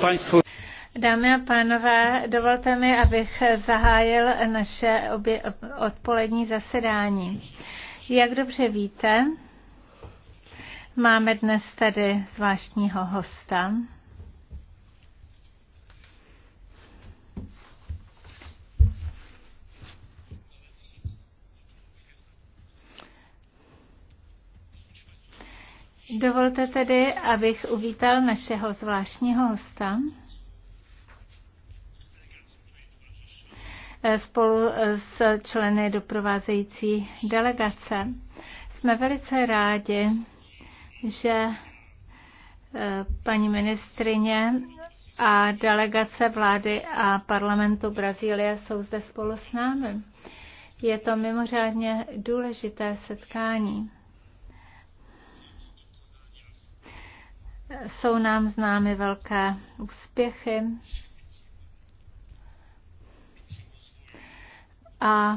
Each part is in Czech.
Państwo. Dámy a pánové, dovolte mi, abych zahájil naše obě, odpolední zasedání. Jak dobře víte, máme dnes tady zvláštního hosta. Dovolte tedy, abych uvítal našeho zvláštního hosta. Eh, spolu eh, s členy doprovázející delegace. Jsme velice rádi, že eh, paní ministrině a delegace vlády a parlamentu Brazílie jsou zde spolu s námi. Je to mimořádně důležité setkání. Jsou nám známy velké úspěchy. A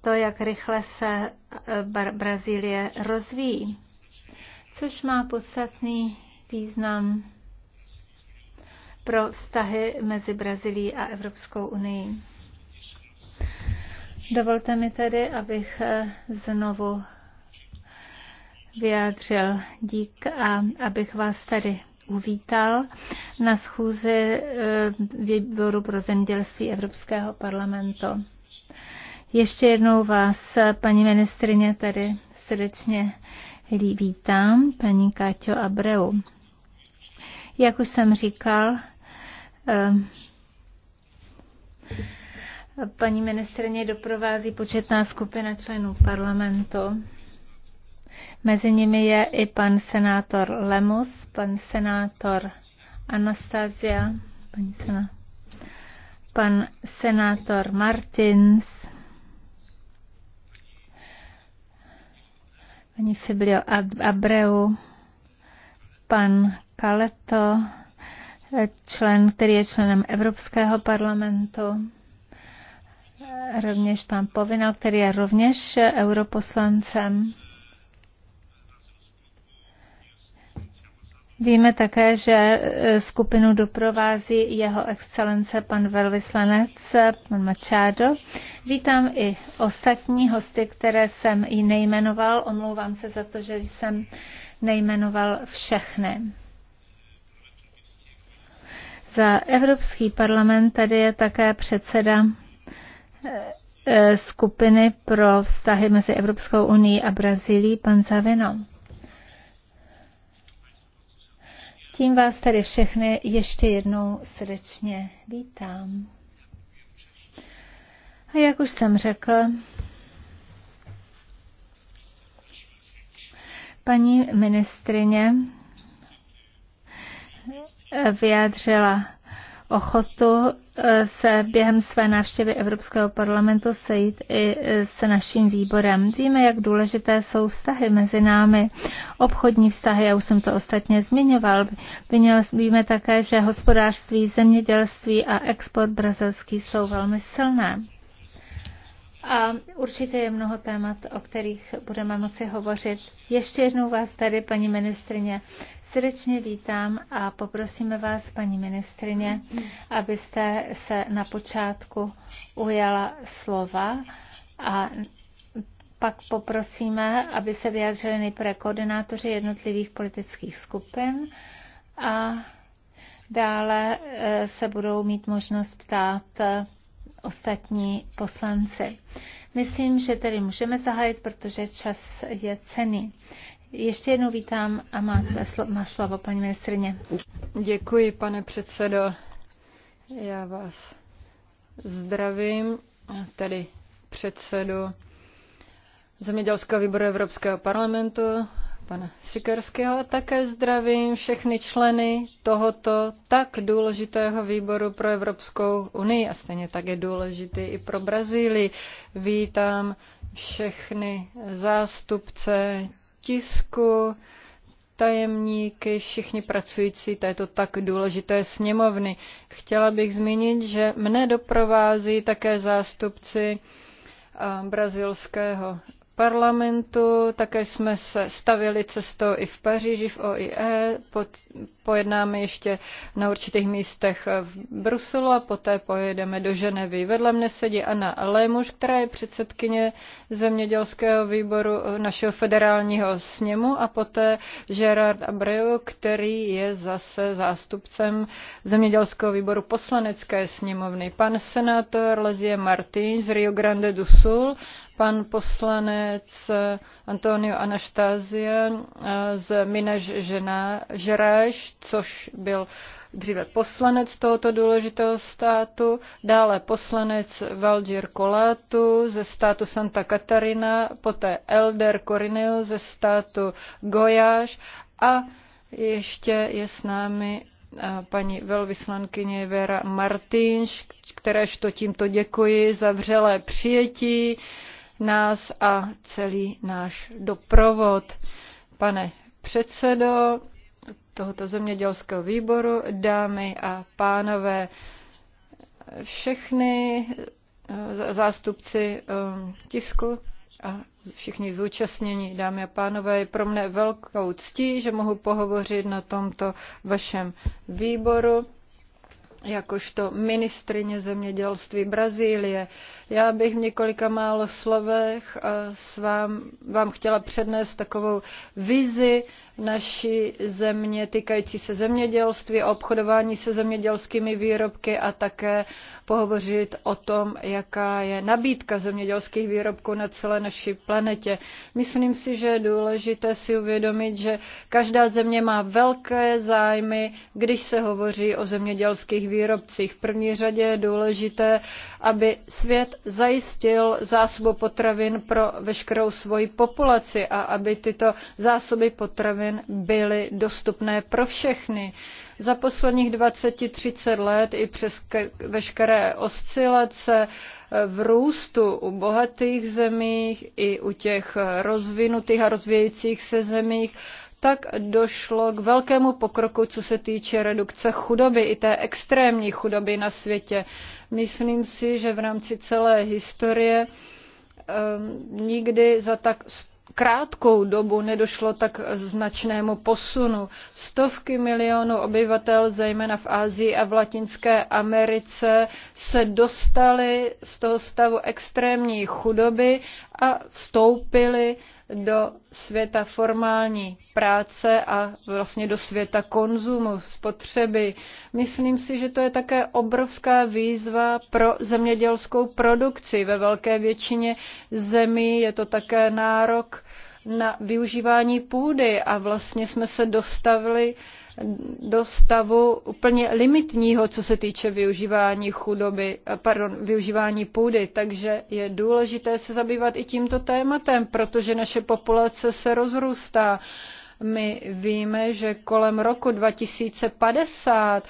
to, jak rychle se eh, Brazílie rozvíjí, což má podstatný význam pro vztahy mezi Brazílií a Evropskou unii. Dovolte mi tedy, abych eh, znovu vyjádřil dík a abych vás tady uvítal na schůzi eh, výboru pro zemědělství Evropského parlamentu. Ještě jednou vás, paní ministrině, tady srdečně vítám, paní Káťo Abreu. Jak už jsem říkal, eh, paní ministrině doprovází početná skupina členů parlamentu. Mezi nimi je i pan senátor Lemus, pan senátor Anastasia, paní senátor pan senátor Martins, paní Fiblio Abreu, pan Kaleto, člen, který je členem Evropského parlamentu, rovněž pan Povinal, který je rovněž europoslancem Víme také, že e, skupinu doprovází jeho excelence pan velvyslanec, e, pan Machado. Vítám i ostatní hosty, které jsem ji nejmenoval. Omlouvám se za to, že jsem nejmenoval všechny. Za Evropský parlament tady je také předseda e, skupiny pro vztahy mezi Evropskou unii a Brazílií, pan Zavino. Tím vás tady všechny ještě jednou srdečně vítám. A jak už jsem řekl, paní ministrině vyjádřila ochotu se během své návštěvy Evropského parlamentu sejít i se naším výborem. Víme, jak důležité jsou vztahy mezi námi, obchodní vztahy, já už jsem to ostatně zmiňoval. Víme také, že hospodářství, zemědělství a export brazilský jsou velmi silné. A určitě je mnoho témat, o kterých budeme moci hovořit. Ještě jednou vás tady, paní ministrině, Srdečně vítám a poprosíme vás, paní ministrině, abyste se na počátku ujala slova a pak poprosíme, aby se vyjádřili nejprve koordinátoři jednotlivých politických skupin a dále eh, se budou mít možnost ptát eh, ostatní poslanci. Myslím, že tedy můžeme zahájit, protože čas je cený. Ještě jednou vítám a slo- má slovo, paní ministrině. Děkuji, pane předsedo. Já vás zdravím, tedy předsedu Zemědělského výboru Evropského parlamentu, pana Sikerského, a také zdravím všechny členy tohoto tak důležitého výboru pro Evropskou unii a stejně tak je důležitý i pro Brazílii. Vítám všechny zástupce tisku, tajemníky, všichni pracující této tak důležité sněmovny. Chtěla bych zmínit, že mne doprovází také zástupci eh, brazilského parlamentu, také jsme se stavili cestou i v Paříži, v OIE, pod, pojednáme ještě na určitých místech v Bruselu a poté pojedeme do Ženevy. Vedle mne sedí Anna Lémuš, která je předsedkyně zemědělského výboru našeho federálního sněmu a poté Gerard Abreu, který je zase zástupcem zemědělského výboru poslanecké sněmovny. Pan senátor Lezie Martín z Rio Grande do Sul pan poslanec Antonio Anastasia eh, z Minas Gerais, což byl dříve poslanec tohoto důležitého státu, dále poslanec Valdir Kolátu ze státu Santa Catarina, poté Elder Corineo ze státu Gojáš a ještě je s námi eh, paní velvyslankyně Vera Martinš, kteréž to tímto děkuji za vřelé přijetí nás a celý náš doprovod. Pane předsedo tohoto zemědělského výboru, dámy a pánové, všechny eh, zástupci eh, tisku a všichni zúčastnění, dámy a pánové, je pro mne velkou ctí, že mohu pohovořit na tomto vašem výboru jakožto ministrině zemědělství Brazílie. Já bych v několika málo slovech eh, s vám, vám chtěla přednést takovou vizi naší země týkající se zemědělství, obchodování se zemědělskými výrobky a také pohovořit o tom, jaká je nabídka zemědělských výrobků na celé naší planetě. Myslím si, že je důležité si uvědomit, že každá země má velké zájmy, když se hovoří o zemědělských výrobcích. V první řadě je důležité, aby svět zajistil zásobu potravin pro veškerou svoji populaci a aby tyto zásoby potravin potravin byly dostupné pro všechny. Za posledních 20-30 let i přes veškeré oscilace eh, v růstu u bohatých zemích i u těch rozvinutých a rozvějících se zemích tak došlo k velkému pokroku, co se týče redukce chudoby, i té extrémní chudoby na světě. Myslím si, že v rámci celé historie um, nikdy za tak krátkou dobu nedošlo tak značnému posunu. Stovky milionů obyvatel, zejména v Asii a v Latinské Americe, se dostali z toho stavu extrémní chudoby a vstoupili do světa formální práce a vlastně do světa konzumu, spotřeby. Myslím si, že to je také obrovská výzva pro zemědělskou produkci. Ve velké většině zemí je to také nárok uh, na využívání půdy a vlastně jsme se dostavili do stavu úplně limitního, co se týče využívání chudoby, eh, pardon, využívání půdy. Takže je důležité se zabývat i tímto tématem, protože naše populace se rozrůstá. My víme, že kolem roku 2050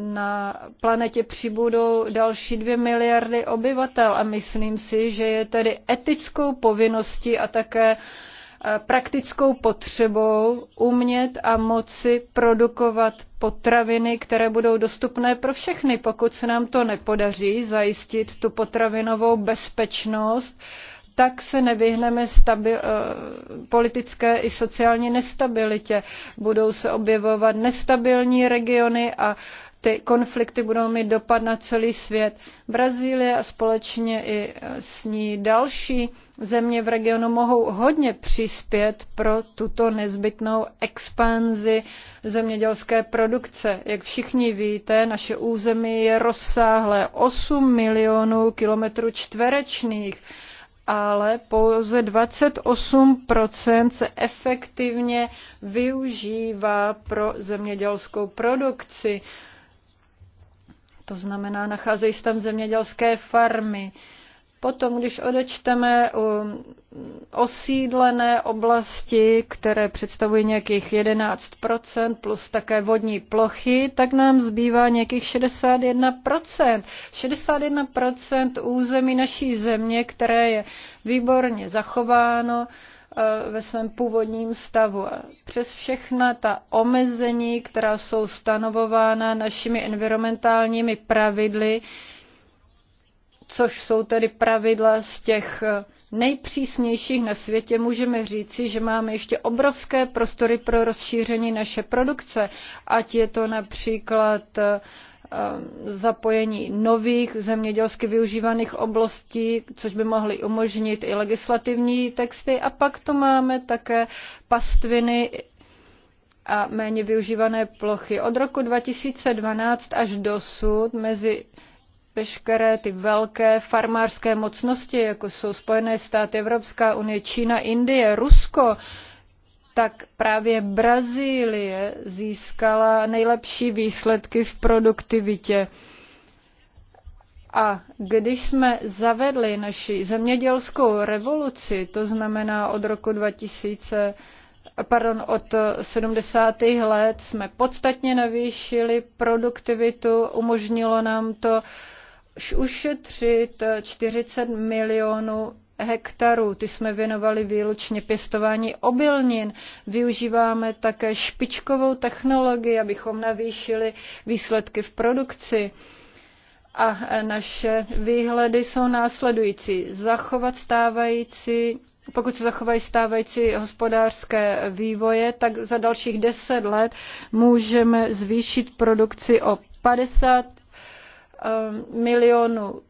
na planetě přibudou další dvě miliardy obyvatel a myslím si, že je tedy etickou povinností a také eh, praktickou potřebou umět a moci produkovat potraviny, které budou dostupné pro všechny. Pokud se nám to nepodaří zajistit tu potravinovou bezpečnost, tak se nevyhneme stabil, eh, politické i sociální nestabilitě. Budou se objevovat nestabilní regiony a ty konflikty budou mít dopad na celý svět. Brazílie a společně i s ní další země v regionu mohou hodně přispět pro tuto nezbytnou expanzi zemědělské produkce. Jak všichni víte, naše území je rozsáhlé 8 milionů kilometrů čtverečných ale pouze 28% se efektivně využívá pro zemědělskou produkci. To znamená, nacházejí se tam zemědělské farmy. Uh, Potom, když odečteme um, osídlené oblasti, které představují nějakých 11 plus také vodní plochy, tak nám zbývá nějakých 61 61 území naší země, které je výborně zachováno uh, ve svém původním stavu. Přes všechna ta omezení, která jsou stanovována našimi environmentálními pravidly, což jsou tedy pravidla z těch eh, nejpřísnějších na světě, můžeme říci, že máme ještě obrovské prostory pro rozšíření naše produkce, ať je to například eh, eh, zapojení nových zemědělsky využívaných oblastí, což by mohly umožnit i legislativní texty. A pak to máme také pastviny a méně využívané plochy. Od roku 2012 až dosud mezi veškeré ty velké farmářské mocnosti, jako jsou Spojené státy, Evropská unie, Čína, Indie, Rusko, tak právě Brazílie získala nejlepší výsledky v produktivitě. A když jsme zavedli naši zemědělskou revoluci, to znamená od roku 2000, pardon, od 70. let jsme podstatně navýšili produktivitu, umožnilo nám to ušetřit 40 eh, milionů hektarů. Ty jsme věnovali výlučně pěstování obilnin. Využíváme také špičkovou technologii, abychom navýšili výsledky v produkci. A eh, naše výhledy jsou následující. Zachovat stávající pokud se zachovají stávající hospodářské vývoje, tak za dalších 10 let můžeme zvýšit produkci o 50 Um, milionů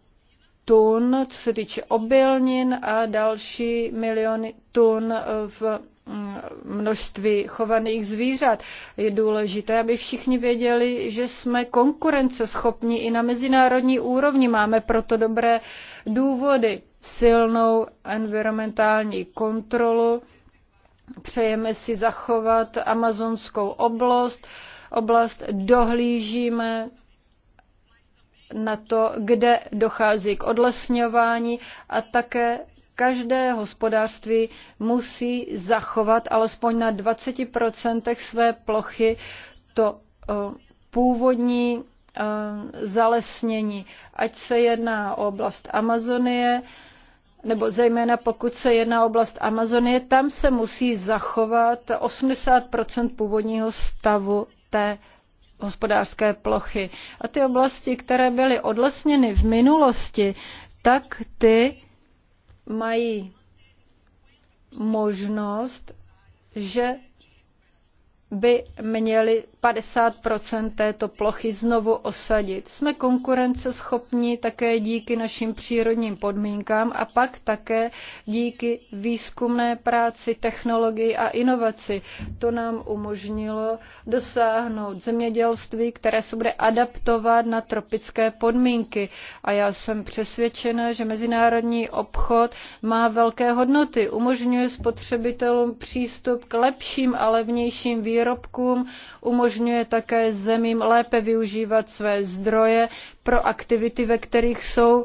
tun, co se týče obilnin a další miliony tun v mm, množství chovaných zvířat. Je důležité, aby všichni věděli, že jsme konkurenceschopní i na mezinárodní úrovni. Máme proto dobré důvody, silnou environmentální kontrolu, přejeme si zachovat amazonskou oblast, oblast dohlížíme na to, kde dochází k odlesňování a také každé hospodářství musí zachovat alespoň na 20% své plochy to eh, původní eh, zalesnění, ať se jedná o oblast Amazonie, nebo zejména pokud se jedná o oblast Amazonie, tam se musí zachovat 80 původního stavu té hospodářské plochy. A ty oblasti, které byly odlesněny v minulosti, tak ty mají možnost, že by měli 50 této plochy znovu osadit. Jsme konkurenceschopní také díky našim přírodním podmínkám a pak také díky výzkumné práci, technologii a inovaci. To nám umožnilo dosáhnout zemědělství, které se bude adaptovat na tropické podmínky. A já jsem přesvědčena, že mezinárodní obchod má velké hodnoty. Umožňuje spotřebitelům přístup k lepším a levnějším výrobům výrobkům, umožňuje také zemím lépe využívat své zdroje pro aktivity, ve kterých jsou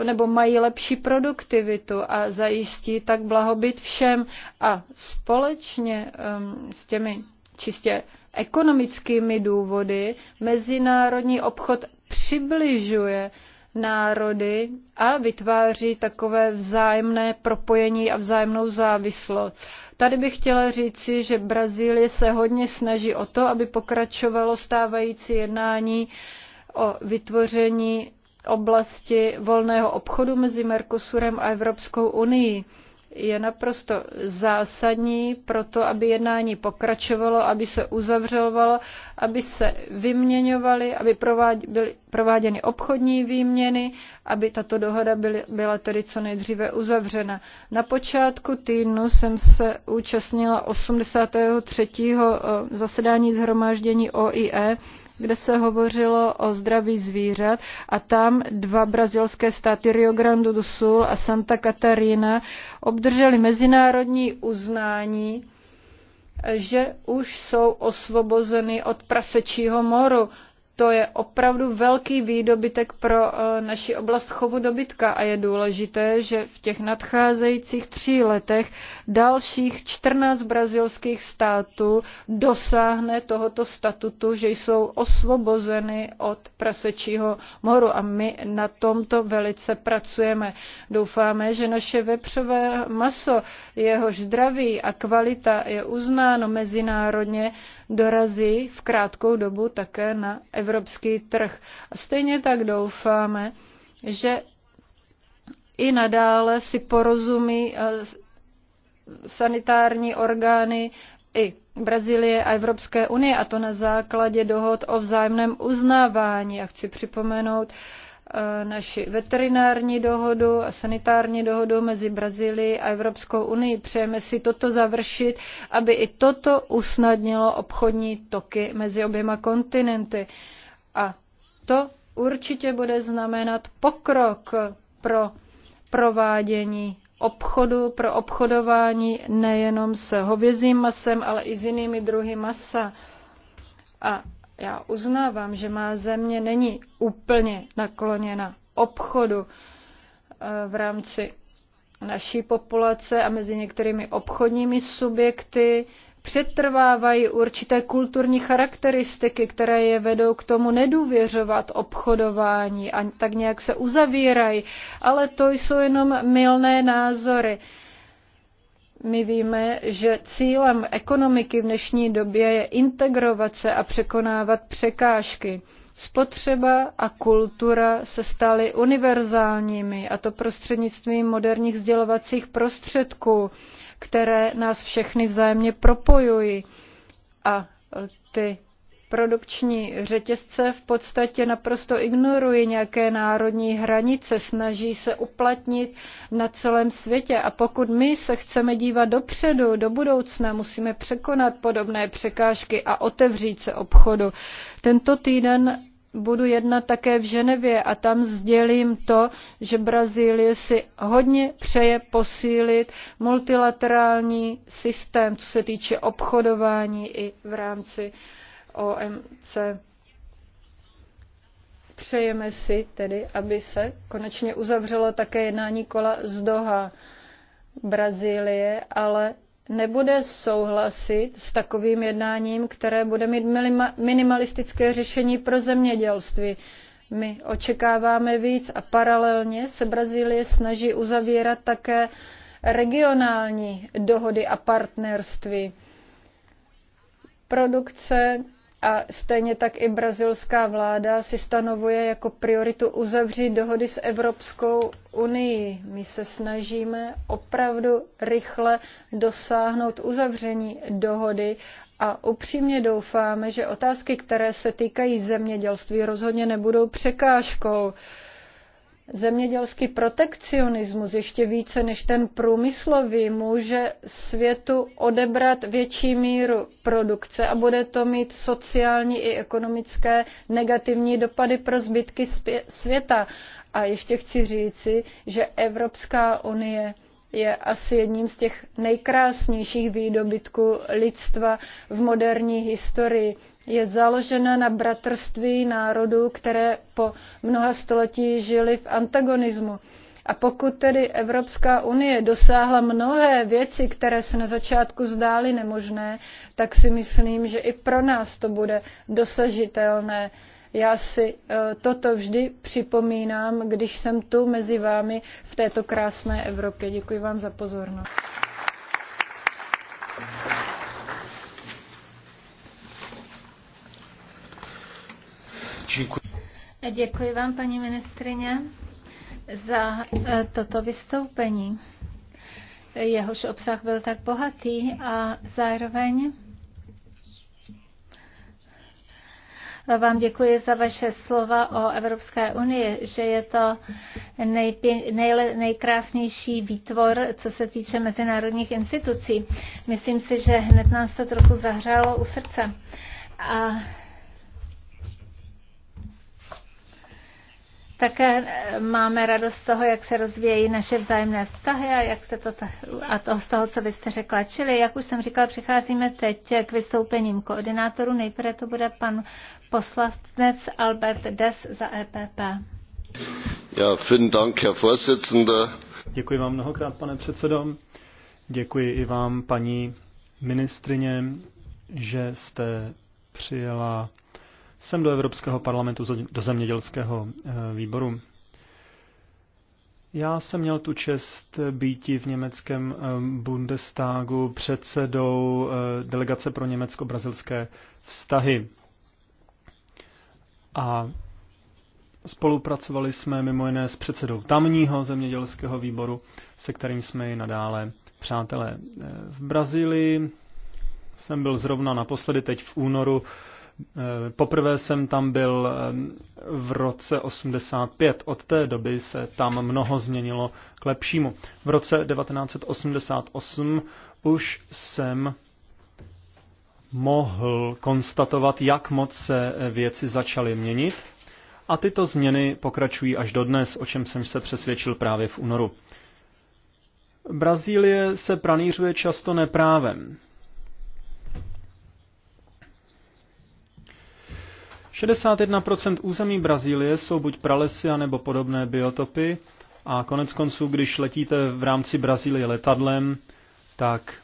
eh, nebo mají lepší produktivitu a zajistí tak blahobyt všem. A společně um, s těmi čistě ekonomickými důvody mezinárodní obchod přibližuje národy a vytváří takové vzájemné propojení a vzájemnou závislost. Tady bych chtěla říci, že Brazílie se hodně snaží o to, aby pokračovalo stávající jednání o vytvoření oblasti volného obchodu mezi Mercosurem a Evropskou unii je naprosto zásadní pro to, aby jednání pokračovalo, aby se uzavřovalo, aby se vyměňovaly, aby byly prováděny obchodní výměny, aby tato dohoda byla tedy co nejdříve uzavřena. Na počátku týdnu jsem se účastnila 83. Eh, zasedání zhromáždění OIE, kde se hovořilo o zdraví zvířat a tam dva brazilské státy Rio Grande do Sul a Santa Catarina obdrželi mezinárodní uznání že už jsou osvobozeny od prasečího moru. To je opravdu velký výdobytek pro eh, naši oblast chovu dobytka a je důležité, že v těch nadcházejících tří letech dalších 14 brazilských států dosáhne tohoto statutu, že jsou osvobozeny od prasečího moru a my na tomto velice pracujeme. Doufáme, že naše vepřové maso, jehož zdraví a kvalita je uznáno mezinárodně, dorazí v krátkou dobu také na evropský trh. A stejně tak doufáme, že i nadále si porozumí eh, sanitární orgány i Brazílie a Evropské unie, a to na základě dohod o vzájemném uznávání. A chci připomenout, Eh, naši veterinární dohodu a sanitární dohodu mezi Brazílií a Evropskou unii. Přejeme si toto završit, aby i toto usnadnilo obchodní toky mezi oběma kontinenty. A to určitě bude znamenat pokrok pro provádění obchodu, pro obchodování nejenom s hovězím masem, ale i s jinými druhy masa. A já uznávám, že má země není úplně nakloněna obchodu eh, v rámci naší populace a mezi některými obchodními subjekty přetrvávají určité kulturní charakteristiky, které je vedou k tomu nedůvěřovat obchodování a tak nějak se uzavírají. Ale to jsou jenom milné názory. My víme, že cílem ekonomiky v dnešní době je integrovat se a překonávat překážky. Spotřeba a kultura se staly univerzálními, a to prostřednictvím moderních sdělovacích prostředků, které nás všechny vzájemně propojují. A e, ty produkční řetězce v podstatě naprosto ignorují nějaké národní hranice, snaží se uplatnit na celém světě. A pokud my se chceme dívat dopředu, do budoucna, musíme překonat podobné překážky a otevřít se obchodu. Tento týden budu jednat také v Ženevě a tam sdělím to, že Brazílie si hodně přeje posílit multilaterální systém, co se týče obchodování i v rámci uh, OMC. Přejeme si tedy, aby se konečně uzavřelo také jednání kola z Doha Brazílie, ale nebude souhlasit s takovým jednáním, které bude mít minimalistické řešení pro zemědělství. My očekáváme víc a paralelně se Brazílie snaží uzavírat také regionální dohody a partnerství. Produkce a stejně tak i brazilská vláda si stanovuje jako prioritu uzavřít dohody s Evropskou unii. My se snažíme opravdu rychle dosáhnout uzavření dohody a upřímně doufáme, že otázky, které se týkají zemědělství, rozhodně nebudou překážkou. Uh, zemědělský protekcionismus ještě více než ten průmyslový může světu odebrat větší míru produkce a bude to mít sociální i ekonomické negativní dopady pro zbytky světa. A ještě chci říci, že Evropská unie je asi jedním z těch nejkrásnějších výdobytků lidstva v moderní historii je založena na bratrství národů, které po mnoha století žili v antagonismu. A pokud tedy Evropská unie dosáhla mnohé věci, které se na začátku zdály nemožné, tak si myslím, že i pro nás to bude dosažitelné. Já si e, toto vždy připomínám, když jsem tu mezi vámi v této krásné Evropě. Děkuji vám za pozornost. Děkuji. Děkuji vám, paní ministrině, za eh, toto vystoupení. Jehož obsah byl tak bohatý a zároveň vám děkuji za vaše slova o Evropské unii, že je to nejpě, nejle, nejkrásnější výtvor, co se týče mezinárodních institucí. Myslím si, že hned nás to trochu zahřálo u srdce. A Také eh, máme radost z toho, jak se rozvíjejí naše vzájemné vztahy a, jak se to, a to, z toho, co vy jste řekla. Čili, jak už jsem říkala, přicházíme teď k vystoupením koordinátorů. Nejprve to bude pan poslanec Albert Des za EPP. Ja, vielen Dank, Herr Vorsitzender. Děkuji vám mnohokrát, pane předsedo. Děkuji i vám, paní ministrině, že jste přijela sem do Evropského parlamentu, do zemědělského eh, výboru. Já jsem měl tu čest být v německém eh, Bundestagu předsedou eh, delegace pro německo-brazilské vztahy. A spolupracovali jsme mimo jiné s předsedou tamního zemědělského výboru, se kterým jsme i nadále přátelé. V Brazílii jsem byl zrovna naposledy teď v únoru Eh, poprvé jsem tam byl eh, v roce 85. Od té doby se tam mnoho změnilo k lepšímu. V roce 1988 už jsem mohl konstatovat, jak moc se eh, věci začaly měnit. A tyto změny pokračují až dodnes, o čem jsem se přesvědčil právě v únoru. Brazílie se pranířuje často neprávem. 61% území Brazílie jsou buď pralesy nebo podobné biotopy a konec konců, když letíte v rámci Brazílie letadlem, tak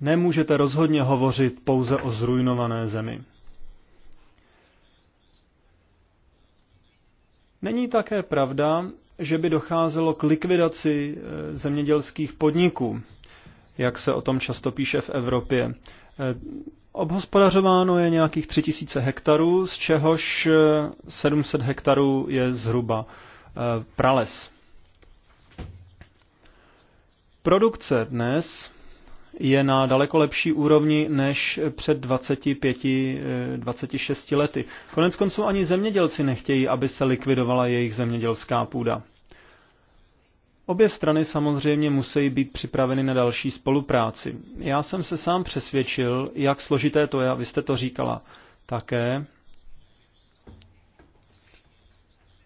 nemůžete rozhodně hovořit pouze o zrujnované zemi. Není také pravda, že by docházelo k likvidaci eh, zemědělských podniků, jak se o tom často píše v Evropě. Eh, Obhospodařováno je nějakých 3000 hektarů, z čehož 700 eh, hektarů je zhruba eh, prales. Produkce dnes je na daleko lepší úrovni než před 25, 26 eh, lety. Konec konců ani zemědělci nechtějí, aby se likvidovala jejich zemědělská půda. Obě strany samozřejmě musí být připraveny na další spolupráci. Já jsem se sám přesvědčil, jak složité to je, a vy jste to říkala také.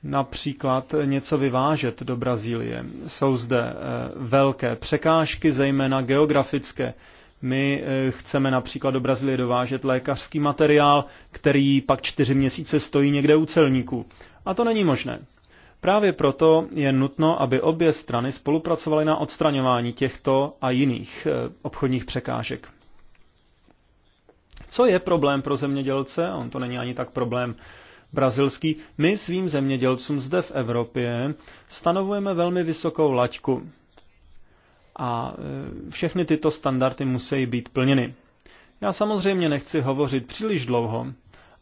Například něco vyvážet do Brazílie. Jsou zde eh, velké překážky, zejména geografické. My eh, chceme například do Brazílie dovážet lékařský materiál, který pak čtyři měsíce stojí někde u celníků. A to není možné. Právě proto je nutno, aby obě strany spolupracovaly na odstraňování těchto a jiných eh, obchodních překážek. Co je problém pro zemědělce? On to není ani tak problém brazilský. My svým zemědělcům zde v Evropě stanovujeme velmi vysokou laťku. A eh, všechny tyto standardy musí být plněny. Já samozřejmě nechci hovořit příliš dlouho,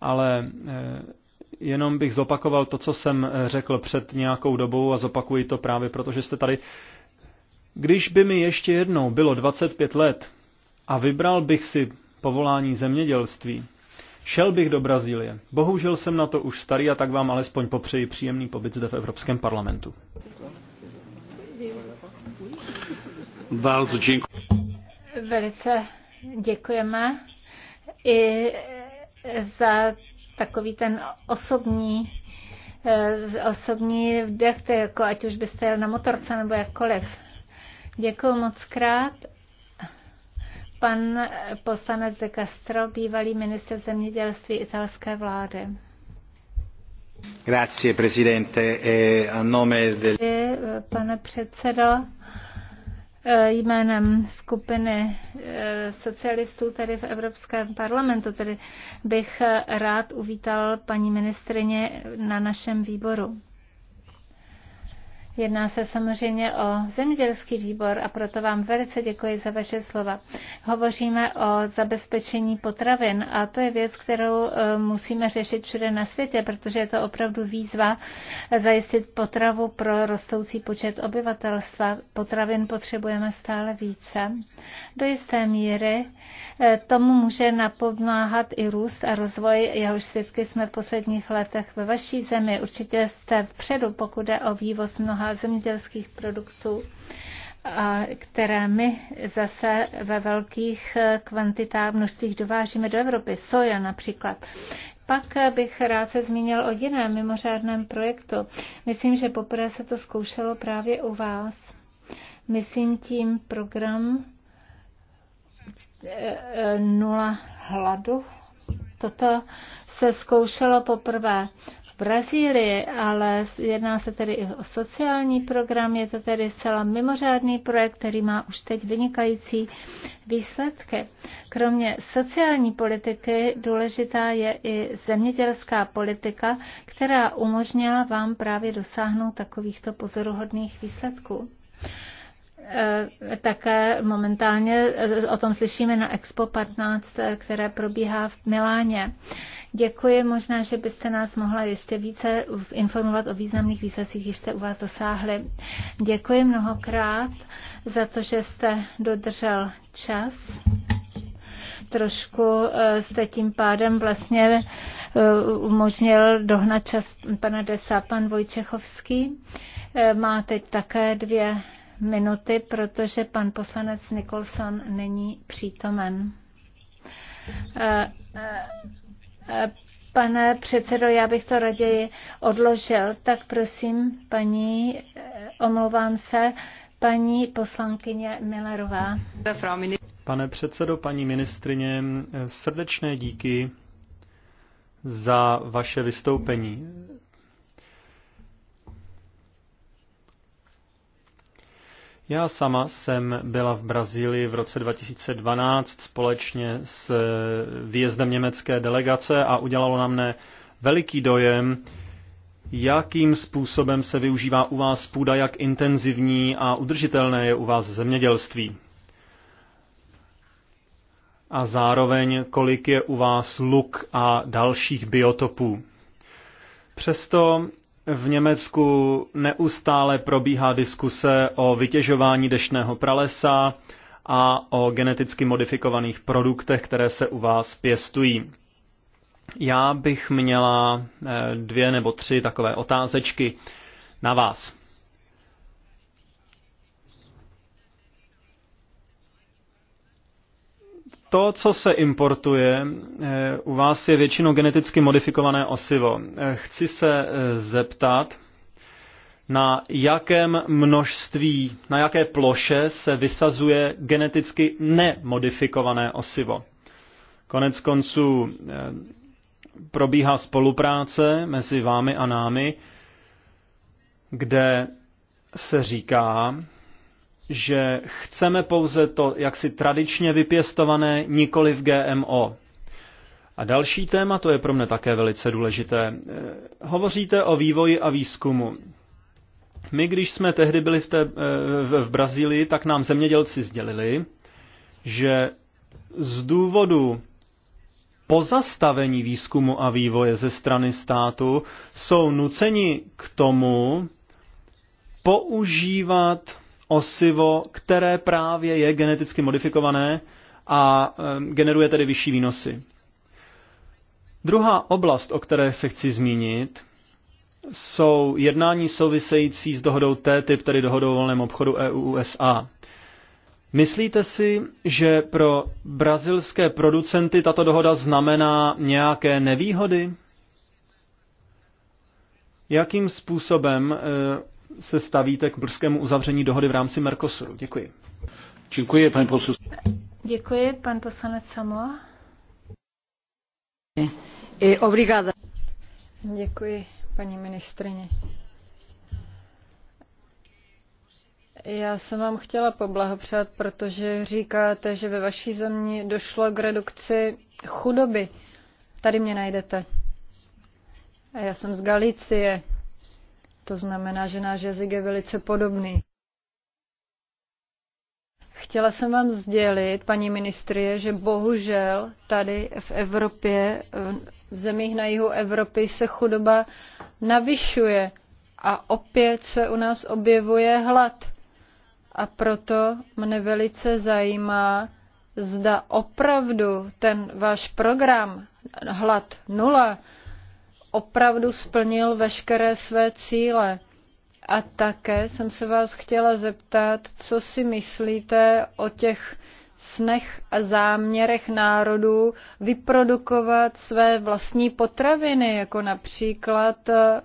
ale eh, Jenom bych zopakoval to, co jsem eh, řekl před nějakou dobou a zopakuji to právě proto, že jste tady. Když by mi ještě jednou bylo 25 let a vybral bych si povolání zemědělství, šel bych do Brazílie. Bohužel jsem na to už starý a tak vám alespoň popřeji příjemný pobyt zde v Evropském parlamentu. děkuji. Velice děkujeme i za takový ten osobní eh, osobní vdech, to je jako ať už byste jel na motorce nebo jakkoliv. Děkuji moc krát. Pan poslanec de Castro, bývalý minister zemědělství italské vlády. Grazie, presidente. E, a nome del... Pane předsedo, Eh, jménem skupiny eh, socialistů tady v Evropském parlamentu, tedy bych eh, rád uvítal paní ministrině na našem výboru. Jedná se samozřejmě o zemědělský výbor a proto vám velice děkuji za vaše slova. Hovoříme o zabezpečení potravin a to je věc, kterou eh, musíme řešit všude na světě, protože je to opravdu výzva zajistit potravu pro rostoucí počet obyvatelstva. Potravin potřebujeme stále více. Do jisté míry eh, tomu může napomáhat i růst a rozvoj, jehož svědky jsme v posledních letech ve vaší zemi. Určitě jste vpředu, pokud jde o vývoz mnoha mnoha zemědělských produktů, a které my zase ve velkých eh, kvantitách množstvích dovážíme do Evropy. Soja například. Pak eh, bych rád se zmínil o jiném mimořádném projektu. Myslím, že poprvé se to zkoušelo právě u vás. Myslím tím program eh, Nula hladu. Toto se zkoušelo poprvé Brazílii, ale jedná se tedy i o sociální program. Je to tedy zcela mimořádný projekt, který má už teď vynikající výsledky. Kromě sociální politiky důležitá je i zemědělská politika, která umožnila vám právě dosáhnout takovýchto pozoruhodných výsledků. E, také momentálně e, o tom slyšíme na Expo 15, e, které probíhá v Miláně. Děkuji, možná, že byste nás mohla ještě více informovat o významných výsledcích, když jste u vás dosáhli. Děkuji mnohokrát za to, že jste dodržel čas. Trošku eh, jste tím pádem vlastně eh, umožnil dohnat čas pana Desa, pan Vojčechovský. Eh, má teď také dvě minuty, protože pan poslanec Nikolson není přítomen. Uh, uh. Pane předsedo, já bych to raději odložil. Tak prosím, paní, omlouvám se, paní poslankyně Millerová. Pane předsedo, paní ministrině, srdečné díky za vaše vystoupení. Já sama jsem byla v Brazílii v roce 2012 společně s eh, výjezdem německé delegace a udělalo na mne veliký dojem, jakým způsobem se využívá u vás půda, jak intenzivní a udržitelné je u vás zemědělství. A zároveň, kolik je u vás luk a dalších biotopů. Přesto v Německu neustále probíhá diskuse o vytěžování dešného pralesa a o geneticky modifikovaných produktech, které se u vás pěstují. Já bych měla eh, dvě nebo tři takové otázečky na vás. to, co se importuje, eh, u vás je většinou geneticky modifikované osivo. Eh, chci se eh, zeptat, na jakém množství, na jaké ploše se vysazuje geneticky nemodifikované osivo. Konec konců probíhá spolupráce mezi vámi a námi, kde se říká, že chceme pouze to jaksi tradičně vypěstované, nikoli v GMO. A další téma, to je pro mě také velice důležité. Eh, hovoříte o vývoji a výzkumu. My, když jsme tehdy byli v, té, eh, v Brazílii, tak nám zemědělci sdělili, že z důvodu pozastavení výzkumu a vývoje ze strany státu jsou nuceni k tomu používat osivo, které právě je geneticky modifikované a generuje tedy vyšší výnosy. Druhá oblast, o které se chci zmínit, jsou jednání související s dohodou TTIP, tedy dohodou o volném obchodu EU-USA. Myslíte si, že pro brazilské producenty tato dohoda znamená nějaké nevýhody? Jakým způsobem se stavíte k brzkému uzavření dohody v rámci Mercosuru. Děkuji. Děkuji, paní poslanec. Děkuji, pan poslanec Samoa. Obrigada. Děkuji, paní ministrině. Já jsem vám chtěla poblahopřát, protože říkáte, že ve vaší zemi došlo k redukci chudoby. Tady mě najdete. A já jsem z Galicie. To znamená, že náš jazyk je velice podobný. Chtěla jsem vám sdělit, paní ministrie, že bohužel tady v Evropě, v zemích na jihu Evropy se chudoba navyšuje a opět se u nás objevuje hlad. A proto mne velice zajímá, zda opravdu ten váš program hlad nula opravdu splnil veškeré své cíle. A také jsem se vás chtěla zeptat, co si myslíte o těch snech a záměrech národů vyprodukovat své vlastní potraviny, jako například eh,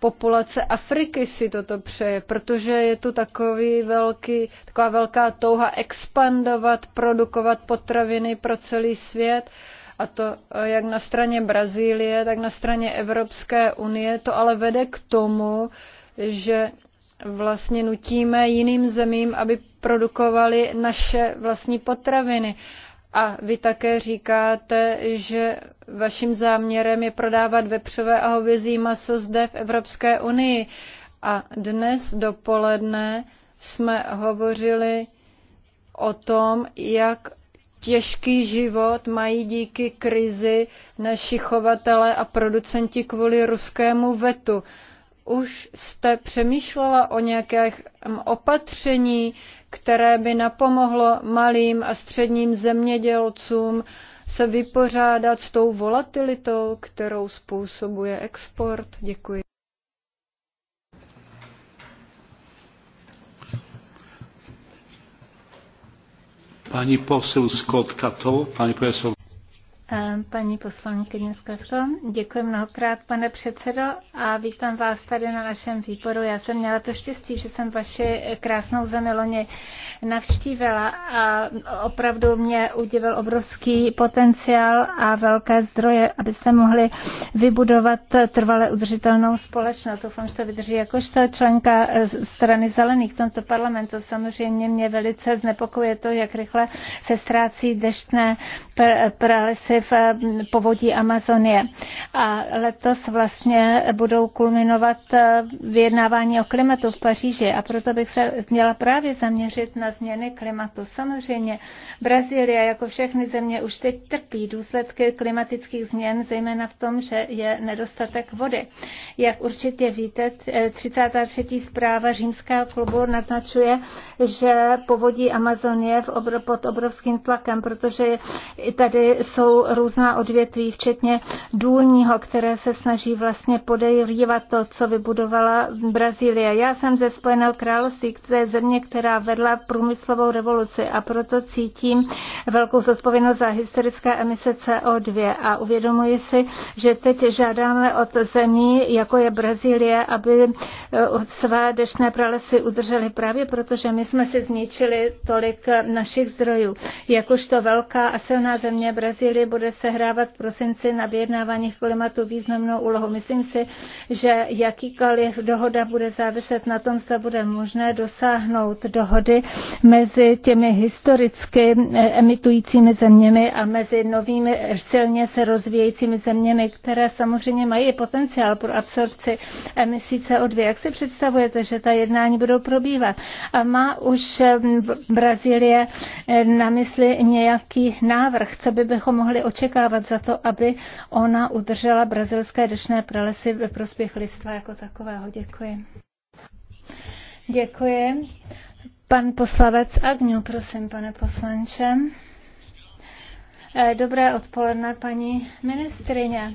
populace Afriky si toto přeje, protože je tu takový velký, taková velká touha expandovat, produkovat potraviny pro celý svět a to eh, jak na straně Brazílie, tak na straně Evropské unie. To ale vede k tomu, že vlastně nutíme jiným zemím, aby produkovali naše vlastní potraviny. A vy také říkáte, že vaším záměrem je prodávat vepřové a hovězí maso zde v Evropské unii. A dnes dopoledne jsme hovořili o tom, jak těžký život, mají díky krizi naši chovatele a producenti kvůli ruskému vetu. Už jste přemýšlela o nějakých opatření, které by napomohlo malým a středním zemědělcům se vypořádat s tou volatilitou, kterou způsobuje export? Děkuji. Pani poseł Scott Cato, pani profesor. Eh, paní poslankyně Skasko, děkuji mnohokrát, pane předsedo, a vítám vás tady na našem výboru. Já jsem měla to štěstí, že jsem vaši krásnou zemi loni navštívila a opravdu mě udivil obrovský potenciál a velké zdroje, abyste mohli vybudovat trvale udržitelnou společnost. Doufám, že to vydrží jakožto členka eh, strany zelených v tomto parlamentu. Samozřejmě mě velice znepokuje to, jak rychle se ztrácí deštné pralesy situaci v eh, povodí Amazonie. A letos vlastně budou kulminovat eh, vyjednávání o klimatu v Paříži a proto bych se měla právě zaměřit na změny klimatu. Samozřejmě Brazílie, jako všechny země, už teď trpí důsledky klimatických změn, zejména v tom, že je nedostatek vody. Jak určitě víte, 33. Eh, zpráva Římského klubu naznačuje, že povodí Amazonie v obro, pod obrovským tlakem, protože tady jsou různá odvětví, včetně důlního, které se snaží vlastně podejrývat to, co vybudovala Brazílie. Já jsem ze Spojeného království, to je země, která vedla průmyslovou revoluci a proto cítím velkou zodpovědnost za historické emise CO2 a uvědomuji si, že teď žádáme od zemí, jako je Brazílie, aby eh, své dešné pralesy udrželi právě protože my jsme si zničili tolik našich zdrojů. Jakožto velká a silná země Brazílie bude sehrávat v prosinci na v klimatu významnou úlohu. Myslím si, že jakýkoliv dohoda bude záviset na tom, zda bude možné dosáhnout dohody mezi těmi historicky emitujícími zeměmi a mezi novými silně se rozvíjejícími zeměmi, které samozřejmě mají potenciál pro absorpci emisí CO2. Jak si představujete, že ta jednání budou probívat? A má už eh, Brazílie eh, na mysli nějaký návrh, co by bychom mohli očekávat za to, aby ona udržela brazilské dešné pralesy ve prospěch lidstva jako takového. Děkuji. Děkuji. Pan poslavec Agňu, prosím, pane poslanče. Eh, dobré odpoledne, paní ministrině.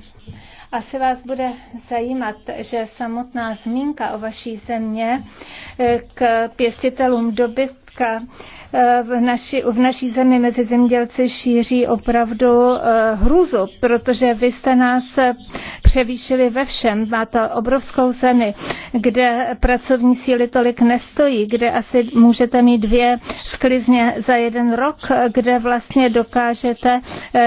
Asi vás bude zajímat, že samotná zmínka o vaší země eh, k pěstitelům dobytka Eh, v naší, v naší zemi mezi zemědělci šíří opravdu eh, hruzu, protože vy jste nás eh, převýšili ve všem. Máte obrovskou zemi, kde pracovní síly tolik nestojí, kde asi můžete mít dvě sklizně za jeden rok, kde vlastně dokážete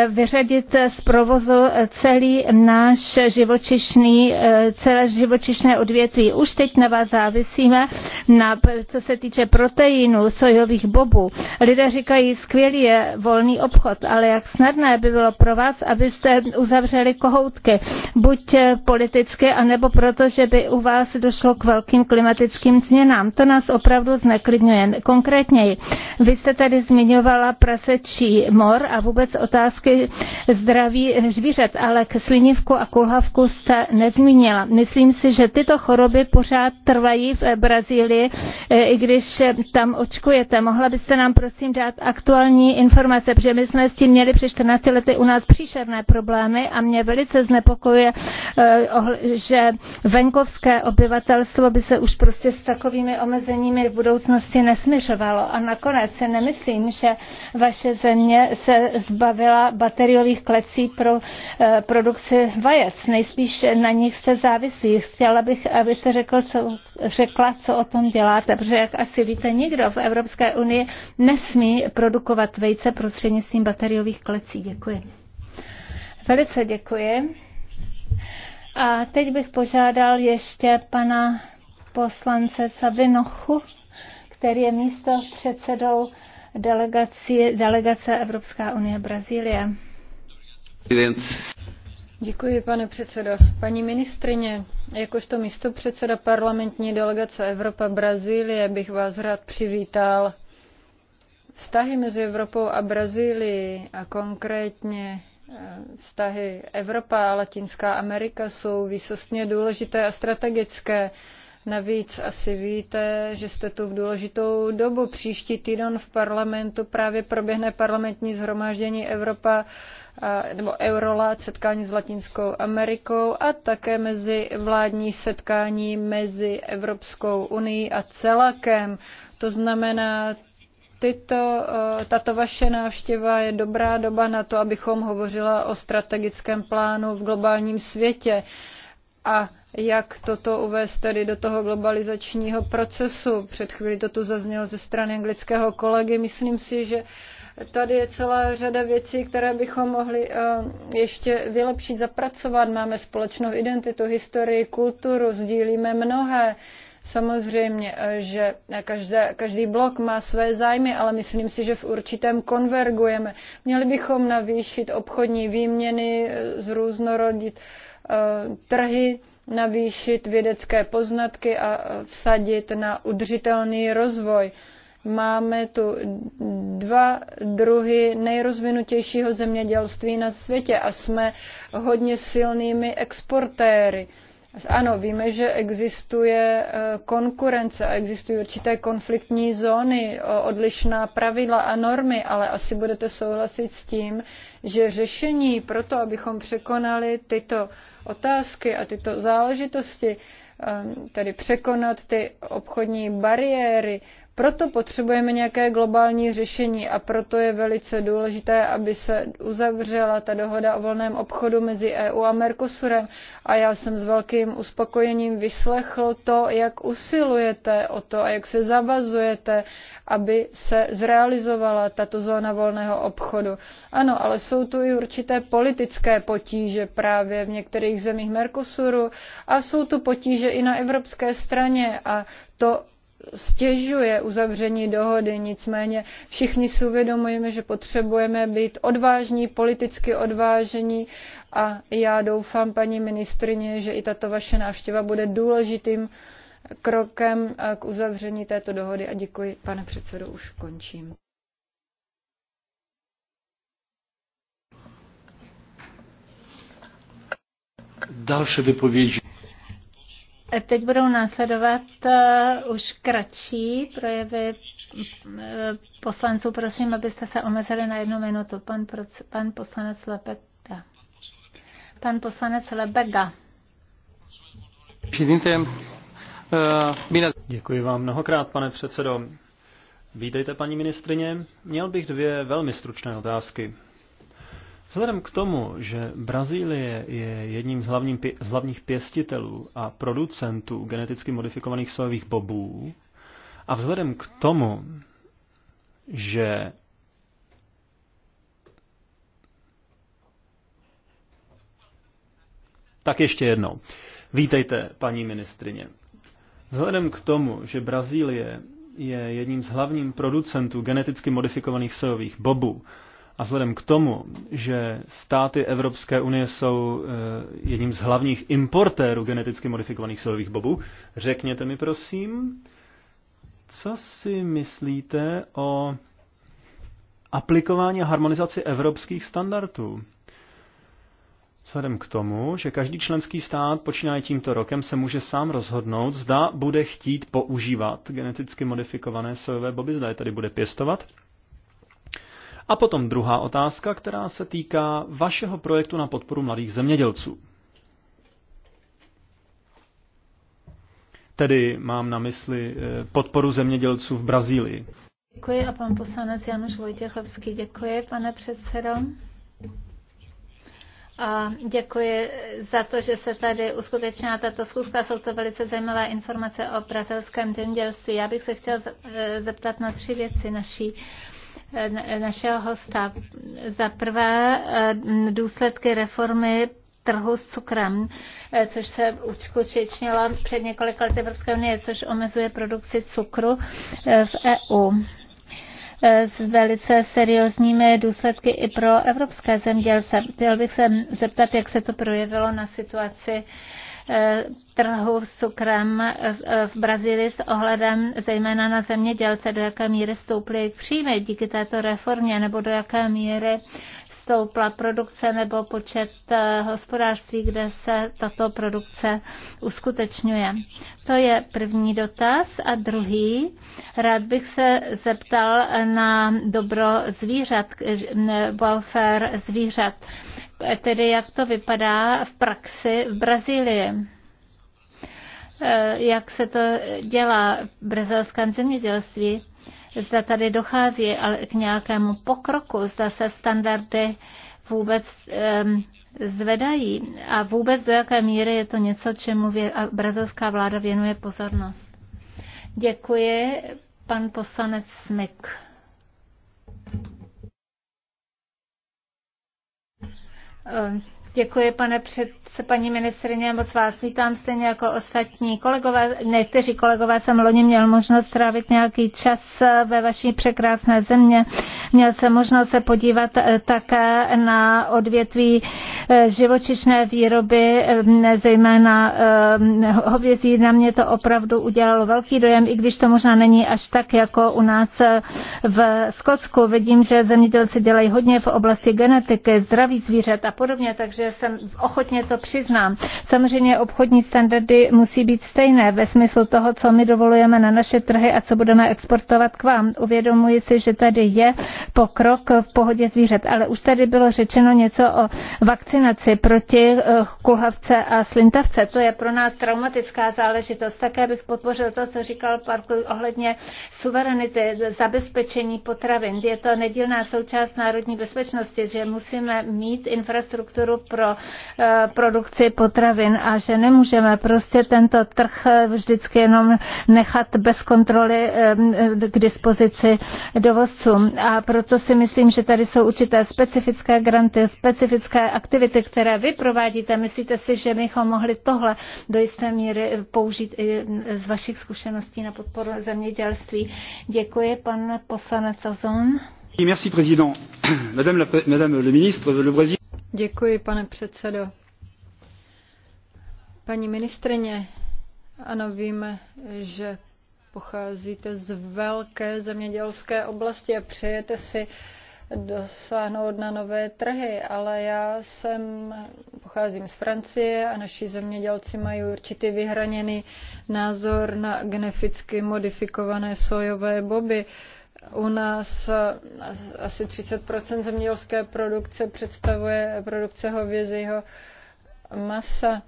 vyřadit z provozu celý náš živočišný, celé živočišné odvětví. Už teď na vás závisíme, na, co se týče proteinů, sojových bobů, dobu. Lidé říkají, skvělý je volný obchod, ale jak snadné by bylo pro vás, abyste uzavřeli kohoutky, buď eh, politicky, anebo proto, že by u vás došlo k velkým klimatickým změnám. To nás opravdu zneklidňuje. Konkrétněji, vy jste tady zmiňovala prasečí mor a vůbec otázky zdraví zvířat, ale k slinivku a kulhavku jste nezmínila. Myslím si, že tyto choroby pořád trvají v eh, Brazílii, eh, i když tam očkujete. Mohla by byste nám prosím dát aktuální informace, protože my jsme s tím měli před 14 lety u nás příšerné problémy a mě velice znepokojuje, eh, že venkovské obyvatelstvo by se už prostě s takovými omezeními v budoucnosti nesměřovalo. A nakonec si nemyslím, že vaše země se zbavila bateriových klecí pro eh, produkci vajec. Nejspíš na nich se závisí. Chtěla bych, abyste řekl, co, řekla, co o tom děláte, protože jak asi víte, nikdo v Evropské unii nesmí produkovat vejce prostřednictvím bateriových klecí. Děkuji. Velice děkuji. A teď bych požádal ještě pana poslance Savinochu, který je místo předsedou delegaci, delegace Evropská unie Brazílie. Děkuji, pane předsedo. Paní ministrině, jakožto místo předseda parlamentní delegace Evropa Brazílie bych vás rád přivítal Vztahy mezi Evropou a Brazílií a konkrétně eh, vztahy Evropa a Latinská Amerika jsou výsostně důležité a strategické. Navíc asi víte, že jste tu v důležitou dobu. Příští týden v parlamentu právě proběhne parlamentní zhromáždění Evropa nebo Eurola, setkání s Latinskou Amerikou a také mezi vládní setkání mezi Evropskou unii a celakem. To znamená, tyto, eh, tato vaše návštěva je dobrá doba na to, abychom hovořila o strategickém plánu v globálním světě a jak toto uvést tedy do toho globalizačního procesu. Před chvíli to tu zaznělo ze strany anglického kolegy. Myslím si, že tady je celá řada věcí, které bychom mohli eh, ještě vylepšit, zapracovat. Máme společnou identitu, historii, kulturu, sdílíme mnohé. Samozřejmě, eh, že každé, každý blok má své zájmy, ale myslím si, že v určitém konvergujeme. Měli bychom navýšit obchodní výměny, eh, zrůznorodit eh, trhy, navýšit vědecké poznatky a vsadit na udržitelný rozvoj máme tu dva druhy nejrozvinutějšího zemědělství na světě a jsme hodně silnými exportéry. Ano, víme, že existuje eh, konkurence a existují určité konfliktní zóny, odlišná pravidla a normy, ale asi budete souhlasit s tím, že řešení pro to, abychom překonali tyto otázky a tyto záležitosti, ehm, tedy překonat ty obchodní bariéry, proto potřebujeme nějaké globální řešení a proto je velice důležité, aby se uzavřela ta dohoda o volném obchodu mezi EU a Mercosurem. A já jsem s velkým uspokojením vyslechl to, jak usilujete o to a jak se zavazujete, aby se zrealizovala tato zóna volného obchodu. Ano, ale jsou tu i určité politické potíže právě v některých zemích Mercosuru a jsou tu potíže i na evropské straně a to stěžuje uzavření dohody, nicméně všichni si uvědomujeme, že potřebujeme být odvážní, politicky odvážení a já doufám, paní ministrině, že i tato vaše návštěva bude důležitým krokem eh, k uzavření této dohody a děkuji, pane předsedo, už končím. Další vypovědi. Teď budou následovat eh, už kratší projevy eh, poslanců. Prosím, abyste se omezili na jednu minutu. Pan, pan poslanec Lebeda. Pan poslanec Lebega. Eh, Děkuji vám mnohokrát, pane předsedo. Vítejte, paní ministrině. Měl bych dvě velmi stručné otázky. Vzhledem k tomu, že Brazílie je jedním z, hlavním, z hlavních pěstitelů a producentů geneticky modifikovaných sojových bobů, a vzhledem k tomu, že Tak ještě jednou. Vítejte, paní ministrině. Vzhledem k tomu, že Brazílie je jedním z hlavním producentů geneticky modifikovaných sojových bobů a vzhledem k tomu, že státy Evropské unie jsou eh, jedním z hlavních importérů geneticky modifikovaných silových bobů, řekněte mi prosím, co si myslíte o aplikování a harmonizaci evropských standardů? Vzhledem k tomu, že každý členský stát počínaje tímto rokem se může sám rozhodnout, zda bude chtít používat geneticky modifikované sojové boby, zda je tady bude pěstovat, a potom druhá otázka, která se týká vašeho projektu na podporu mladých zemědělců. Tedy mám na mysli eh, podporu zemědělců v Brazílii. Děkuji a pan poslanec Januš Vojtěchovský. Děkuji, pane předsedo. A děkuji za to, že se tady uskutečnila tato schůzka. Jsou to velice zajímavé informace o brazilském zemědělství. Já bych se chtěl eh, zeptat na tři věci naší našeho hosta. Za prvé eh, důsledky reformy trhu s cukrem, eh, což se uskutečnila před několik lety Evropské unie, což omezuje produkci cukru eh, v EU s velice seriózními důsledky i pro evropské zemědělce. Chtěl bych se zeptat, jak se to projevilo na situaci Eh, trhu s cukrem eh, eh, v Brazílii s ohledem zejména na zemědělce, do jaké míry stouply jejich příjmy díky této reformě, nebo do jaké míry stoupla produkce nebo počet hospodářství, kde se tato produkce uskutečňuje. To je první dotaz. A druhý, rád bych se zeptal na dobro zvířat, welfare zvířat tedy jak to vypadá v praxi v Brazílii e, jak se to dělá v brazilském zemědělství. Zda tady dochází ale k nějakému pokroku, zda se standardy vůbec um, zvedají a vůbec do jaké míry je to něco, čemu vě- a brazilská vláda věnuje pozornost. Děkuji, pan poslanec Smyk. Uh, Děkuji, pane před, paní ministrině, moc vás vítám stejně jako ostatní kolegové. Někteří kolegové jsem loni měl možnost strávit nějaký čas ve vaší překrásné země. Měl jsem možnost se podívat eh, také na odvětví eh, živočišné výroby, eh, zejména hovězí. Na mě to opravdu udělalo velký dojem, i když to možná není až tak jako u nás v Skotsku. Vidím, že zemědělci dělají hodně v oblasti genetiky, zdraví zvířat a podobně, takže takže jsem ochotně to přiznám. Samozřejmě obchodní standardy musí být stejné ve smyslu toho, co my dovolujeme na naše trhy a co budeme exportovat k vám. Uvědomuji si, že tady je pokrok v pohodě zvířat, ale už tady bylo řečeno něco o vakcinaci proti eh, kulhavce a slintavce. To je pro nás traumatická záležitost. Také bych podpořil to, co říkal Parku ohledně suverenity, zabezpečení potravin. Je to nedílná součást národní bezpečnosti, že musíme mít infrastrukturu pro eh, produkci potravin a že nemůžeme prostě tento trh eh, vždycky jenom nechat bez kontroly eh, k dispozici dovozcům. A proto si myslím, že tady jsou určité specifické granty, specifické aktivity, které vy provádíte. Myslíte si, že bychom mohli tohle do jisté míry použít i z vašich zkušeností na podporu zemědělství? Děkuji, pan poslanec Ozon. Děkuji, pane předsedající Paní ministryně ano, víme, že pocházíte z velké zemědělské oblasti a přejete si dosáhnout na nové trhy, ale já jsem, pocházím z Francie a naši zemědělci mají určitý vyhraněný názor na geneticky modifikované sojové boby. U nás asi 30 zemědělské produkce představuje produkce hovězího masa.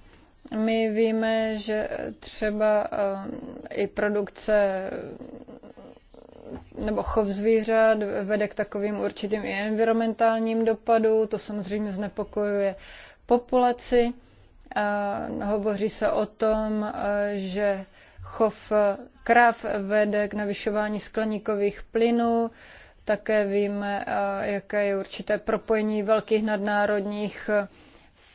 My víme, že třeba eh, i produkce nebo chov zvířat vede k takovým určitým i environmentálním dopadům. To samozřejmě znepokojuje populaci. Hovoří se o tom, eh, že chov krav vede k navyšování skleníkových plynů. Také víme, eh, jaké je určité propojení velkých nadnárodních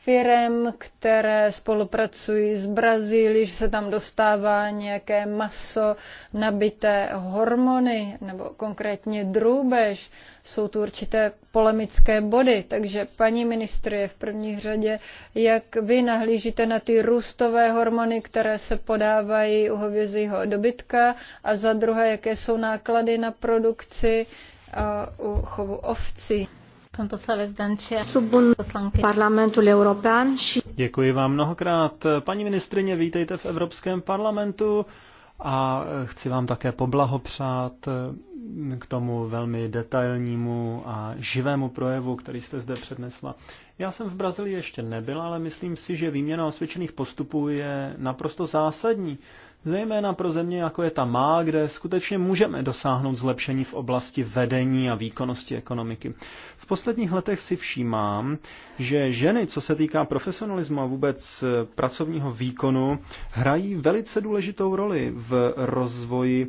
firem, které spolupracují s Brazílií, že se tam dostává nějaké maso, nabité hormony nebo konkrétně drůbež. Jsou tu určité polemické body, takže paní je v první řadě, jak vy nahlížíte na ty růstové hormony, které se podávají u hovězího dobytka a za druhé, jaké jsou náklady na produkci u chovu ovcí. Pan poslanec Danče, poslanky. parlamentu European. Děkuji vám mnohokrát. Paní ministrině, vítejte v Evropském parlamentu a chci vám také poblahopřát k tomu velmi detailnímu a živému projevu, který jste zde přednesla. Já jsem v Brazílii ještě nebyl, ale myslím si, že výměna osvědčených postupů je naprosto zásadní zejména pro země, jako je ta má, kde skutečně můžeme dosáhnout zlepšení v oblasti vedení a výkonnosti ekonomiky. V posledních letech si všímám, že ženy, co se týká profesionalismu a vůbec eh, pracovního výkonu, hrají velice důležitou roli v rozvoji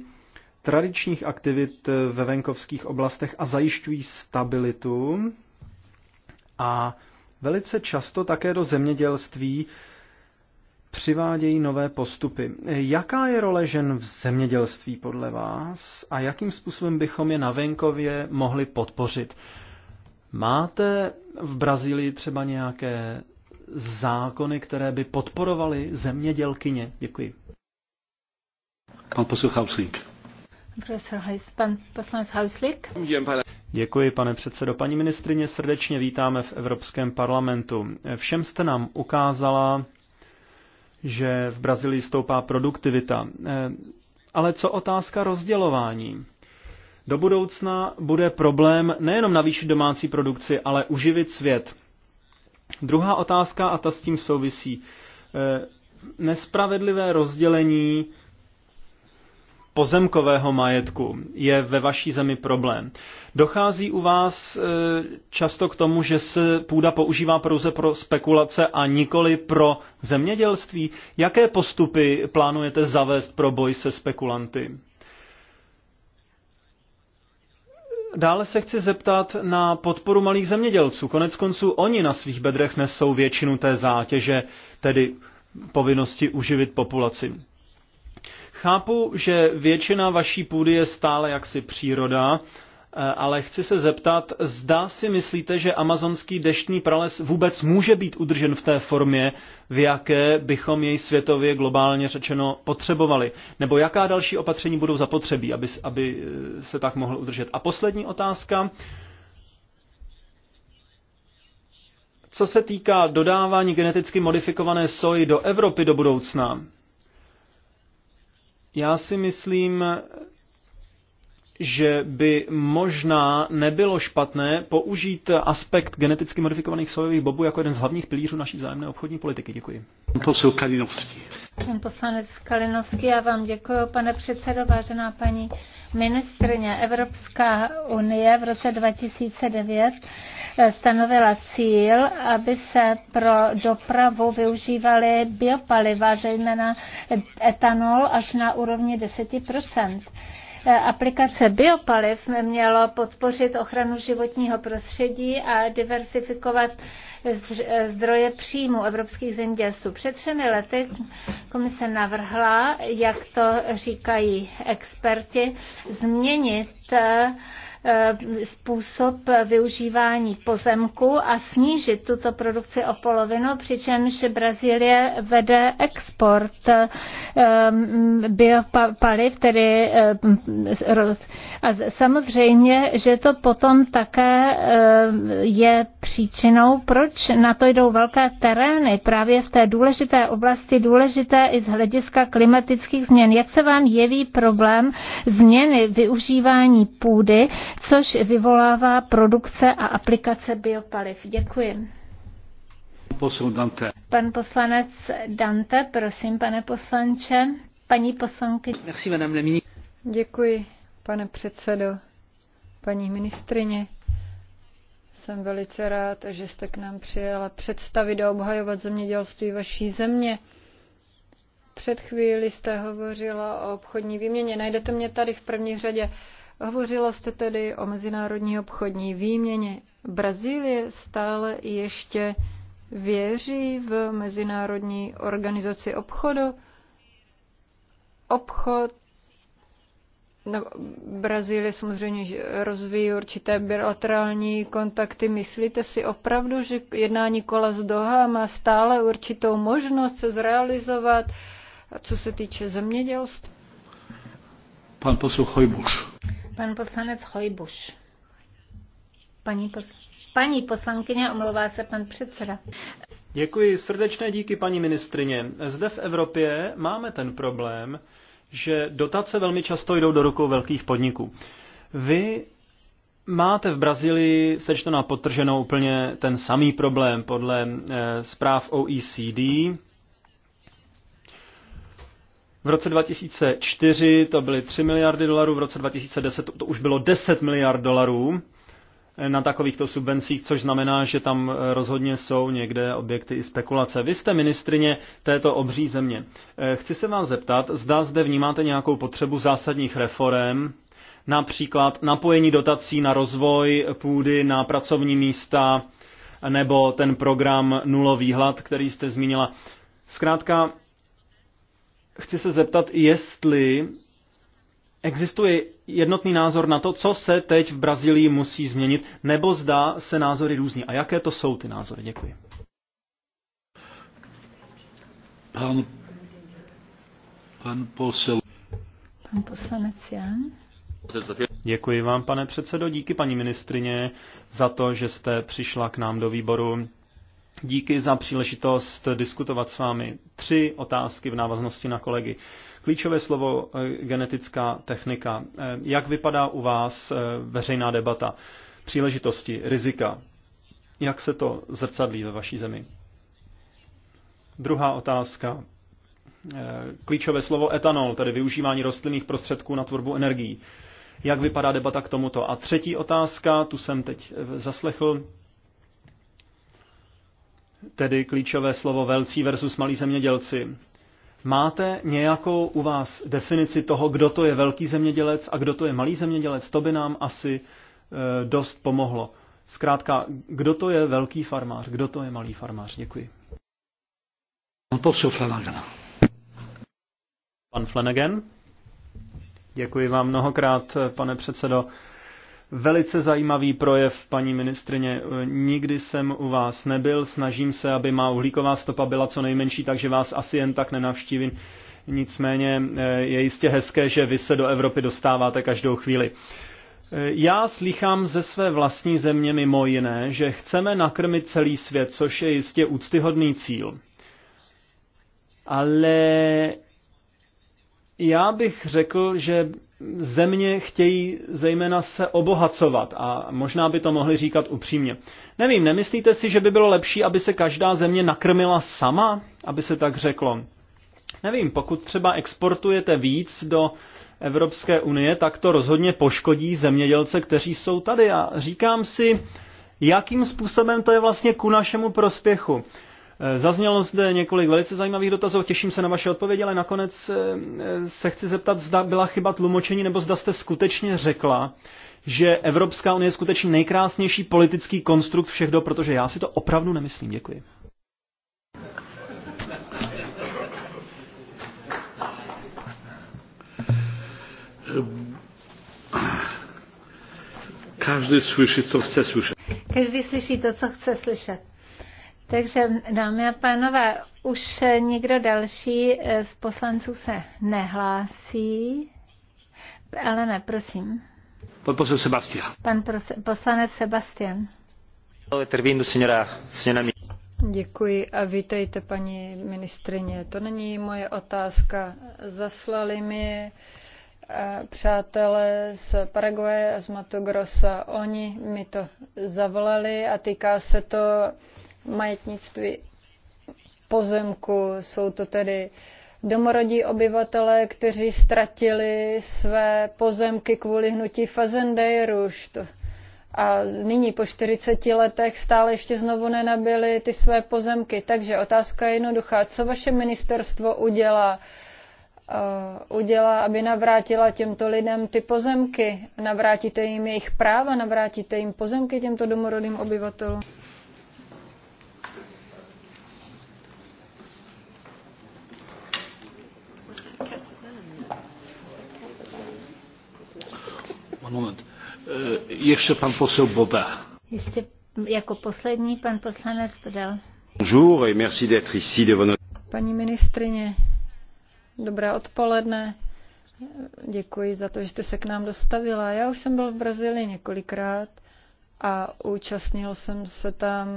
tradičních aktivit eh, ve venkovských oblastech a zajišťují stabilitu a velice často také do zemědělství přivádějí nové postupy. Jaká je role žen v zemědělství podle vás a jakým způsobem bychom je na venkově mohli podpořit? Máte v Brazílii třeba nějaké zákony, které by podporovaly zemědělkyně? Děkuji. Pan poslanec Hauslík. Pan poslanec Hauslík. Děkuji, pane předsedo. Paní ministrině, srdečně vítáme v Evropském parlamentu. Všem jste nám ukázala, že v Brazílii stoupá produktivita. Eh, ale co otázka rozdělování? Do budoucna bude problém nejenom navýšit domácí produkci, ale uživit svět. Druhá otázka, a ta s tím souvisí. Eh, nespravedlivé rozdělení pozemkového majetku je ve vaší zemi problém. Dochází u vás e, často k tomu, že se půda používá pouze pro spekulace a nikoli pro zemědělství? Jaké postupy plánujete zavést pro boj se spekulanty? Dále se chci zeptat na podporu malých zemědělců. Konec konců oni na svých bedrech nesou většinu té zátěže, tedy povinnosti uživit populaci. Chápu, že většina vaší půdy je stále jaksi příroda, eh, ale chci se zeptat, zda si myslíte, že amazonský deštný prales vůbec může být udržen v té formě, v jaké bychom jej světově globálně řečeno potřebovali? Nebo jaká další opatření budou zapotřebí, aby, aby eh, se tak mohl udržet? A poslední otázka. Co se týká dodávání geneticky modifikované soji do Evropy do budoucna, já si myslím, že by možná nebylo špatné použít aspekt geneticky modifikovaných sojových bobů jako jeden z hlavních pilířů naší vzájemné obchodní politiky. Děkuji. Posil Kalinovský. Pan poslanec Kalinovský, já vám děkuji, pane předsedo, vážená paní ministrně. Evropská unie v roce 2009 eh, stanovila cíl, aby se pro dopravu využívaly biopaliva, zejména etanol až na úrovni 10 Eh, aplikace biopaliv mělo podpořit ochranu životního prostředí a diversifikovat eh, zdroje příjmu evropských zemědělců. Před třemi lety komise navrhla, jak to říkají experti, změnit eh, Eh, způsob využívání pozemku a snížit tuto produkci o polovinu, přičemž Brazílie vede export eh, biopaliv, tedy eh, a samozřejmě, že to potom také je příčinou, proč na to jdou velké terény právě v té důležité oblasti, důležité i z hlediska klimatických změn. Jak se vám jeví problém změny využívání půdy což vyvolává produkce a aplikace biopaliv. Děkuji. Pan poslanec Dante, prosím, pane poslanče. Paní poslanky. Děkuji, pane předsedo, paní ministrině. Jsem velice rád, že jste k nám přijela představit a obhajovat zemědělství vaší země. Před chvíli jste hovořila o obchodní výměně. Najdete mě tady v první řadě. Hovořila jste tedy o mezinárodní obchodní výměně. Brazílie stále ještě věří v Mezinárodní organizaci obchodu. Obchod No, Brazílie samozřejmě rozvíjí určité bilaterální kontakty. Myslíte si opravdu, že jednání kola z Doha má stále určitou možnost se zrealizovat, co se týče zemědělství? Pan posluch Hojbuš. Pan poslanec Hojbuš. Paní, pos- paní poslankyně, omlouvá se pan předseda. Děkuji, srdečné díky paní ministrině. Zde v Evropě máme ten problém, že dotace velmi často jdou do rukou velkých podniků. Vy máte v Brazílii sečteno a potrženo úplně ten samý problém podle eh, zpráv OECD. V roce 2004 to byly 3 miliardy dolarů, v roce 2010 to už bylo 10 miliard dolarů na takovýchto subvencích, což znamená, že tam rozhodně jsou někde objekty i spekulace. Vy jste ministrině této obří země. Eh, chci se vás zeptat, zda zde vnímáte nějakou potřebu zásadních reform, například napojení dotací na rozvoj půdy, na pracovní místa, nebo ten program nulový hlad, který jste zmínila. Zkrátka, chci se zeptat, jestli existuje jednotný názor na to, co se teď v Brazílii musí změnit, nebo zdá se názory různí. A jaké to jsou ty názory? Děkuji. Pan, pan posel. Pan poslanec Jan. Děkuji vám, pane předsedo, díky paní ministrině za to, že jste přišla k nám do výboru Díky za příležitost diskutovat s vámi tři otázky v návaznosti na kolegy. Klíčové slovo eh, genetická technika. Eh, jak vypadá u vás eh, veřejná debata? Příležitosti, rizika. Jak se to zrcadlí ve vaší zemi? Druhá otázka. Klíčové slovo etanol, tedy využívání rostlinných prostředků na tvorbu energií. Jak vypadá debata k tomuto? A třetí otázka, tu jsem teď zaslechl, tedy klíčové slovo velcí versus malí zemědělci. Máte nějakou u vás definici toho, kdo to je velký zemědělec a kdo to je malý zemědělec? To by nám asi e, dost pomohlo. Zkrátka, kdo to je velký farmář, kdo to je malý farmář? Děkuji. Pan Flanagan. Pan Flanagan. Děkuji vám mnohokrát, eh, pane předsedo. Velice zajímavý projev, paní ministrině. E, nikdy jsem u vás nebyl, snažím se, aby má uhlíková stopa byla co nejmenší, takže vás asi jen tak nenavštívím. Nicméně e, je jistě hezké, že vy se do Evropy dostáváte každou chvíli. E, já slychám ze své vlastní země mimo jiné, že chceme nakrmit celý svět, což je jistě úctyhodný cíl. Ale já bych řekl, že země chtějí zejména se obohacovat a možná by to mohli říkat upřímně. Nevím, nemyslíte si, že by bylo lepší, aby se každá země nakrmila sama, aby se tak řeklo? Nevím, pokud třeba exportujete víc do Evropské unie, tak to rozhodně poškodí zemědělce, kteří jsou tady. A říkám si, jakým způsobem to je vlastně ku našemu prospěchu. Eh, zaznělo zde několik velice zajímavých dotazů, těším se na vaše odpovědi, ale nakonec eh, se chci zeptat, zda byla chyba tlumočení, nebo zda jste skutečně řekla, že Evropská unie je skutečně nejkrásnější politický konstrukt všech dob, protože já si to opravdu nemyslím. Děkuji. Každý slyší, co chce slyšet. Každý slyší to, co chce slyšet. Takže, dámy a pánové, už někdo další z poslanců se nehlásí. Ale ne, prosím. Pan poslanec Sebastian. Pan poslanec Sebastian. Děkuji a vítejte, paní ministrině. To není moje otázka. Zaslali mi eh, přátelé z Paraguaje a z Matogrosa. Oni mi to zavolali a týká se to majetnictví pozemku. Jsou to tedy domorodí obyvatelé, kteří ztratili své pozemky kvůli hnutí Fazendejruš. a nyní po 40 letech stále ještě znovu nenabili ty své pozemky. Takže otázka je jednoduchá. Co vaše ministerstvo udělá? Uh, udělá, aby navrátila těmto lidem ty pozemky? Navrátíte jim jejich práva? Navrátíte jim pozemky těmto domorodým obyvatelům? Moment. E, ještě pan posel Boba. Ještě jako poslední pan poslanec podal. Bonjour et merci d'être ici devant notre... Paní ministrině, dobré odpoledne. Děkuji za to, že jste se k nám dostavila. Já už jsem byl v Brazílii několikrát a účastnil jsem se tam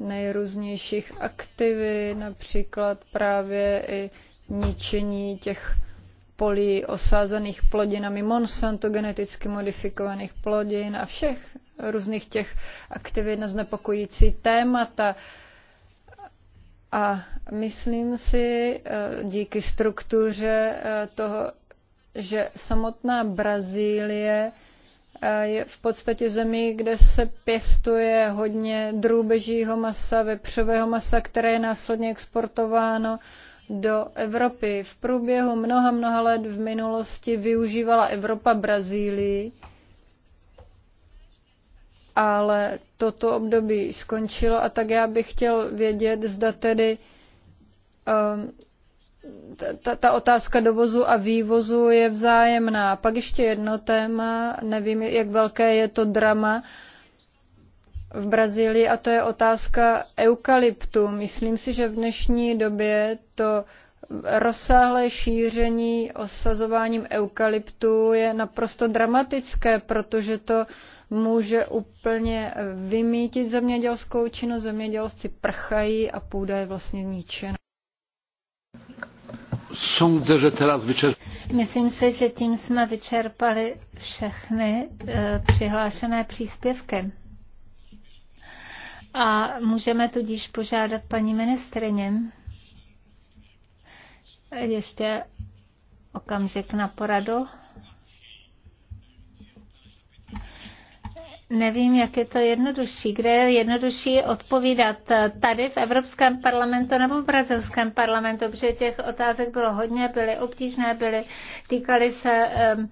nejrůznějších aktivit, například právě i ničení těch polí osázených plodinami Monsanto, geneticky modifikovaných plodin a všech různých těch aktivit na znepokojící témata. A myslím si, eh, díky struktuře eh, toho, že samotná Brazílie eh, je v podstatě zemí, kde se pěstuje hodně drůbežího masa, vepřového masa, které je následně exportováno do Evropy. V průběhu mnoha, mnoha let v minulosti využívala Evropa Brazílii, ale toto období skončilo a tak já bych chtěl vědět, zda tedy um, ta, ta otázka dovozu a vývozu je vzájemná. Pak ještě jedno téma, nevím, jak velké je to drama, uh, v Brazílii a to je otázka eukalyptu. Myslím si, že v dnešní době to rozsáhlé šíření osazováním eukalyptu je naprosto dramatické, protože to může úplně vymítit zemědělskou činnost. Zemědělci prchají a půda je vlastně ničena. Sądzę, že teraz vyčer... Myslím si, že tím jsme vyčerpali všechny e, přihlášené příspěvky. A můžeme tudíž požádat paní ministrině ještě okamžik na poradu. Nevím, jak je to jednodušší. Kde je jednodušší odpovídat? Tady v Evropském parlamentu nebo v Brazilském parlamentu? Protože těch otázek bylo hodně, byly obtížné, byly, týkaly se um,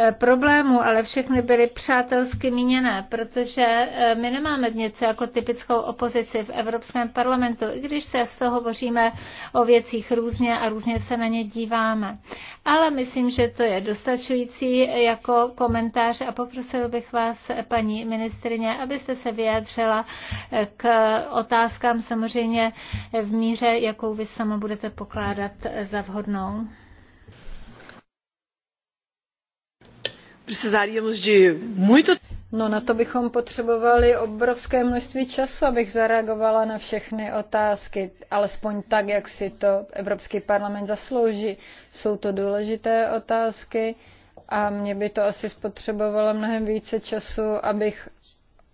Eh, problémů, ale všechny byly přátelsky míněné, protože eh, my nemáme něco jako typickou opozici v Evropském parlamentu, i když se z toho hovoříme o věcích různě a různě se na ně díváme. Ale myslím, že to je dostačující jako komentář a poprosil bych vás, paní ministrině, abyste se vyjádřila eh, k otázkám samozřejmě v míře, jakou vy sama budete pokládat za vhodnou. precisaríamos de muito No na to bychom potřebovali obrovské množství času, abych zareagovala na všechny otázky, alespoň tak, jak si to Evropský parlament zaslouží. Jsou to důležité otázky a mě by to asi spotřebovalo mnohem více času, abych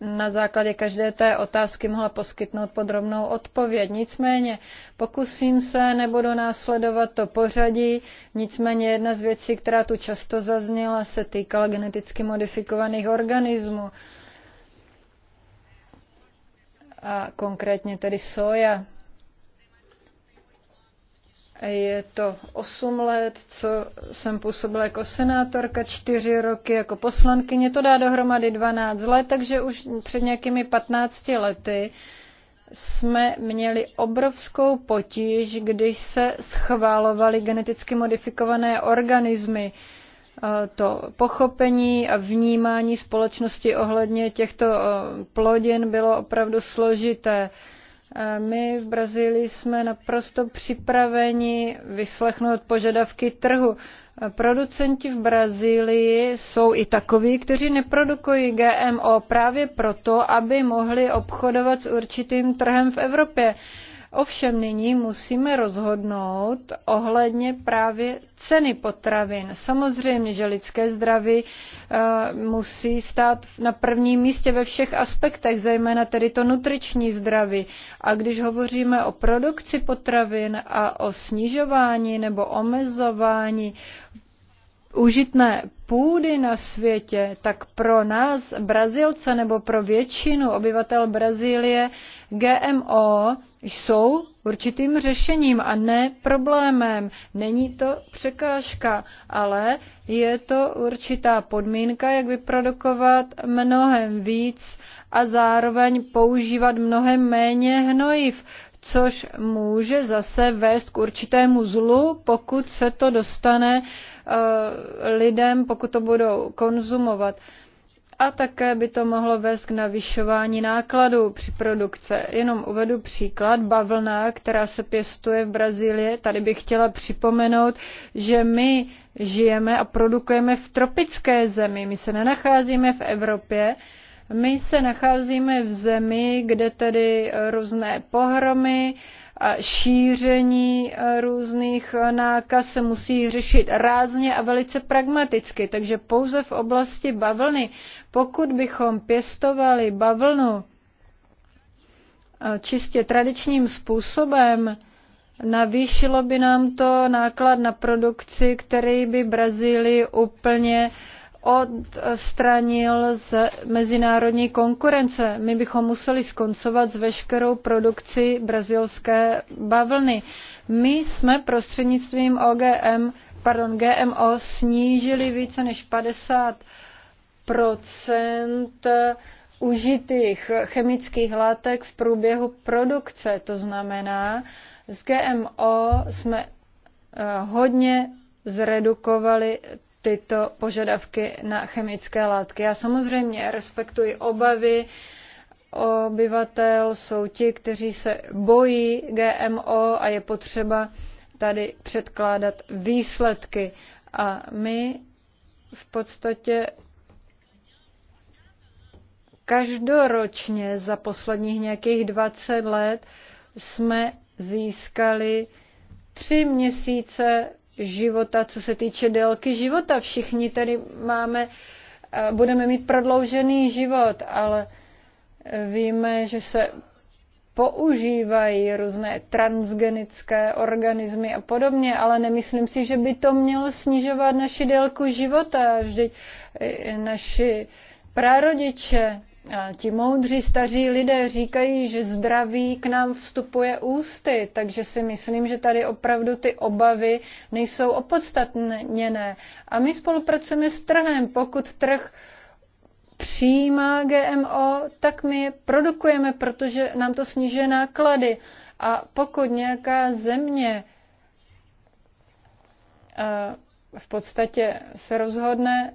na základě každé té otázky mohla poskytnout podrobnou odpověď. Nicméně pokusím se, nebudu následovat to pořadí, nicméně jedna z věcí, která tu často zazněla, se týkala geneticky modifikovaných organismů. A konkrétně tedy soja. Je to 8 let, co jsem působila jako senátorka, 4 roky jako poslankyně, to dá dohromady 12 let, takže už před nějakými 15 lety jsme měli obrovskou potíž, když se schválovaly geneticky modifikované organismy. E, to pochopení a vnímání společnosti ohledně těchto e, plodin bylo opravdu složité. My v Brazílii jsme naprosto připraveni vyslechnout požadavky trhu. Producenti v Brazílii jsou i takoví, kteří neprodukují GMO právě proto, aby mohli obchodovat s určitým trhem v Evropě. Ovšem nyní musíme rozhodnout ohledně právě ceny potravin. Samozřejmě, že lidské zdraví eh, musí stát na prvním místě ve všech aspektech, zejména tedy to nutriční zdraví. A když hovoříme o produkci potravin a o snižování nebo omezování užitné půdy na světě, tak pro nás, Brazilce nebo pro většinu obyvatel Brazílie, GMO jsou určitým řešením a ne problémem. Není to překážka, ale je to určitá podmínka, jak vyprodukovat mnohem víc a zároveň používat mnohem méně hnojiv, což může zase vést k určitému zlu, pokud se to dostane eh, lidem, pokud to budou konzumovat a také by to mohlo vést k navyšování nákladů při produkce. Jenom uvedu příklad, bavlna, která se pěstuje v Brazílii. Tady bych chtěla připomenout, že my žijeme a produkujeme v tropické zemi. My se nenacházíme v Evropě, my se nacházíme v zemi, kde tedy různé pohromy, šíření e, různých e, nákaz se musí řešit rázně a velice pragmaticky. Takže pouze v oblasti bavlny, pokud bychom pěstovali bavlnu e, čistě tradičním způsobem, navýšilo by nám to náklad na produkci, který by Brazílii úplně odstranil z mezinárodní konkurence. My bychom museli skoncovat s veškerou produkci brazilské bavlny. My jsme prostřednictvím OGM, pardon, GMO snížili více než 50 užitých chemických látek v průběhu produkce. To znamená, z GMO jsme eh, hodně zredukovali tyto požadavky na chemické látky. Já samozřejmě respektuji obavy obyvatel, jsou ti, kteří se bojí GMO a je potřeba tady předkládat výsledky. A my v podstatě každoročně za posledních nějakých 20 let jsme získali tři měsíce života, co se týče délky života. Všichni tady máme, budeme mít prodloužený život, ale víme, že se používají různé transgenické organismy a podobně, ale nemyslím si, že by to mělo snižovat naši délku života. Vždyť e, naši prarodiče a ti moudří staří lidé říkají, že zdraví k nám vstupuje ústy, takže si myslím, že tady opravdu ty obavy nejsou opodstatněné. A my spolupracujeme s trhem. Pokud trh přijímá GMO, tak my je produkujeme, protože nám to snižuje náklady. A pokud nějaká země v podstatě se rozhodne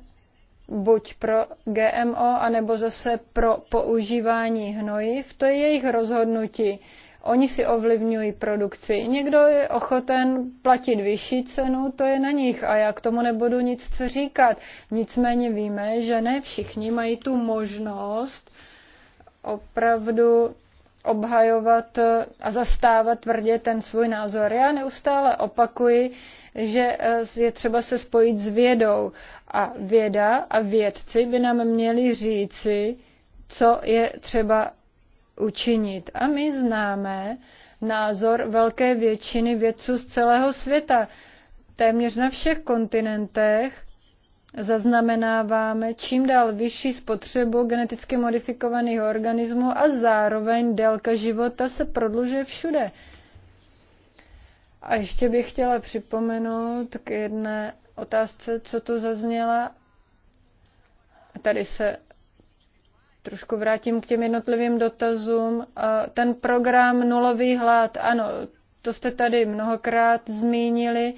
buď pro GMO, anebo zase pro používání hnojiv, to je jejich rozhodnutí. Oni si ovlivňují produkci. Někdo je ochoten platit vyšší cenu, to je na nich a já k tomu nebudu nic co říkat. Nicméně víme, že ne všichni mají tu možnost opravdu obhajovat a zastávat tvrdě ten svůj názor. Já neustále opakuji, že eh, je třeba se spojit s vědou. A věda a vědci by nám měli říci, co je třeba učinit. A my známe názor velké většiny vědců z celého světa. Téměř na všech kontinentech zaznamenáváme čím dál vyšší spotřebu geneticky modifikovaných organismů a zároveň délka života se prodlužuje všude. A ještě bych chtěla připomenout k jedné otázce, co tu zazněla. Tady se trošku vrátím k těm jednotlivým dotazům. Ten program Nulový hlad, ano, to jste tady mnohokrát zmínili,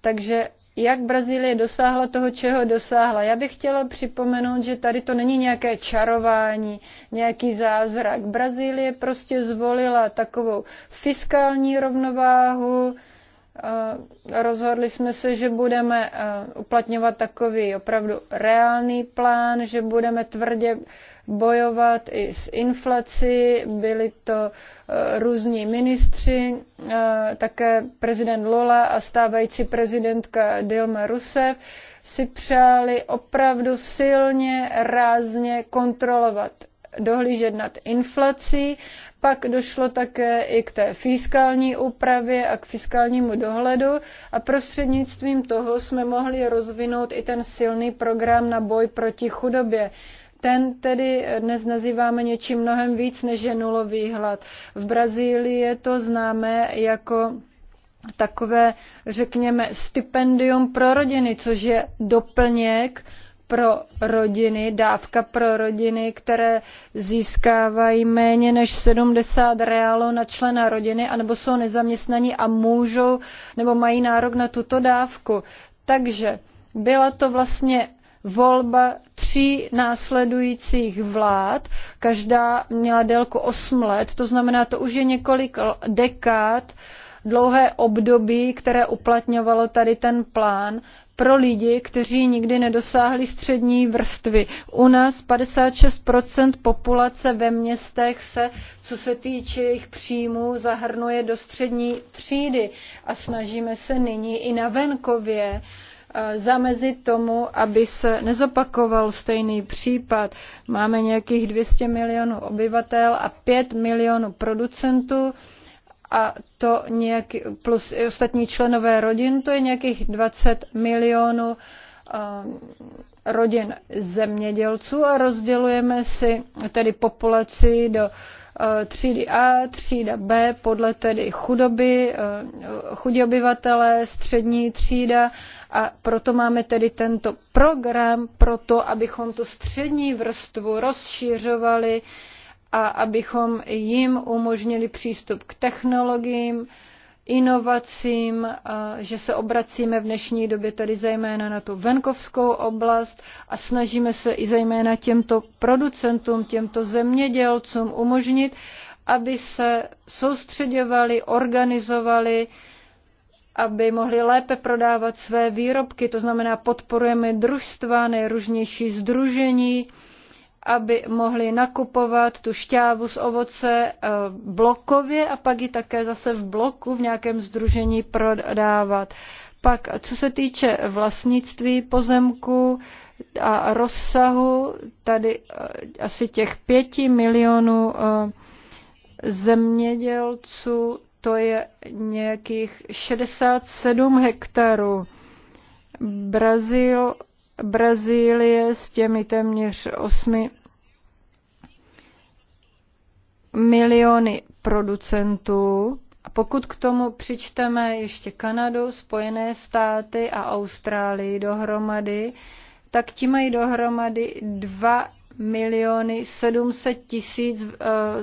takže jak Brazílie dosáhla toho, čeho dosáhla. Já bych chtěla připomenout, že tady to není nějaké čarování, nějaký zázrak. Brazílie prostě zvolila takovou fiskální rovnováhu, eh, rozhodli jsme se, že budeme eh, uplatňovat takový opravdu reálný plán, že budeme tvrdě bojovat i s inflací. Byli to e, různí ministři, e, také prezident Lola a stávající prezidentka Dilma Rousseff si přáli opravdu silně, rázně kontrolovat dohlížet nad inflací. Pak došlo také i k té fiskální úpravě a k fiskálnímu dohledu a prostřednictvím toho jsme mohli rozvinout i ten silný program na boj proti chudobě ten tedy dnes nazýváme něčím mnohem víc než je nulový hlad. V Brazílii je to známé jako takové, řekněme, stipendium pro rodiny, což je doplněk pro rodiny, dávka pro rodiny, které získávají méně než 70 reálů na člena rodiny, anebo jsou nezaměstnaní a můžou nebo mají nárok na tuto dávku. Takže byla to vlastně volba tří následujících vlád, každá měla délku 8 let, to znamená, to už je několik dekád, dlouhé období, které uplatňovalo tady ten plán pro lidi, kteří nikdy nedosáhli střední vrstvy. U nás 56% populace ve městech se, co se týče jejich příjmů, zahrnuje do střední třídy a snažíme se nyní i na venkově zamezit tomu, aby se nezopakoval stejný případ. Máme nějakých 200 milionů obyvatel a 5 milionů producentů a to nějaký, plus i ostatní členové rodin, to je nějakých 20 milionů rodin zemědělců a rozdělujeme si tedy populaci do třídy A, třída B podle tedy chudoby, eh, chudí obyvatele, střední třída a proto máme tedy tento program proto, abychom tu střední vrstvu rozšířovali a abychom jim umožnili přístup k technologiím, inovacím, že se obracíme v dnešní době tady zejména na tu venkovskou oblast a snažíme se i zejména těmto producentům, těmto zemědělcům umožnit, aby se soustředěvali, organizovali, aby mohli lépe prodávat své výrobky. To znamená, podporujeme družstva, nejružnější združení, aby mohli nakupovat tu šťávu z ovoce eh, blokově a pak ji také zase v bloku v nějakém združení prodávat. Pak, co se týče vlastnictví pozemku a rozsahu, tady eh, asi těch pěti milionů eh, zemědělců, to je nějakých 67 hektarů. Brazíl Brazílie s těmi téměř 8 miliony producentů. A pokud k tomu přičteme ještě Kanadu, Spojené státy a Austrálii dohromady, tak ti mají dohromady 2 miliony 700 tisíc eh,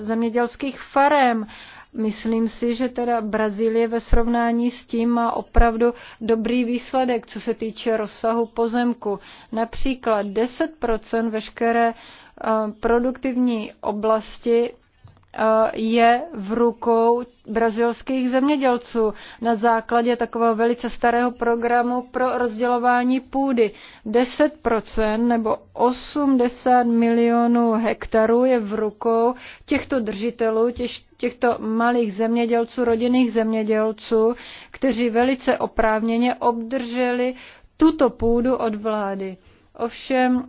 zemědělských farem Myslím si, že teda Brazílie ve srovnání s tím má opravdu dobrý výsledek, co se týče rozsahu pozemku. Například 10% veškeré eh, produktivní oblasti Eh, je v rukou brazilských zemědělců na základě takového velice starého programu pro rozdělování půdy. 10% nebo 80 milionů hektarů je v rukou těchto držitelů, těchto malých zemědělců, rodinných zemědělců, kteří velice oprávněně obdrželi tuto půdu od vlády. Ovšem,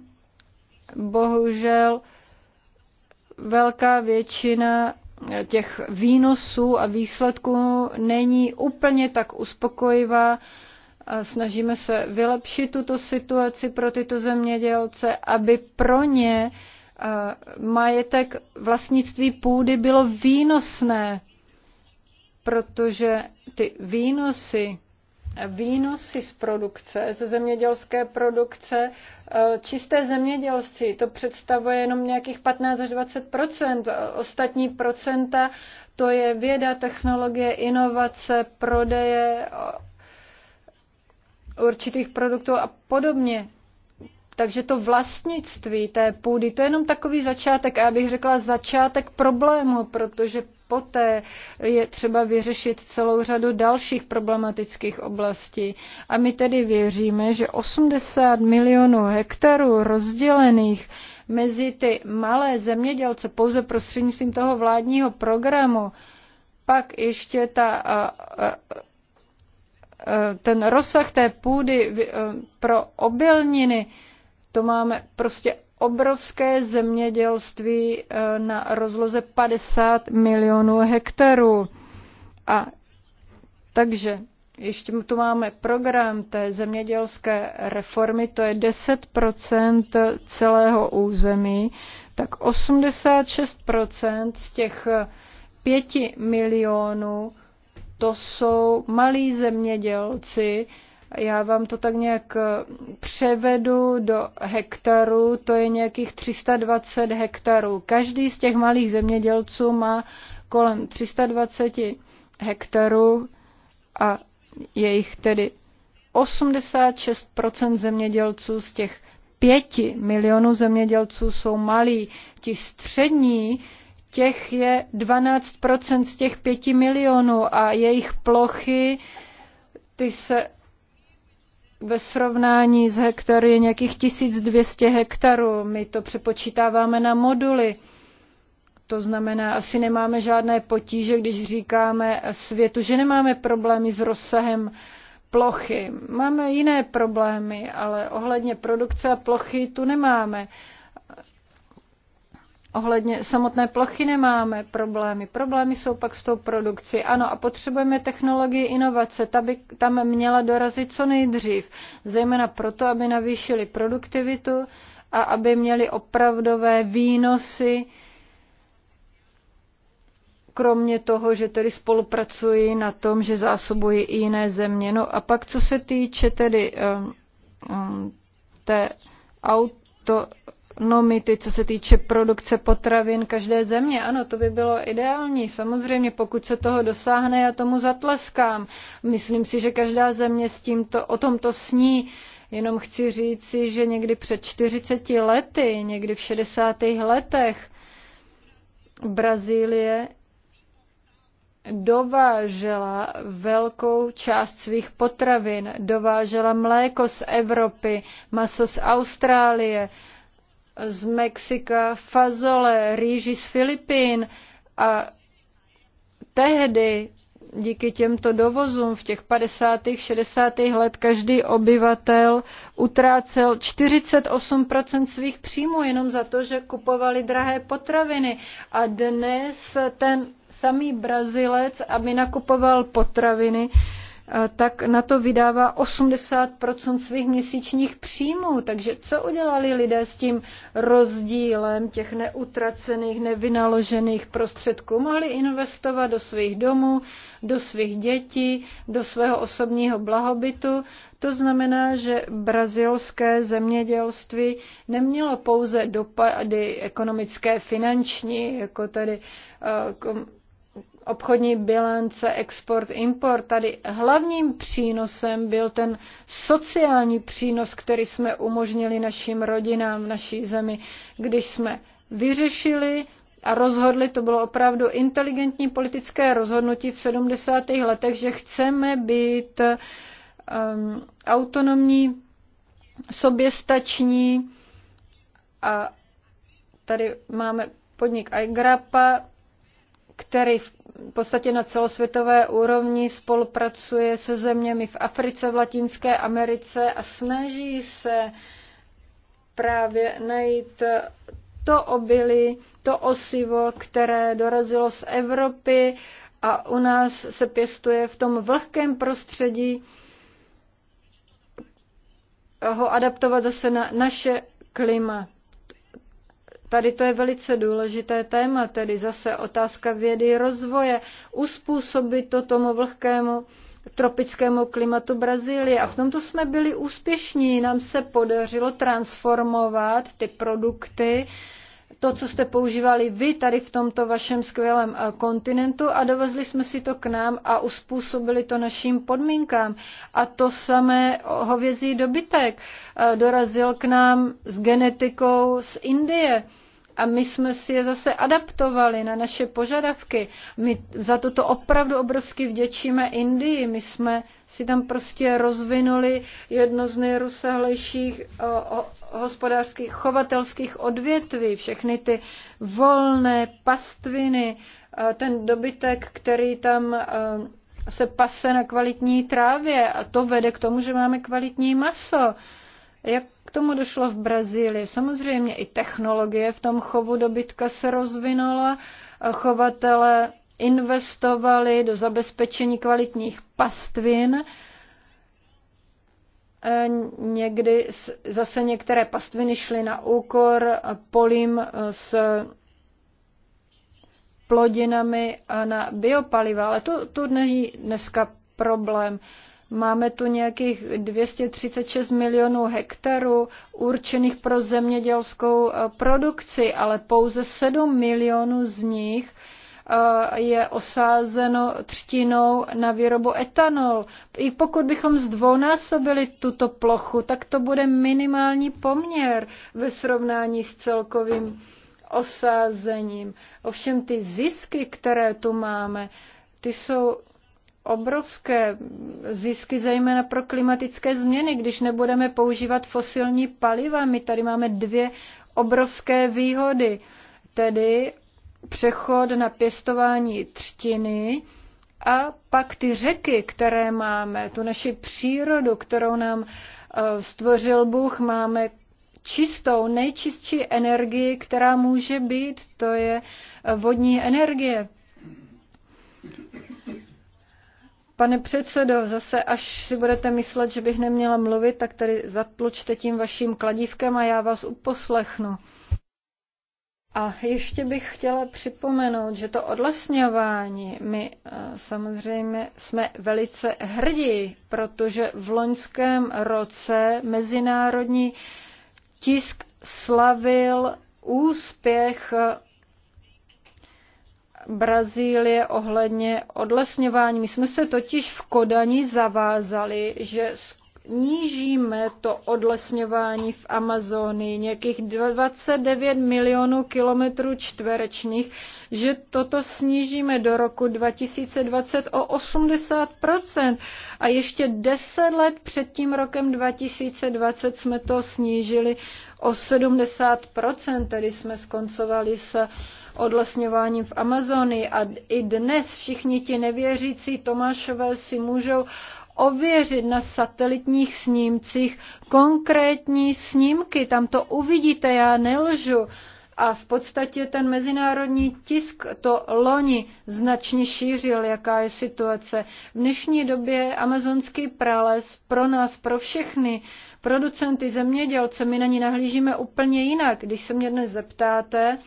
bohužel, velká většina těch výnosů a výsledků není úplně tak uspokojivá. A snažíme se vylepšit tuto situaci pro tyto zemědělce, aby pro ně majetek vlastnictví půdy bylo výnosné, protože ty výnosy výnosy z produkce, ze zemědělské produkce. E, čisté zemědělství to představuje jenom nějakých 15 až 20 e, ostatní procenta to je věda, technologie, inovace, prodeje určitých produktů a podobně. Takže to vlastnictví té půdy, to je jenom takový začátek, a já bych řekla začátek problému, protože poté je třeba vyřešit celou řadu dalších problematických oblastí. A my tedy věříme, že 80 milionů hektarů rozdělených mezi ty malé zemědělce pouze prostřednictvím toho vládního programu, pak ještě ta a, a, ten rozsah té půdy pro obilniny, to máme prostě obrovské zemědělství eh, na rozloze 50 milionů hektarů. A takže ještě tu máme program té zemědělské reformy, to je 10 celého území, tak 86 z těch 5 eh, milionů to jsou malí zemědělci, já vám to tak nějak eh, převedu do hektarů, to je nějakých 320 hektarů. Každý z těch malých zemědělců má kolem 320 hektarů a je jich tedy 86% zemědělců z těch 5 milionů zemědělců jsou malí. Ti střední, těch je 12% z těch 5 milionů a jejich plochy ty se ve srovnání s hektary je nějakých 1200 hektarů. My to přepočítáváme na moduly. To znamená, asi nemáme žádné potíže, když říkáme světu, že nemáme problémy s rozsahem plochy. Máme jiné problémy, ale ohledně produkce a plochy tu nemáme. Ohledně samotné plochy nemáme problémy. Problémy jsou pak s tou produkcí. Ano, a potřebujeme technologii inovace. Ta by tam měla dorazit co nejdřív, zejména proto, aby navýšili produktivitu a aby měli opravdové výnosy, kromě toho, že tedy spolupracují na tom, že zásobují i jiné země. No a pak, co se týče tedy um, um, té auto No, ty co se týče produkce potravin každé země. Ano, to by bylo ideální. Samozřejmě, pokud se toho dosáhne, já tomu zatleskám. Myslím si, že každá země s tímto, o tomto sní. Jenom chci říci, že někdy před 40 lety, někdy v 60. letech Brazílie dovážela velkou část svých potravin, dovážela mléko z Evropy, maso z Austrálie, z Mexika, fazole, rýži z Filipín a tehdy díky těmto dovozům v těch 50. 60. let každý obyvatel utrácel 48% svých příjmů jenom za to, že kupovali drahé potraviny. A dnes ten samý Brazilec, aby nakupoval potraviny, Eh, tak na to vydává 80 svých měsíčních příjmů. Takže co udělali lidé s tím rozdílem těch neutracených, nevynaložených prostředků? Mohli investovat do svých domů, do svých dětí, do svého osobního blahobytu. To znamená, že brazilské zemědělství nemělo pouze dopady ekonomické, finanční, jako tady eh, obchodní bilance, export, import. Tady hlavním přínosem byl ten sociální přínos, který jsme umožnili našim rodinám v naší zemi, když jsme vyřešili a rozhodli, to bylo opravdu inteligentní politické rozhodnutí v 70. letech, že chceme být um, autonomní, soběstační a tady máme podnik Aigrapa, který v podstatě na celosvětové úrovni spolupracuje se zeměmi v Africe, v Latinské Americe a snaží se právě najít to obilí, to osivo, které dorazilo z Evropy a u nás se pěstuje v tom vlhkém prostředí, ho adaptovat zase na naše klima. Tady to je velice důležité téma, tedy zase otázka vědy rozvoje, uspůsobit to tomu vlhkému tropickému klimatu Brazílie. A v tomto jsme byli úspěšní. Nám se podařilo transformovat ty produkty, to, co jste používali vy tady v tomto vašem skvělém eh, kontinentu a dovezli jsme si to k nám a uspůsobili to našim podmínkám. A to samé hovězí dobytek eh, dorazil k nám s genetikou z Indie a my jsme si je zase adaptovali na naše požadavky. My za toto opravdu obrovsky vděčíme Indii. My jsme si tam prostě rozvinuli jedno z nejrozsáhlejších hospodářských chovatelských odvětví, všechny ty volné pastviny, ten dobytek, který tam se pase na kvalitní trávě a to vede k tomu, že máme kvalitní maso. Jak k tomu došlo v Brazílii? Samozřejmě i technologie v tom chovu dobytka se rozvinula, chovatele investovali do zabezpečení kvalitních pastvin, e, někdy zase některé pastviny šly na úkor polím e, s plodinami a na biopaliva, ale to, to dneska problém. Máme tu nějakých 236 milionů hektarů určených pro zemědělskou eh, produkci, ale pouze 7 milionů z nich eh, je osázeno třtinou na výrobu etanol. I pokud bychom zdvojnásobili tuto plochu, tak to bude minimální poměr ve srovnání s celkovým osázením. Ovšem ty zisky, které tu máme, ty jsou obrovské zisky, zejména pro klimatické změny, když nebudeme používat fosilní paliva. My tady máme dvě obrovské výhody, tedy přechod na pěstování třtiny a pak ty řeky, které máme, tu naši přírodu, kterou nám eh, stvořil Bůh, máme čistou, nejčistší energii, která může být, to je eh, vodní energie. Pane předsedo, zase až si budete myslet, že bych neměla mluvit, tak tady zatlučte tím vaším kladívkem a já vás uposlechnu. A ještě bych chtěla připomenout, že to odlesňování, my eh, samozřejmě jsme velice hrdí, protože v loňském roce mezinárodní tisk slavil úspěch Brazílie ohledně odlesňování. My jsme se totiž v Kodani zavázali, že snížíme to odlesňování v Amazonii nějakých 29 milionů kilometrů čtverečních, že toto snížíme do roku 2020 o 80%. A ještě 10 let před tím rokem 2020 jsme to snížili o 70%, tedy jsme skoncovali se odlesňováním v Amazonii. A i dnes všichni ti nevěřící Tomášové si můžou ověřit na satelitních snímcích konkrétní snímky. Tam to uvidíte, já nelžu. A v podstatě ten mezinárodní tisk to loni značně šířil, jaká je situace. V dnešní době amazonský prales pro nás, pro všechny, producenty, zemědělce, my na ní nahlížíme úplně jinak. Když se mě dnes zeptáte,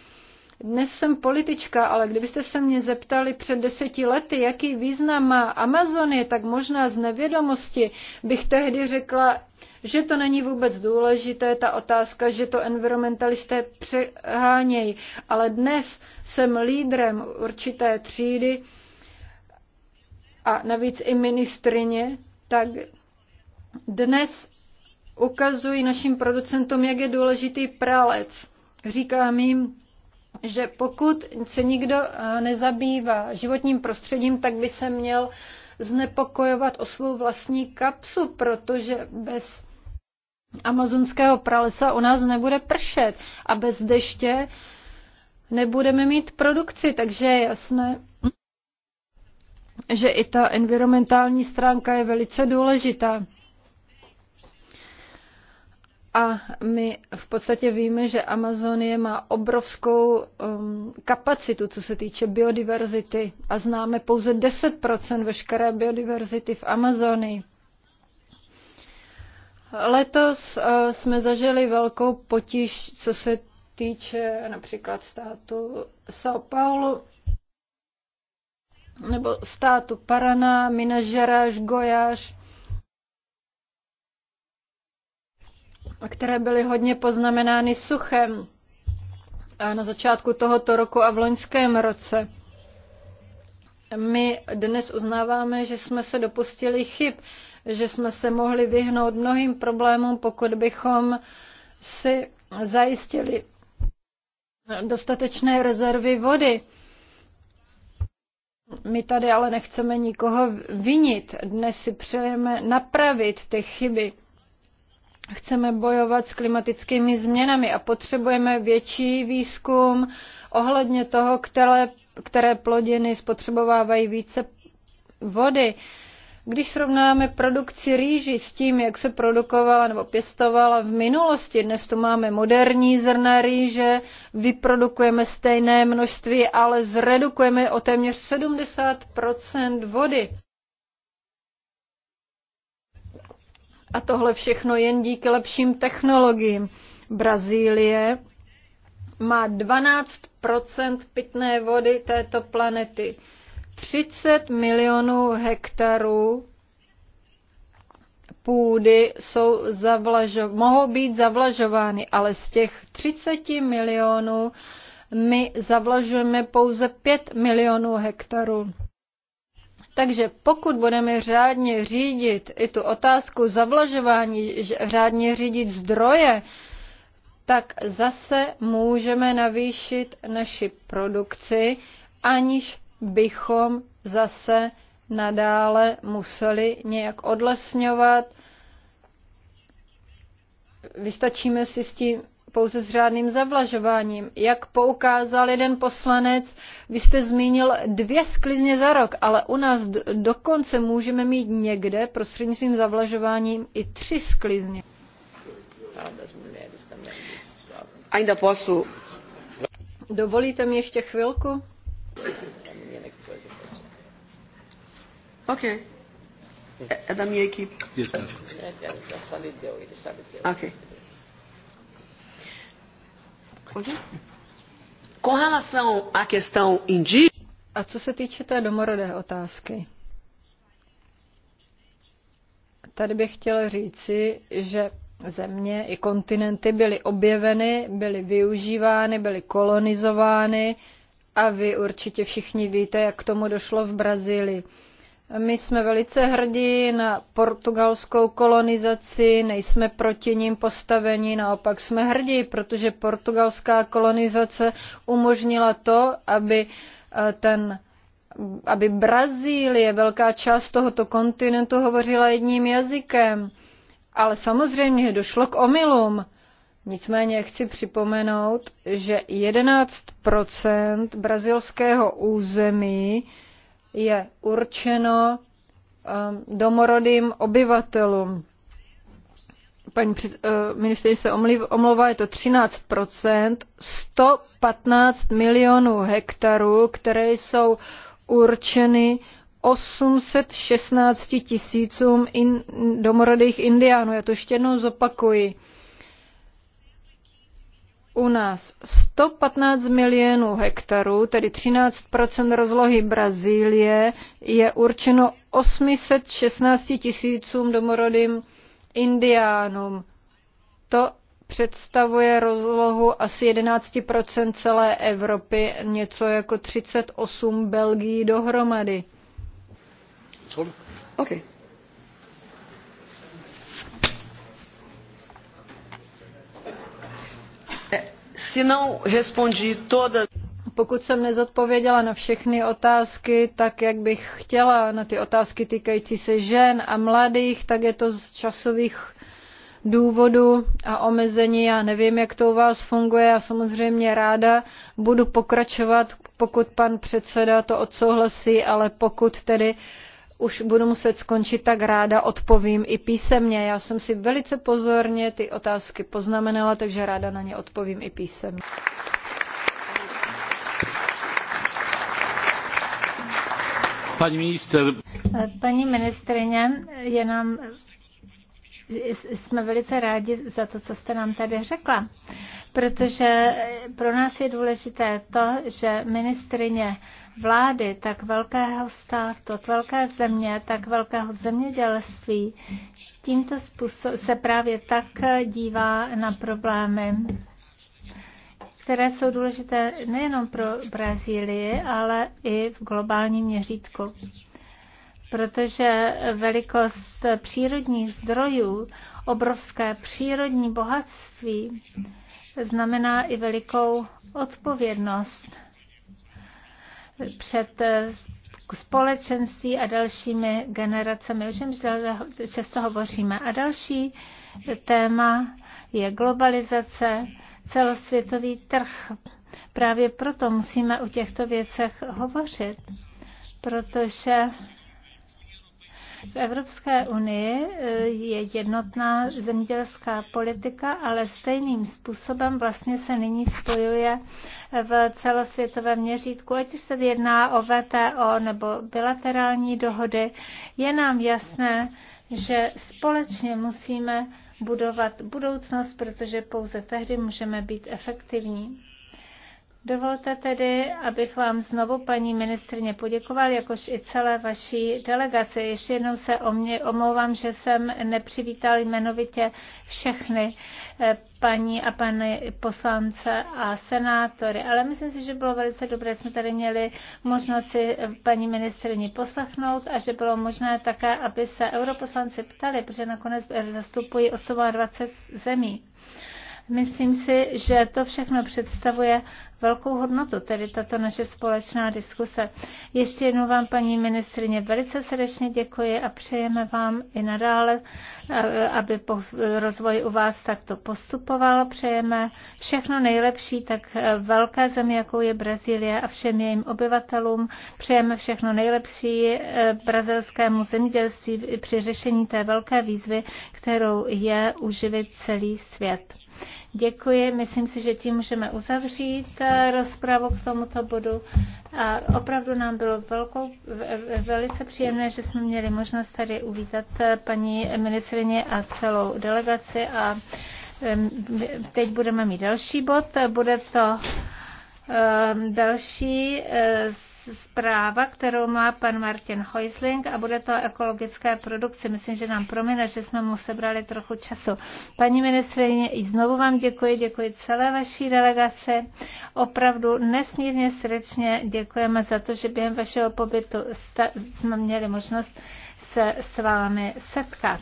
dnes jsem politička, ale kdybyste se mě zeptali před deseti lety, jaký význam má Amazonie, tak možná z nevědomosti bych tehdy řekla, že to není vůbec důležité, ta otázka, že to environmentalisté přehánějí. Ale dnes jsem lídrem určité třídy a navíc i ministrině, tak dnes ukazují našim producentům, jak je důležitý pralec. Říkám jim, že pokud se nikdo eh, nezabývá životním prostředím, tak by se měl znepokojovat o svou vlastní kapsu, protože bez amazonského pralesa u nás nebude pršet a bez deště nebudeme mít produkci, takže je jasné, že i ta environmentální stránka je velice důležitá. A my v podstatě víme, že Amazonie má obrovskou um, kapacitu, co se týče biodiverzity a známe pouze 10% veškeré biodiverzity v Amazonii. Letos uh, jsme zažili velkou potíž, co se týče například státu São Paulo nebo státu Paraná, Minas Gerais, Goiás které byly hodně poznamenány suchem eh, na začátku tohoto roku a v loňském roce. My dnes uznáváme, že jsme se dopustili chyb, že jsme se mohli vyhnout mnohým problémům, pokud bychom si zajistili dostatečné rezervy vody. My tady ale nechceme nikoho vinit. Dnes si přejeme napravit ty chyby chceme bojovat s klimatickými změnami a potřebujeme větší výzkum ohledně toho, které, které plodiny spotřebovávají více vody. Když srovnáme produkci rýži s tím, jak se produkovala nebo pěstovala v minulosti, dnes tu máme moderní zrna rýže, vyprodukujeme stejné množství, ale zredukujeme o téměř 70 vody. A tohle všechno jen díky lepším technologiím. Brazílie má 12 pitné vody této planety. 30 milionů hektarů půdy jsou zavlažo- mohou být zavlažovány, ale z těch 30 milionů my zavlažujeme pouze 5 milionů hektarů. Takže pokud budeme řádně řídit i tu otázku zavlažování, řádně řídit zdroje, tak zase můžeme navýšit naši produkci, aniž bychom zase nadále museli nějak odlesňovat. Vystačíme si s tím pouze s řádným zavlažováním. Jak poukázal jeden poslanec, vy jste zmínil dvě sklizně za rok, ale u nás dokonce můžeme mít někde prostřednictvím zavlažováním i tři sklizně. Dovolíte mi ještě chvilku? Okay. É e, e, da minha equipe. Yes, okay. Com relação à questão indígena, a co se týče té domorodé otázky, tady bych chtěla říci, že země i kontinenty byly objeveny, byly využívány, byly kolonizovány a vy určitě všichni víte, jak k tomu došlo v Brazílii. My jsme velice hrdí na portugalskou kolonizaci, nejsme proti ním postaveni, naopak jsme hrdí, protože portugalská kolonizace umožnila to, aby eh, ten aby Brazílie, velká část tohoto kontinentu hovořila jedním jazykem. Ale samozřejmě došlo k omylům. Nicméně chci připomenout, že 11 brazilského území je určeno um, domorodým obyvatelům. Paní uh, ministrině se omlouvá, je to 13 115 milionů hektarů, které jsou určeny 816 tisícům in, domorodých indiánů. Já to ještě jednou zopakuji u nás 115 milionů hektarů, tedy 13 rozlohy Brazílie, je určeno 816 tisícům domorodým indiánům. To představuje rozlohu asi 11 celé Evropy, něco jako 38 Belgií dohromady. Okay. Se não respondi todas pokud jsem nezodpověděla na všechny otázky, tak jak bych chtěla, na ty otázky týkající se žen a mladých, tak je to z časových důvodů a omezení. Já nevím, jak to u vás funguje a samozřejmě ráda budu pokračovat, pokud pan předseda to odsouhlasí, ale pokud tedy uh, už budu muset skončit, tak ráda odpovím i písemně. Já jsem si velice pozorně ty otázky poznamenala, takže ráda na ně odpovím i písemně. Paní minister. Paní ministrině, je nám jsme velice rádi za to, co jste nám tady řekla, protože pro nás je důležité to, že ministrině vlády tak velkého státu, tak velké země, tak velkého zemědělství tímto způsobem se právě tak dívá na problémy které jsou důležité nejenom pro Brazílii, ale i v globálním měřítku protože velikost přírodních zdrojů, obrovské přírodní bohatství znamená i velikou odpovědnost před společenství a dalšími generacemi, o čemž často hovoříme. A další téma je globalizace, celosvětový trh. Právě proto musíme o těchto věcech hovořit, protože v Evropské unii eh, je jednotná zemědělská politika, ale stejným způsobem vlastně se nyní spojuje eh, v celosvětovém měřítku, ať už se jedná o VTO nebo bilaterální dohody. Je nám jasné, že společně musíme budovat budoucnost, protože pouze tehdy můžeme být efektivní. Dovolte tedy, abych vám znovu, paní ministrně, poděkoval, jakož i celé vaší delegaci. Ještě jednou se o mě, omlouvám, že jsem nepřivítal jmenovitě všechny eh, paní a pany poslance a senátory, ale myslím si, že bylo velice dobré, jsme tady měli možnost si eh, paní ministrně poslechnout a že bylo možné také, aby se europoslanci ptali, protože nakonec eh, zastupují 28 zemí. Myslím si, že to všechno představuje velkou hodnotu, tedy tato naše společná diskuse. Ještě jednou vám, paní ministrině, velice srdečně děkuji a přejeme vám i nadále, eh, aby po eh, rozvoj u vás takto postupoval. Přejeme všechno nejlepší tak eh, velké zemi, jakou je Brazílie a všem jejím obyvatelům. Přejeme všechno nejlepší brazilskému zemědělství při řešení té velké výzvy, kterou je uživit celý svět. Děkuji, myslím si, že tím můžeme uzavřít eh, rozpravu k tomuto bodu. A opravdu nám bylo velkou, velice příjemné, že jsme měli možnost tady uvítat eh, paní ministrině a celou delegaci. A teď budeme mít další bod, bude to eh, další zpráva, kterou má pan Martin Heusling a bude to ekologické produkci. Myslím, že nám promine, že jsme mu sebrali trochu času. Paní ministrině, i znovu vám děkuji, děkuji celé vaší delegace. Opravdu nesmírně srdečně děkujeme za to, že během vašeho pobytu jsme měli možnost se s vámi setkat.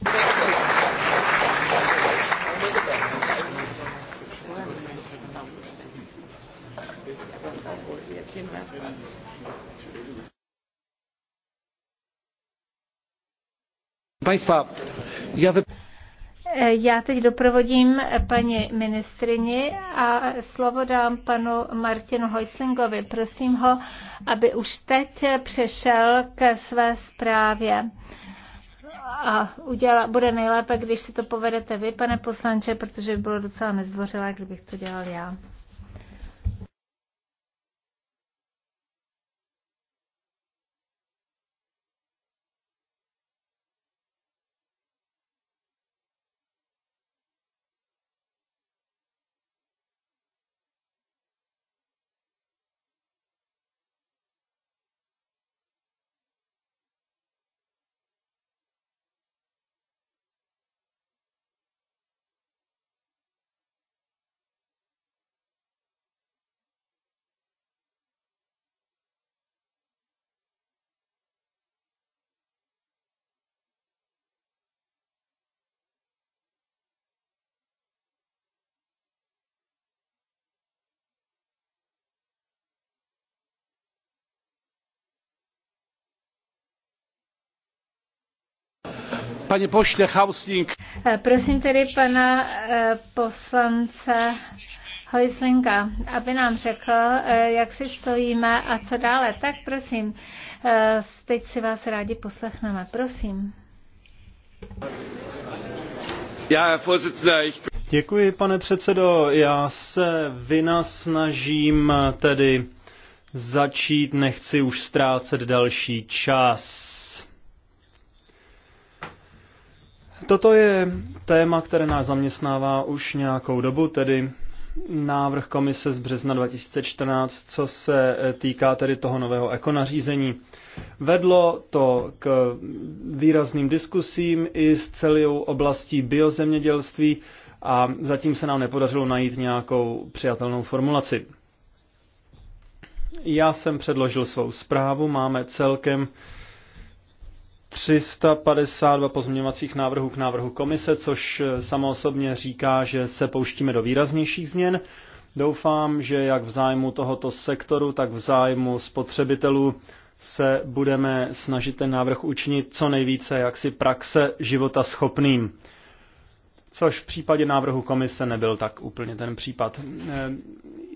Děkuji. Vielen Dank. Państwa, já Já teď doprovodím paní ministrini a slovo dám panu Martinu Hojslingovi. Prosím ho, aby už teď přešel ke své zprávě. A udělá, bude nejlépe, když si to povedete vy, pane poslanče, protože by bylo docela nezdvořilé, kdybych to dělal já. Pane pośle Hausling. Eh, prosím tedy pana eh, poslance Hojslinga, aby nám řekl, eh, jak si stojíme a co dále. Tak prosím, teď si vás rádi poslechneme. Prosím. Děkuji, pane předsedo. Já se vina snažím tedy začít, nechci už ztrácet další čas. Toto je téma, které nás zaměstnává už nějakou dobu, tedy návrh komise z března 2014, co se týká tedy toho nového ekonařízení. Vedlo to k výrazným diskusím i s celou oblastí biozemědělství a zatím se nám nepodařilo najít nějakou přijatelnou formulaci. Já jsem předložil svou zprávu, máme celkem 352 pozměňovacích návrhů k návrhu komise, což eh, osobně říká, že se pouštíme do výraznějších změn. Doufám, že jak v zájmu tohoto sektoru, tak v zájmu spotřebitelů se budeme snažit ten návrh učinit co nejvíce jaksi praxe života schopným což v případě návrhu komise nebyl tak úplně ten případ. Eh,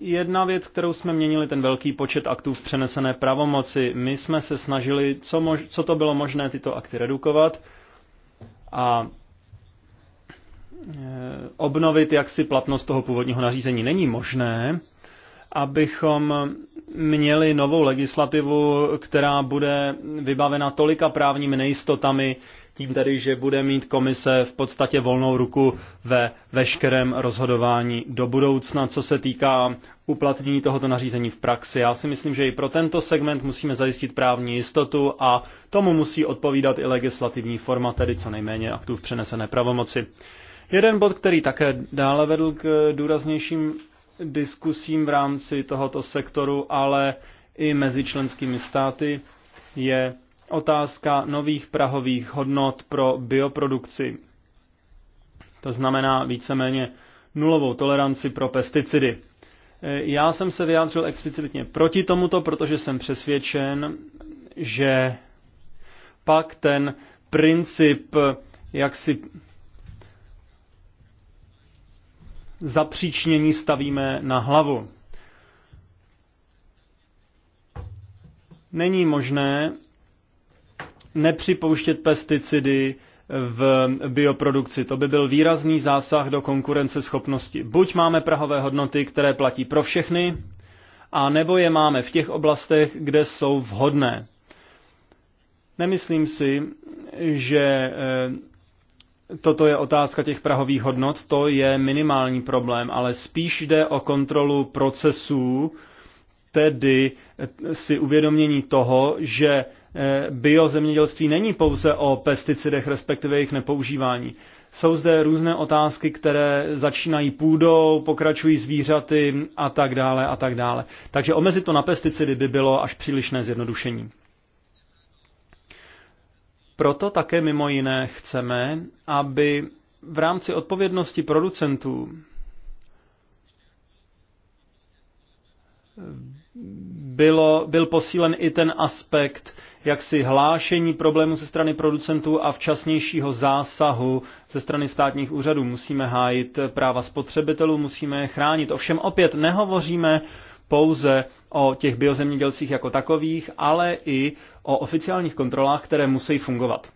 jedna věc, kterou jsme měnili, ten velký počet aktů v přenesené pravomoci. My jsme se snažili, co, mož, co to bylo možné, tyto akty redukovat a eh, obnovit jaksi platnost toho původního nařízení. Není možné, abychom měli novou legislativu, která bude vybavena tolika právními nejistotami, tím tedy, že bude mít komise v podstatě volnou ruku ve veškerém rozhodování do budoucna, co se týká uplatnění tohoto nařízení v praxi. Já si myslím, že i pro tento segment musíme zajistit právní jistotu a tomu musí odpovídat i legislativní forma, tedy co nejméně aktů v přenesené pravomoci. Jeden bod, který také dále vedl k důraznějším diskusím v rámci tohoto sektoru, ale i mezi členskými státy, je otázka nových prahových hodnot pro bioprodukci. To znamená víceméně nulovou toleranci pro pesticidy. E, já jsem se vyjádřil explicitně proti tomuto, protože jsem přesvědčen, že pak ten princip jaksi zapříčnění stavíme na hlavu. Není možné, nepřipouštět pesticidy v bioprodukci. To by byl výrazný zásah do konkurenceschopnosti. Buď máme prahové hodnoty, které platí pro všechny, a nebo je máme v těch oblastech, kde jsou vhodné. Nemyslím si, že eh, toto je otázka těch prahových hodnot, to je minimální problém, ale spíš jde o kontrolu procesů, tedy si uvědomění toho, že Eh, biozemědělství není pouze o pesticidech, respektive jejich nepoužívání. Jsou zde různé otázky, které začínají půdou, pokračují zvířaty a tak dále a tak dále. Takže omezit to na pesticidy by bylo až přílišné zjednodušení. Proto také mimo jiné chceme, aby v rámci odpovědnosti producentů bylo, byl posílen i ten aspekt jaksi hlášení problému ze strany producentů a včasnějšího zásahu ze strany státních úřadů. Musíme hájit práva spotřebitelů, musíme je chránit. Ovšem opět nehovoříme pouze o těch biozemědělcích jako takových, ale i o oficiálních kontrolách, které musí fungovat.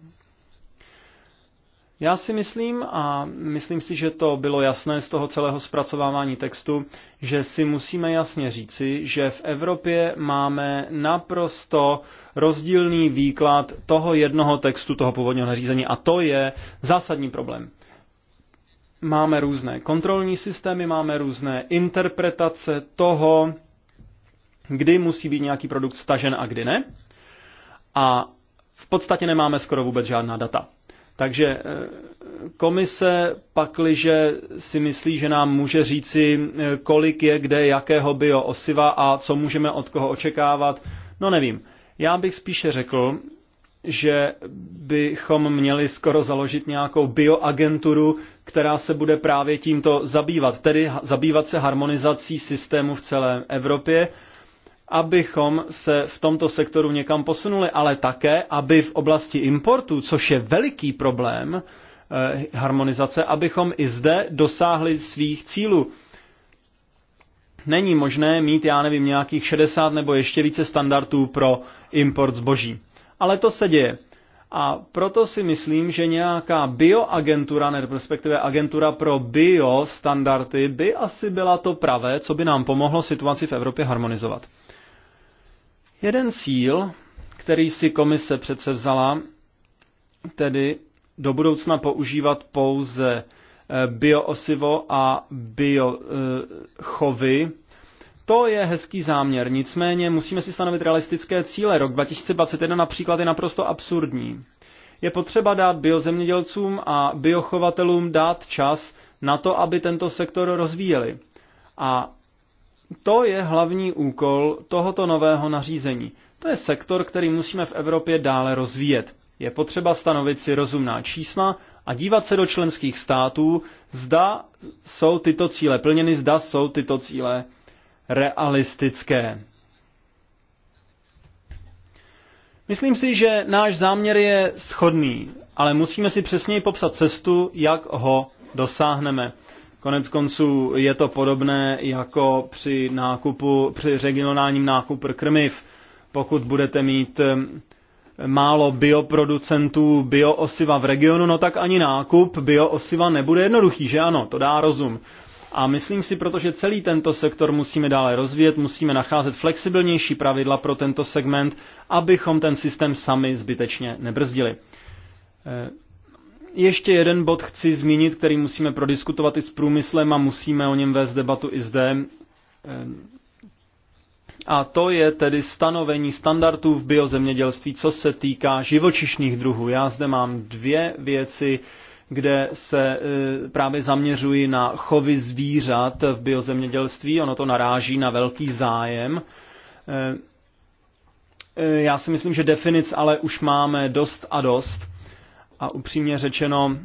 Já si myslím, a myslím si, že to bylo jasné z toho celého zpracovávání textu, že si musíme jasně říci, že v Evropě máme naprosto rozdílný výklad toho jednoho textu, toho původního nařízení, a to je zásadní problém. Máme různé kontrolní systémy, máme různé interpretace toho, kdy musí být nějaký produkt stažen a kdy ne. A v podstatě nemáme skoro vůbec žádná data. Takže eh, komise pakliže si myslí, že nám může říci, eh, kolik je kde jakého bioosiva a co můžeme od koho očekávat, no nevím. Já bych spíše řekl, že bychom měli skoro založit nějakou bioagenturu, která se bude právě tímto zabývat, tedy zabývat se harmonizací systému v celé Evropě abychom se v tomto sektoru někam posunuli, ale také, aby v oblasti importu, což je veliký problém eh, harmonizace, abychom i zde dosáhli svých cílů. Není možné mít, já nevím, nějakých 60 nebo ještě více standardů pro import zboží. Ale to se děje. A proto si myslím, že nějaká bioagentura, nebo respektive agentura pro biostandardy, by asi byla to pravé, co by nám pomohlo situaci v Evropě harmonizovat. Jeden cíl, který si komise přece vzala, tedy do budoucna používat pouze eh, bioosivo a biochovy, to je hezký záměr, nicméně musíme si stanovit realistické cíle. Rok 2021 například je naprosto absurdní. Je potřeba dát biozemědělcům a biochovatelům dát čas na to, aby tento sektor rozvíjeli. A to je hlavní úkol tohoto nového nařízení. To je sektor, který musíme v Evropě dále rozvíjet. Je potřeba stanovit si rozumná čísla a dívat se do členských států, zda jsou tyto cíle plněny, zda jsou tyto cíle realistické. Myslím si, že náš záměr je schodný, ale musíme si přesněji popsat cestu, jak ho dosáhneme. Konec konců je to podobné jako při nákupu, při regionálním nákupu krmiv. Pokud budete mít eh, málo bioproducentů bioosiva v regionu, no tak ani nákup bioosiva nebude jednoduchý, že ano, to dá rozum. A myslím si, protože celý tento sektor musíme dále rozvíjet, musíme nacházet flexibilnější pravidla pro tento segment, abychom ten systém sami zbytečně nebrzdili. Eh, ještě jeden bod chci zmínit, který musíme prodiskutovat i s průmyslem a musíme o něm vést debatu i zde. Ehm, a to je tedy stanovení standardů v biozemědělství, co se týká živočišných druhů. Já zde mám dvě věci, kde se e, právě zaměřuji na chovy zvířat v biozemědělství. Ono to naráží na velký zájem. Ehm, e, já si myslím, že definic ale už máme dost a dost a upřímně řečeno,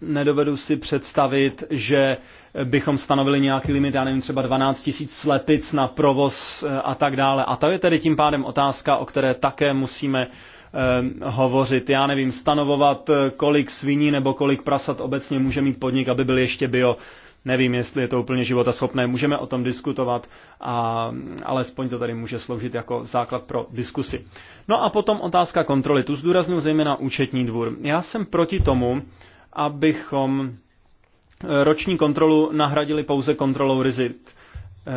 nedovedu si představit, že bychom stanovili nějaký limit, já nevím, třeba 12 tisíc slepic na provoz eh, a tak dále. A to je tedy tím pádem otázka, o které také musíme eh, hovořit. Já nevím, stanovovat, eh, kolik sviní nebo kolik prasat obecně může mít podnik, aby byl ještě bio. Nevím, jestli je to úplně životaschopné, můžeme o tom diskutovat, a alespoň to tady může sloužit jako základ pro diskusi. No a potom otázka kontroly. Tu zdůraznuju zejména účetní dvůr. Já jsem proti tomu, abychom eh, roční kontrolu nahradili pouze kontrolou rizik. Eh,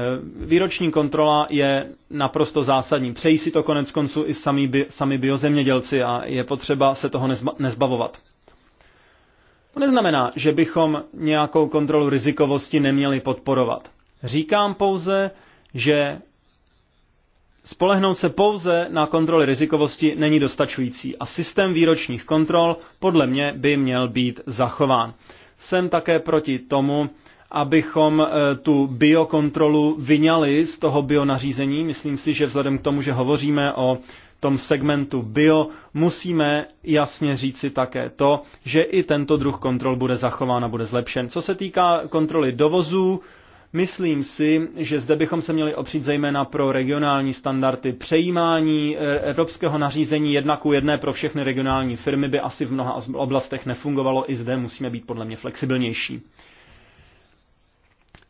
výroční kontrola je naprosto zásadní. Přejí si to konec konců i sami, sami biozemědělci a je potřeba se toho nezbavovat. To neznamená, že bychom nějakou kontrolu rizikovosti neměli podporovat. Říkám pouze, že spolehnout se pouze na kontroly rizikovosti není dostačující a systém výročních kontrol podle mě by měl být zachován. Jsem také proti tomu, abychom eh, tu biokontrolu vyňali z toho bionařízení. Myslím si, že vzhledem k tomu, že hovoříme o tom segmentu bio, musíme jasně říci také to, že i tento druh kontrol bude zachován a bude zlepšen. Co se týká kontroly dovozů, Myslím si, že zde bychom se měli opřít zejména pro regionální standardy. Přejímání eh, evropského nařízení jedna ku jedné pro všechny regionální firmy by asi v mnoha oblastech nefungovalo. I zde musíme být podle mě flexibilnější.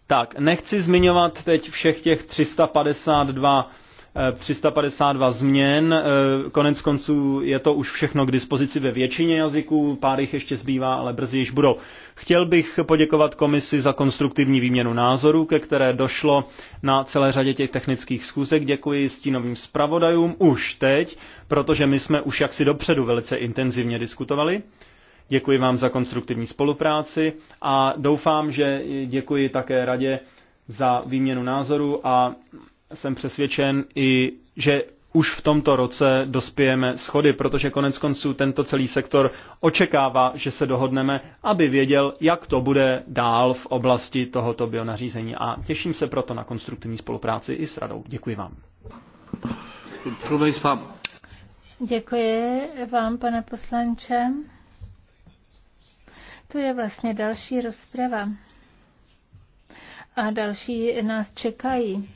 Tak, nechci zmiňovat teď všech těch 352 352 změn. Eh, konec konců je to už všechno k dispozici ve většině jazyků, pár jich ještě zbývá, ale brzy již budou. Chtěl bych poděkovat komisi za konstruktivní výměnu názorů, ke které došlo na celé řadě těch technických schůzek. Děkuji stínovým zpravodajům už teď, protože my jsme už jaksi dopředu velice intenzivně diskutovali. Děkuji vám za konstruktivní spolupráci a doufám, že děkuji také radě za výměnu názoru a jsem přesvědčen i, že už v tomto roce dospějeme schody, protože konec konců tento celý sektor očekává, že se dohodneme, aby věděl, jak to bude dál v oblasti tohoto bionařízení. A těším se proto na konstruktivní spolupráci i s radou. Děkuji vám. Děkuji vám, pane poslanče. To je vlastně další rozprava. A další nás čekají.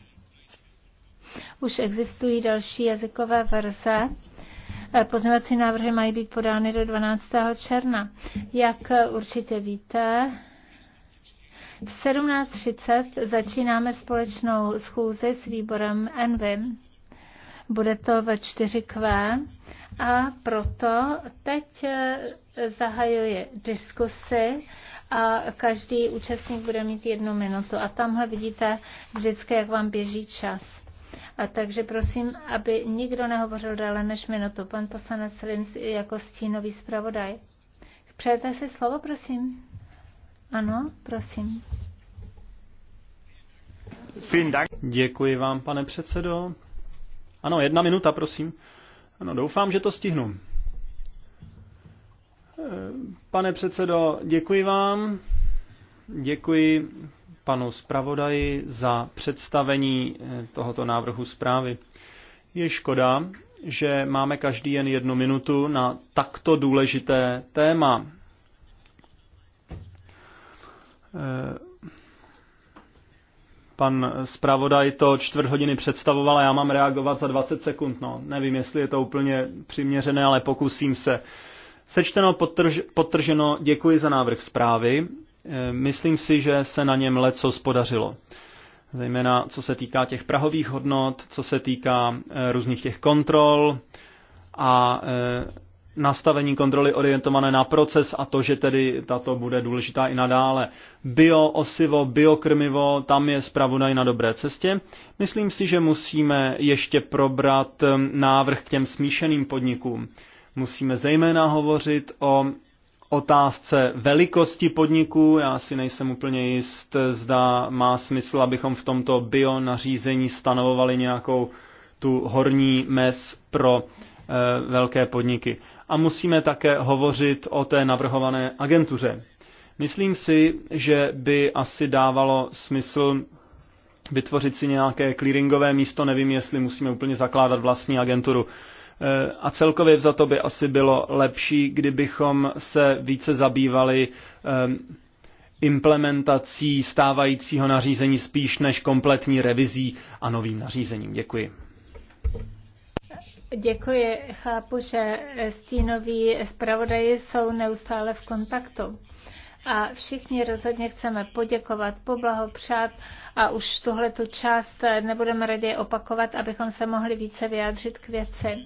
Už existují další jazykové verze. Eh, Poznávací návrhy mají být podány do 12. června. Jak eh, určitě víte, v 17.30 začínáme společnou schůzi s výborem ENVIM. Bude to ve 4Q a proto teď eh, zahajuji diskusy a každý účastník bude mít jednu minutu. A tamhle vidíte vždycky, jak vám běží čas. A takže prosím, aby nikdo nehovořil déle než minutu. Pan poslanec Lins jako stínový zpravodaj. Přejete si slovo, prosím? Ano, prosím. Děkuji vám, pane předsedo. Ano, jedna minuta, prosím. Ano, doufám, že to stihnu. Pane předsedo, děkuji vám. Děkuji panu zpravodaji za představení eh, tohoto návrhu zprávy. Je škoda, že máme každý jen jednu minutu na takto důležité téma. Eh, pan zpravodaj to čtvrt hodiny představoval a já mám reagovat za 20 sekund. No, nevím, jestli je to úplně přiměřené, ale pokusím se. Sečteno, potrž, potrženo, děkuji za návrh zprávy. Eh, myslím si, že se na něm leco spodařilo. Zejména co se týká těch prahových hodnot, co se týká eh, různých těch kontrol a eh, nastavení kontroly orientované na proces a to, že tedy tato bude důležitá i nadále. Bio osivo, biokrmivo, tam je zpravodaj na dobré cestě. Myslím si, že musíme ještě probrat návrh k těm smíšeným podnikům. Musíme zejména hovořit o otázce velikosti podniků. Já si nejsem úplně jist, zda má smysl, abychom v tomto bio nařízení stanovovali nějakou tu horní mez pro e, velké podniky. A musíme také hovořit o té navrhované agentuře. Myslím si, že by asi dávalo smysl vytvořit si nějaké clearingové místo, nevím, jestli musíme úplně zakládat vlastní agenturu a celkově za to by asi bylo lepší, kdybychom se více zabývali ehm, implementací stávajícího nařízení spíš než kompletní revizí a novým nařízením. Děkuji. Děkuji. Chápu, že stínoví zpravodaji jsou neustále v kontaktu. A všichni rozhodně chceme poděkovat, poblahopřát a už tuhle tu část nebudeme raději opakovat, abychom se mohli více vyjádřit k věci.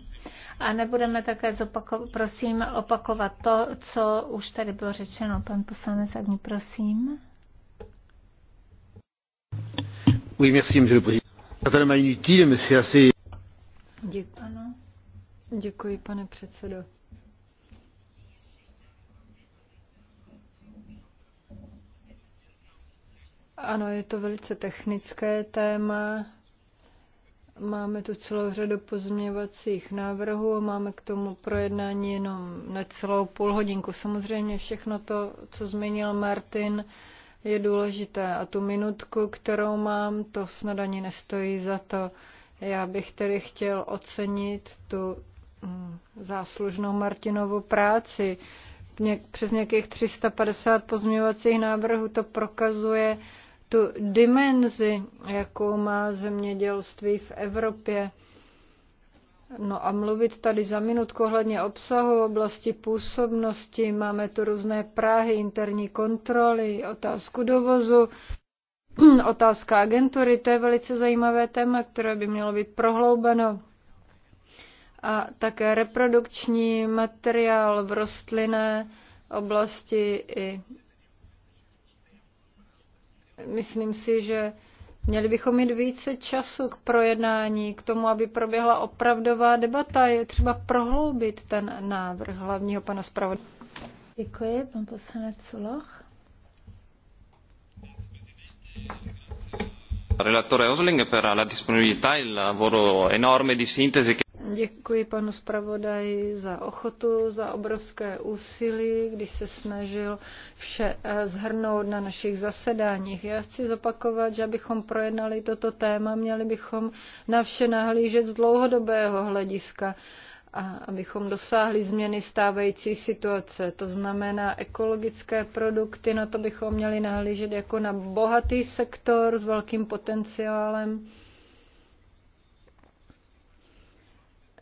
A nebudeme také zopako- prosím opakovat to, co už tady bylo řečeno. Pan poslanec Agni, prosím. Oui, merci, monsieur le inutile, mais c'est assez... Děkuji, pane předsedo. Ano, je to velice technické téma. Máme tu celou řadu pozměňovacích návrhů a máme k tomu projednání jenom na celou půl hodinku. Samozřejmě všechno to, co zmínil Martin, je důležité a tu minutku, kterou mám, to snad ani nestojí za to. Já bych tedy chtěl ocenit tu mm, záslužnou Martinovu práci. Přes nějakých 350 pozměňovacích návrhů to prokazuje, tu dimenzi, jakou má zemědělství v Evropě. No a mluvit tady za minutku ohledně obsahu oblasti působnosti, máme tu různé práhy, interní kontroly, otázku dovozu, otázka agentury, to je velice zajímavé téma, které by mělo být prohloubeno. A také reprodukční materiál v rostlinné oblasti i Myslím si, že měli bychom mít více času k projednání, k tomu, aby proběhla opravdová debata. Je třeba prohloubit ten návrh hlavního pana zpravodaje. Děkuji, pan poslanec Suloch. Relatore Osling per la disponibilità e il lavoro enorme di sintesi che Děkuji panu zpravodaji za ochotu, za obrovské úsilí, když se snažil vše eh, zhrnout na našich zasedáních. Já chci zopakovat, že abychom projednali toto téma, měli bychom na vše nahlížet z dlouhodobého hlediska a abychom dosáhli změny stávající situace. To znamená ekologické produkty, na to bychom měli nahlížet jako na bohatý sektor s velkým potenciálem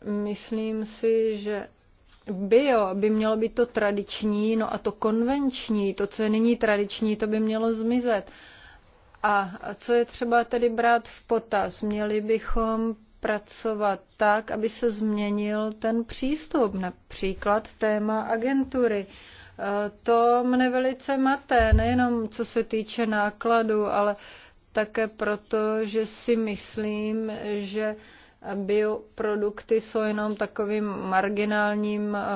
Myslím si, že bio by mělo být to tradiční, no a to konvenční, to, co je nyní tradiční, to by mělo zmizet. A co je třeba tedy brát v potaz? Měli bychom pracovat tak, aby se změnil ten přístup, například téma agentury. To mne velice maté, nejenom co se týče nákladu, ale také proto, že si myslím, že bioprodukty jsou jenom takovým marginálním eh,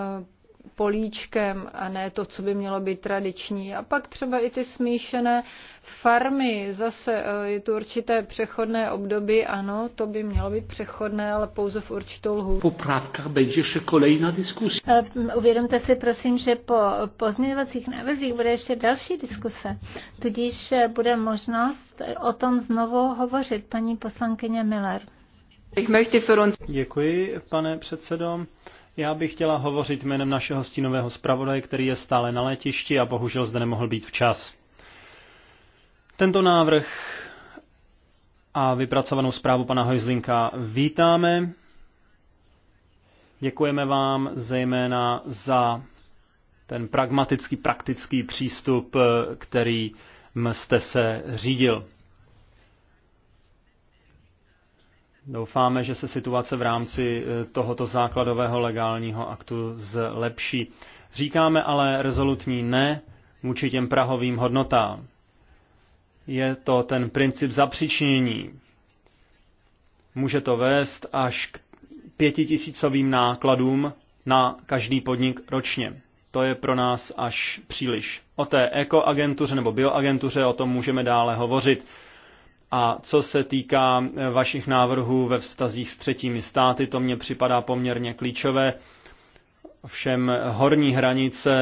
políčkem a ne to, co by mělo být tradiční. A pak třeba i ty smíšené farmy, zase eh, je tu určité přechodné období, ano, to by mělo být přechodné, ale pouze v určitou lhu. Po právkách bude ještě kolejná diskuse. Eh, uvědomte si prosím, že po pozměňovacích návrzích bude ještě další diskuse, tudíž bude možnost o tom znovu hovořit paní poslankyně Miller. Děkuji, pane předsedo. Já bych chtěla hovořit jménem našeho stínového zpravodaje, který je stále na letišti a bohužel zde nemohl být včas. Tento návrh a vypracovanou zprávu pana Hojzlinka vítáme. Děkujeme vám zejména za ten pragmatický, praktický přístup, který jste se řídil. Doufáme, že se situace v rámci eh, tohoto základového legálního aktu zlepší. Říkáme ale rezolutní ne vůči těm prahovým hodnotám. Je to ten princip zapříčinění. Může to vést až k pětitisícovým nákladům na každý podnik ročně. To je pro nás až příliš. O té ekoagentuře nebo bioagentuře o tom můžeme dále hovořit. A co se týká eh, vašich návrhů ve vztazích s třetími státy, to mně připadá poměrně klíčové. Všem horní hranice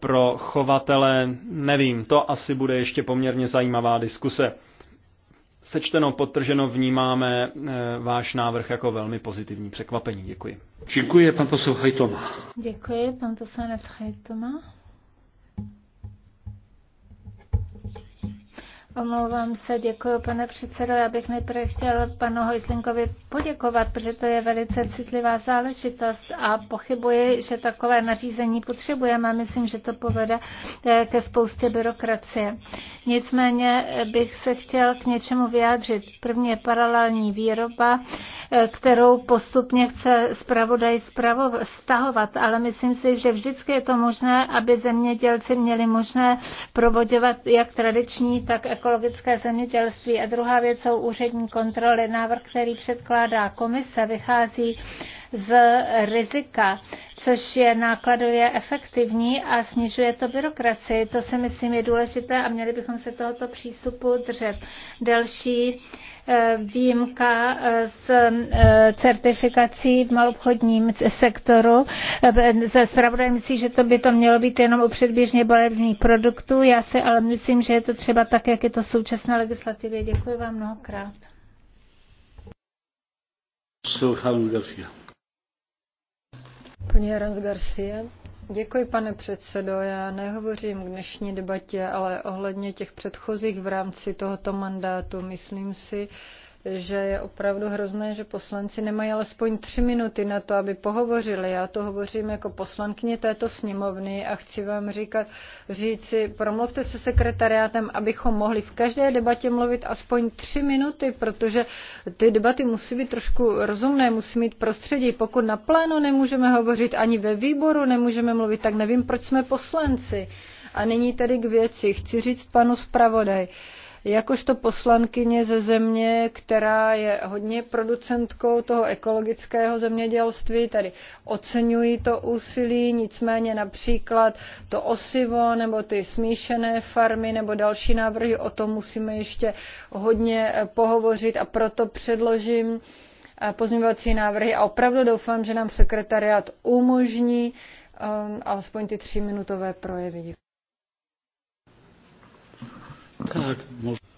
pro chovatele, nevím, to asi bude ještě poměrně zajímavá diskuse. Sečteno, potrženo, vnímáme eh, váš návrh jako velmi pozitivní překvapení. Děkuji. Děkuji, pan poslanec Hajtoma. Děkuji, pan poslanec Hajtoma. Omlouvám se, děkuji, pane předsedo. Já bych nejprve chtěl panu Hojslinkovi poděkovat, protože to je velice citlivá záležitost a pochybuji, že takové nařízení potřebujeme a myslím, že to povede eh, ke spoustě byrokracie. Nicméně eh, bych se chtěl k něčemu vyjádřit. První je paralelní výroba, eh, kterou postupně chce zpravodaj stahovat, ale myslím si, že vždycky je to možné, aby zemědělci měli možné provodovat jak tradiční, tak ekonomické ekologické zemědělství a druhá věc jsou úřední kontroly. Návrh, který předkládá komise, vychází z rizika, což je nákladově efektivní a snižuje to byrokracii. To si myslím je důležité a měli bychom se tohoto přístupu držet. Další eh, výjimka eh, z eh, certifikací v malobchodním sektoru. Ze zpravodaj myslí, že to by to mělo být jenom u předběžně bolevních produktů. Já si ale myslím, že je to třeba tak, jak je to v současné legislativě. Děkuji vám mnohokrát. Carlos Garcia. Paní Rans Garcia. Děkuji, pane předsedo. Já nehovořím k dnešní debatě, ale ohledně těch předchozích v rámci tohoto mandátu, myslím si, že je opravdu hrozné, že poslanci nemají alespoň tři minuty na to, aby pohovořili. Já to hovořím jako poslankyně této sněmovny a chci vám říkat, říci, promluvte se sekretariátem, abychom mohli v každé debatě mluvit aspoň tři minuty, protože ty debaty musí být trošku rozumné, musí mít prostředí. Pokud na plénu nemůžeme hovořit, ani ve výboru nemůžeme mluvit, tak nevím, proč jsme poslanci. A nyní tedy k věci. Chci říct panu zpravodaj. Uh, Jakožto poslankyně ze země, která je hodně producentkou toho ekologického zemědělství, tady oceňuji to úsilí, nicméně například to osivo nebo ty smíšené farmy nebo další návrhy, o tom musíme ještě hodně eh, pohovořit a proto předložím eh, pozměňovací návrhy a opravdu doufám, že nám sekretariát umožní eh, alespoň ty tříminutové projevy. Tak, možná.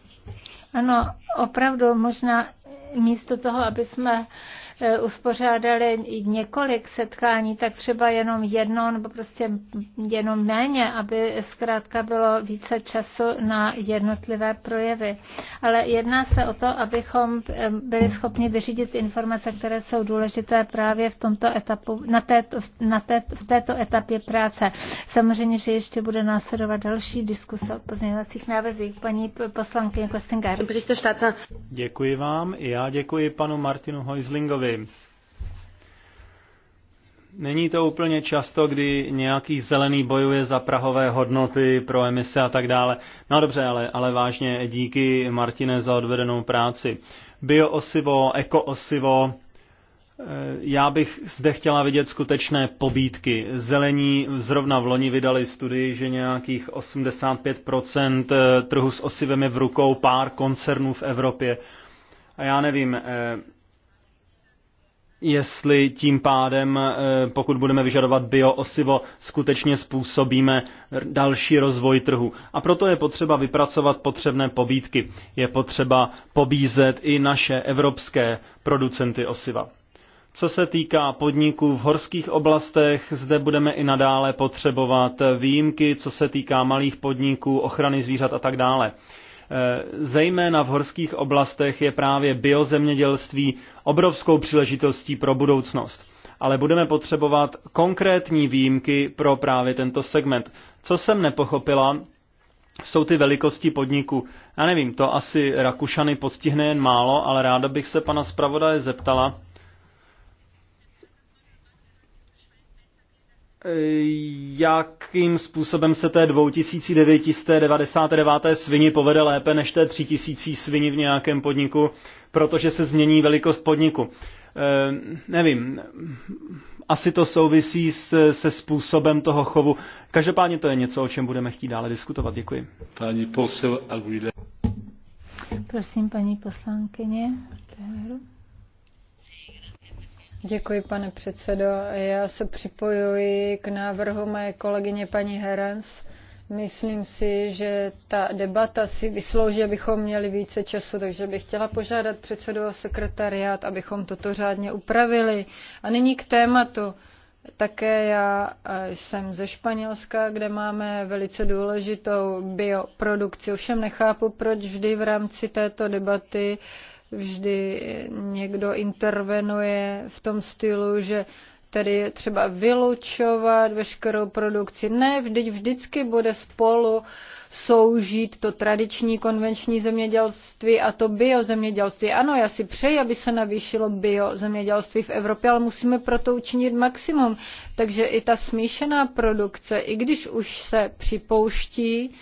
Ano, opravdu možná místo toho, aby jsme Eh, uspořádali několik setkání, tak třeba jenom jedno nebo prostě jenom méně, aby zkrátka bylo více času na jednotlivé projevy. Ale jedná se o to, abychom eh, byli schopni vyřídit informace, které jsou důležité právě v tomto etapu, na této, na této, v této etapě práce. Samozřejmě, že ještě bude následovat další diskuse o pozměňovacích návezích. Paní poslankyně Kostinger. Děkuji vám. Já děkuji panu Martinu Hojzlingovi slovy. Není to úplně často, kdy nějaký zelený bojuje za prahové hodnoty pro emise a tak dále. No dobře, ale, ale vážně díky Martine za odvedenou práci. Bioosivo, ekoosivo, eh, já bych zde chtěla vidět skutečné pobídky. Zelení zrovna v loni vydali studii, že nějakých 85% eh, trhu s osivem je v rukou pár koncernů v Evropě. A já nevím, eh, jestli tím pádem, eh, pokud budeme vyžadovat bioosivo, skutečně způsobíme další rozvoj trhu. A proto je potřeba vypracovat potřebné pobídky. Je potřeba pobízet i naše evropské producenty osiva. Co se týká podniků v horských oblastech, zde budeme i nadále potřebovat výjimky, co se týká malých podniků, ochrany zvířat a tak dále. Eh, zejména v horských oblastech, je právě biozemědělství obrovskou příležitostí pro budoucnost. Ale budeme potřebovat konkrétní výjimky pro právě tento segment. Co jsem nepochopila, jsou ty velikosti podniku. Já nevím, to asi Rakušany postihne jen málo, ale ráda bych se pana zpravodaje zeptala, jakým způsobem se té 2999. svini povede lépe než té 3000 svini v nějakém podniku, protože se změní velikost podniku. E, nevím, asi to souvisí se, se způsobem toho chovu. Každopádně to je něco, o čem budeme chtít dále diskutovat. Děkuji. Pani posel Prosím, paní poslankyně. Aguilera. Děkuji, pane předsedo. Já se připojuji k návrhu mé kolegyně paní Herens. Myslím si, že ta debata si vyslouží, abychom měli více času, takže bych chtěla požádat předsedu a sekretariát, abychom toto řádně upravili. A nyní k tématu. Také já jsem ze Španělska, kde máme velice důležitou bioprodukci. Ovšem nechápu, proč vždy v rámci této debaty uh, vždy někdo intervenuje v tom stylu, že tedy je třeba vylučovat veškerou produkci. Ne, vždyť vždycky bude spolu soužít to tradiční konvenční zemědělství a to biozemědělství. Ano, já si přeji, aby se navýšilo biozemědělství v Evropě, ale musíme proto učinit maximum. Takže i ta smíšená produkce, i když už se připouští,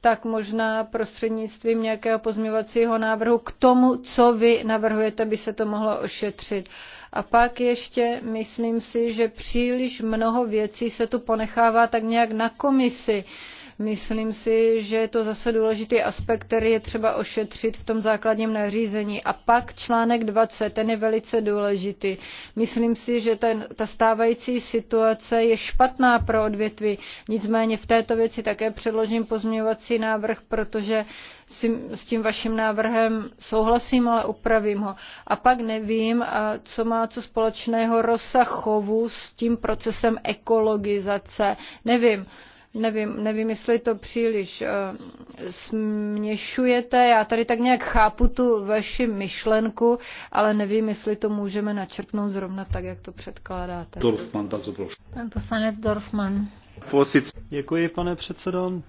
tak možná prostřednictvím nějakého pozměvacího návrhu k tomu, co vy navrhujete, by se to mohlo ošetřit. A pak ještě myslím si, že příliš mnoho věcí se tu ponechává tak nějak na komisi. Uh, Myslím si, že je to zase důležitý aspekt, který je třeba ošetřit v tom základním nařízení. A pak článek 20, ten je velice důležitý. Myslím si, že ten, ta stávající situace je špatná pro odvětví. Nicméně v této věci také předložím pozměňovací návrh, protože si, s tím vaším návrhem souhlasím, ale upravím ho. A pak nevím, co má co společného rozsah chovu s tím procesem ekologizace. Nevím. Nevím, nevím, jestli to příliš eh, směšujete. Já tady tak nějak chápu tu vaši myšlenku, ale nevím, jestli to můžeme načrtnout zrovna tak, jak to předkládáte. Dorfman, tak prosím. Pan poslanec Dorfman. Děkuji, pane předsedo.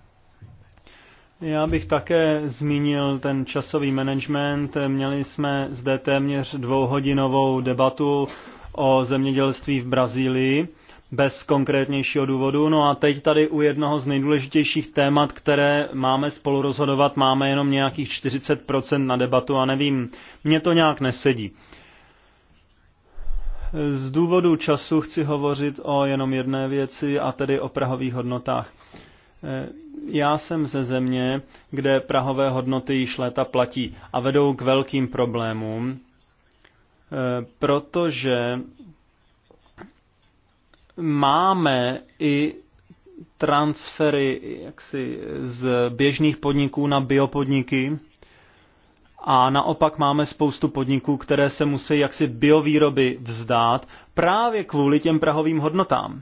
Já bych také zmínil ten časový management. Měli jsme zde téměř dvouhodinovou debatu o zemědělství v Brazílii bez konkrétnějšího důvodu. No a teď tady u jednoho z nejdůležitějších témat, které máme spolu rozhodovat, máme jenom nějakých 40% na debatu a nevím, mě to nějak nesedí. Z důvodu času chci hovořit o jenom jedné věci a tedy o prahových hodnotách. Já jsem ze země, kde prahové hodnoty již léta platí a vedou k velkým problémům, protože máme i transfery jaksi z běžných podniků na biopodniky a naopak máme spoustu podniků, které se musí jaksi biovýroby vzdát právě kvůli těm prahovým hodnotám.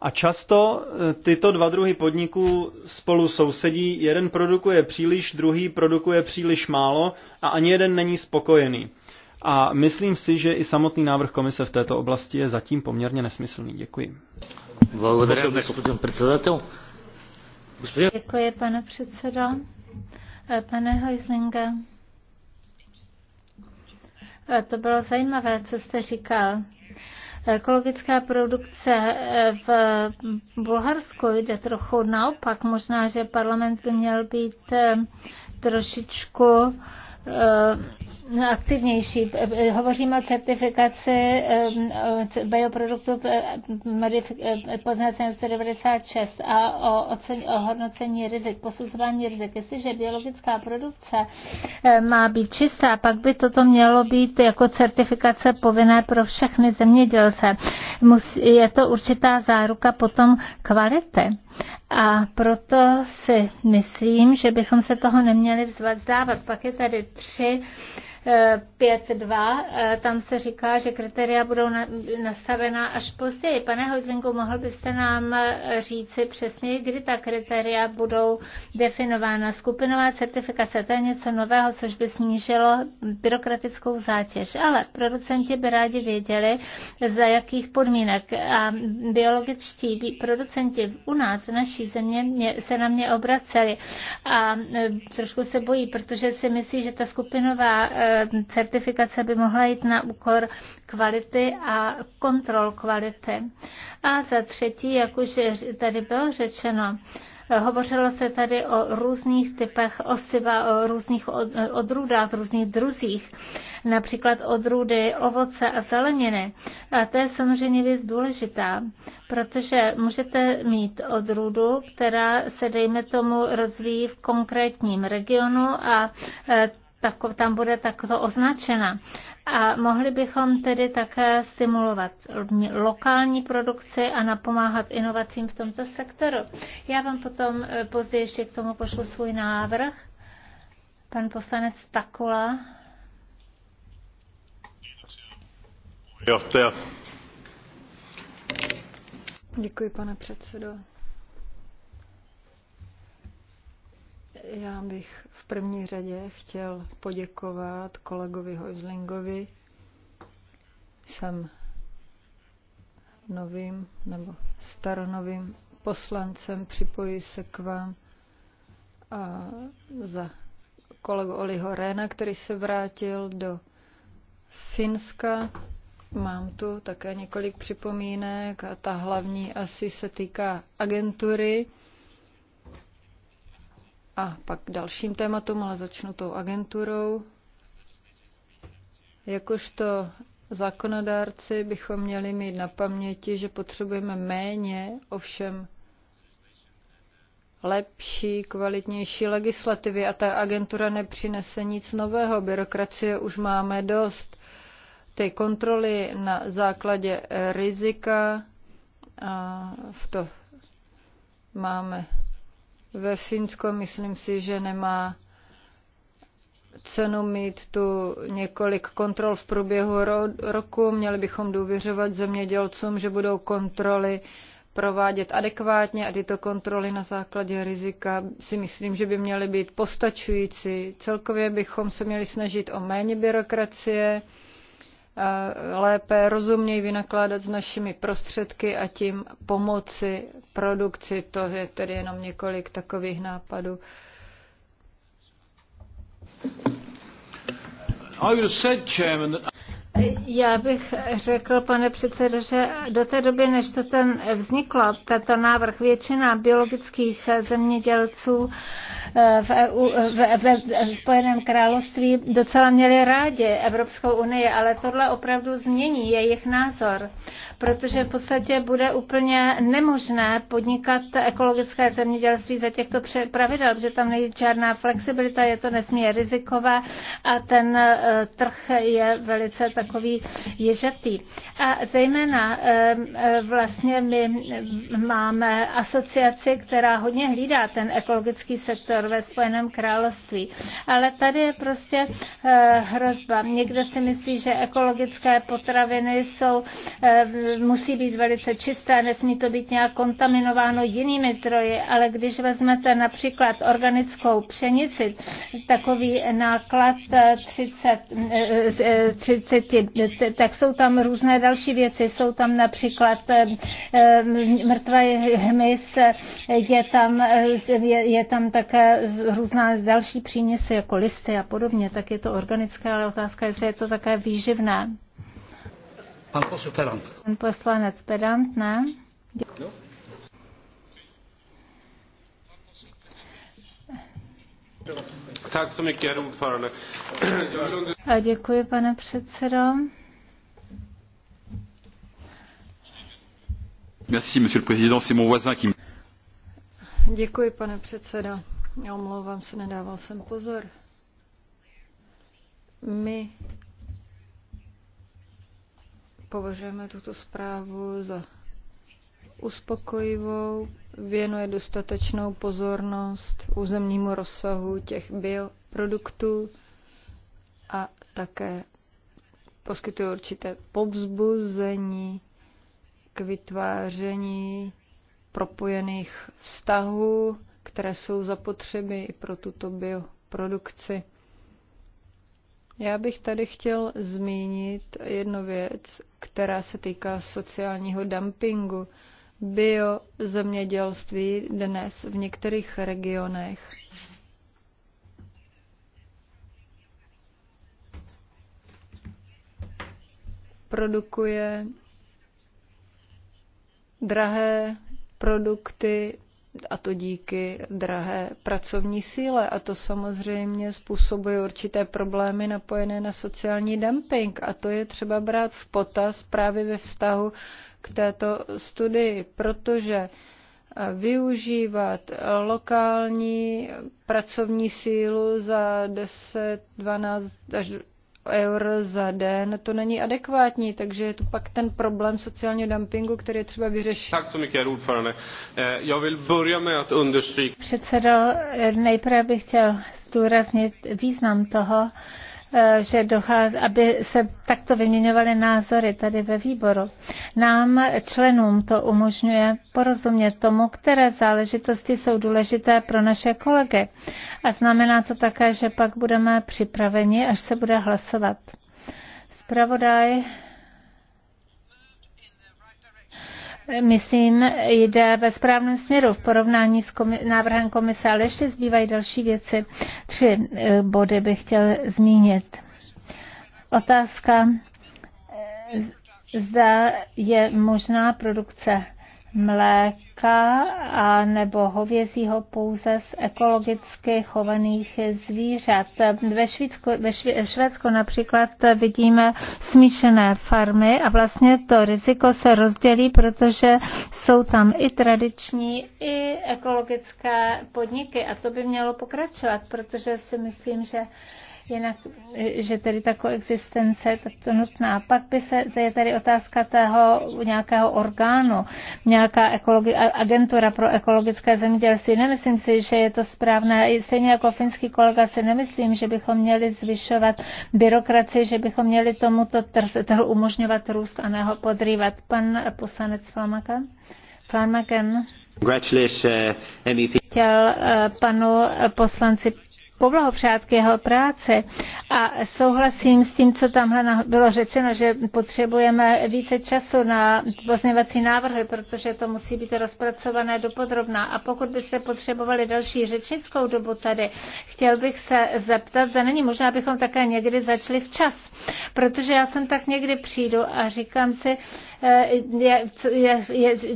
A často e, tyto dva druhy podniků spolu sousedí, jeden produkuje příliš, druhý produkuje příliš málo a ani jeden není spokojený. A myslím si, že i samotný návrh komise v této oblasti je zatím poměrně nesmyslný. Děkuji. Děkuji, pane předsedo. Eh, pane Hojzlinga, eh, to bylo zajímavé, co jste říkal ekologická produkce eh, v Bulharsku jde trochu naopak. Možná, že parlament by měl být trošičku aktivnější. Hovoříme o certifikaci eh, bioproduktů eh, eh, poznacení 196 a o, ocen, o hodnocení rizik, posuzování rizik. Jestliže biologická produkce má být čistá, pak by toto mělo být jako certifikace povinné pro všechny zemědělce. Je to určitá záruka potom kvality a proto si myslím, že bychom se toho neměli zdávat. Pak je tady tři 5.2, eh, eh, tam se říká, že kritéria budou nastavená až později. Pane Hozvinku, mohl byste nám eh, říci přesně, kdy ta kritéria budou definována? Skupinová certifikace, to je něco nového, což by snížilo byrokratickou zátěž. Ale producenti by rádi věděli, za jakých podmínek. A biologičtí producenti u nás z naší země mě, se na mě obraceli a e, trošku se bojí, protože si myslí, že ta skupinová e, certifikace by mohla jít na úkor kvality a kontrol kvality. A za třetí, jak už tady bylo řečeno, Hovořilo se tady o různých typech osiva, o různých odrůdách, různých druzích, například odrůdy ovoce a zeleniny. A to je samozřejmě věc důležitá, protože můžete mít odrůdu, která se, dejme tomu, rozvíjí v konkrétním regionu a e, tak, tam bude takto označena. A mohli bychom tedy také stimulovat lokální produkci a napomáhat inovacím v tomto sektoru. Já vám potom e, později ještě k tomu pošlu svůj návrh. Pan poslanec Takula. Já. Děkuji, pane předsedo. Já bych v první řadě chtěl poděkovat kolegovi Hojzlingovi. Jsem novým nebo staronovým poslancem, připojí se k vám a za kolegu Oliho Réna, který se vrátil do Finska. Mám tu také několik připomínek a ta hlavní asi se týká agentury. A pak dalším tématům, ale začnu tou agenturou. Jakožto zákonodárci bychom měli mít na paměti, že potřebujeme méně, ovšem lepší, kvalitnější legislativy a ta agentura nepřinese nic nového. Byrokracie už máme dost. Ty kontroly na základě rizika, a v to máme ve finsko myslím si, že nemá cenu mít tu několik kontrol v průběhu roku. Měli bychom důvěřovat zemědělcům, že budou kontroly provádět adekvátně a tyto kontroly na základě rizika si myslím, že by měly být postačující. Celkově bychom se měli snažit o méně byrokracie, lépe rozumněji vynakládat s našimi prostředky a tím pomoci produkci. To je tedy jenom několik takových nápadů. Já bych řekl, pane předsedo, že do té doby, než to ten vzniklo, tato návrh, většina biologických zemědělců eh, v, EU, eh, v, v, v Spojeném království docela měli rádi Evropskou unii, ale tohle opravdu změní jejich názor, protože v podstatě bude úplně nemožné podnikat ekologické zemědělství za těchto pravidel, protože tam není žádná flexibilita, je to nesmírně rizikové a ten eh, trh je velice tak takový ježatý. A zejména vlastně my máme asociaci, která hodně hlídá ten ekologický sektor ve Spojeném království. Ale tady je prostě eh, hrozba. Někdo si myslí, že ekologické potraviny jsou, eh, musí být velice čisté, nesmí to být nějak kontaminováno jinými zdroji, ale když vezmete například organickou pšenici, takový náklad 30, eh, 30 děti, tak jsou tam různé další věci. Jsou tam například eh, eh, mrtvé hmyz, je tam, eh, je, je tam také různá další příměsy jako listy a podobně, tak je to organické, ale otázka, jestli je to také výživné. Pan poslanec Pedant, ne? Děkuji. No. děkuji, pane předsedo. Merci, monsieur le président, c'est mon voisin qui Děkuji, pane předsedo. omlouvám se, nedával jsem pozor. My považujeme tuto zprávu za uspokojivou, věnuje dostatečnou pozornost územnímu rozsahu těch bioproduktů a také poskytuje určité povzbuzení k vytváření propojených vztahů, které jsou zapotřeby i pro tuto bioprodukci. Já bych tady chtěl zmínit jednu věc, která se týká sociálního dumpingu biozemědělství dnes v některých regionech. produkuje drahé produkty a to díky drahé pracovní síle. A to samozřejmě způsobuje určité problémy napojené na sociální dumping. A to je třeba brát v potaz právě ve vztahu k této studii, protože využívat lokální pracovní sílu za 10, 12 až eur za den, to není adekvátní, takže je tu pak ten problém sociálního dumpingu, který je třeba vyřešit. Tak so mycket, ordförande. Eh, jag vill börja med att understryka... Předsedo, eh, nejprve bych chtěl zdůraznit význam toho, Eh, že dochází, aby se takto vyměňovaly názory tady ve výboru. Nám, členům, to umožňuje porozumět tomu, které záležitosti jsou důležité pro naše kolegy. A znamená to také, že pak budeme připraveni, až se bude hlasovat. Spravodaj myslím, jde ve správném směru v porovnání s komi- návrhem komise, ale ještě zbývají další věci. Tři eh, body bych chtěl zmínit. Otázka, eh, zda je možná produkce mléka mléka a nebo hovězího pouze z ekologicky chovaných zvířat. Ve, Švédsku, ve Švédsku například vidíme smíšené farmy a vlastně to riziko se rozdělí, protože jsou tam i tradiční, i ekologické podniky a to by mělo pokračovat, protože si myslím, že jinak, že tedy ta koexistence je takto nutná. Pak by se, to je tady otázka toho nějakého orgánu, nějaká ekologi, agentura pro ekologické zemědělství. Nemyslím si, že je to správné. Stejně jako finský kolega si nemyslím, že bychom měli zvyšovat byrokracii, že bychom měli tomuto trhu umožňovat růst a neho podrývat. Pan poslanec Flamakan. Flanagan. Uh, e Chtěl uh, panu uh, poslanci poblahopřát k jeho práce a souhlasím s tím, co tam bylo řečeno, že potřebujeme více času na pozměvací návrhy, protože to musí být rozpracované dopodrobná. A pokud byste potřebovali další řečnickou dobu tady, chtěl bych se zeptat, zda není možná, abychom také někdy začali včas, protože já jsem tak někdy přijdu a říkám si, Eh,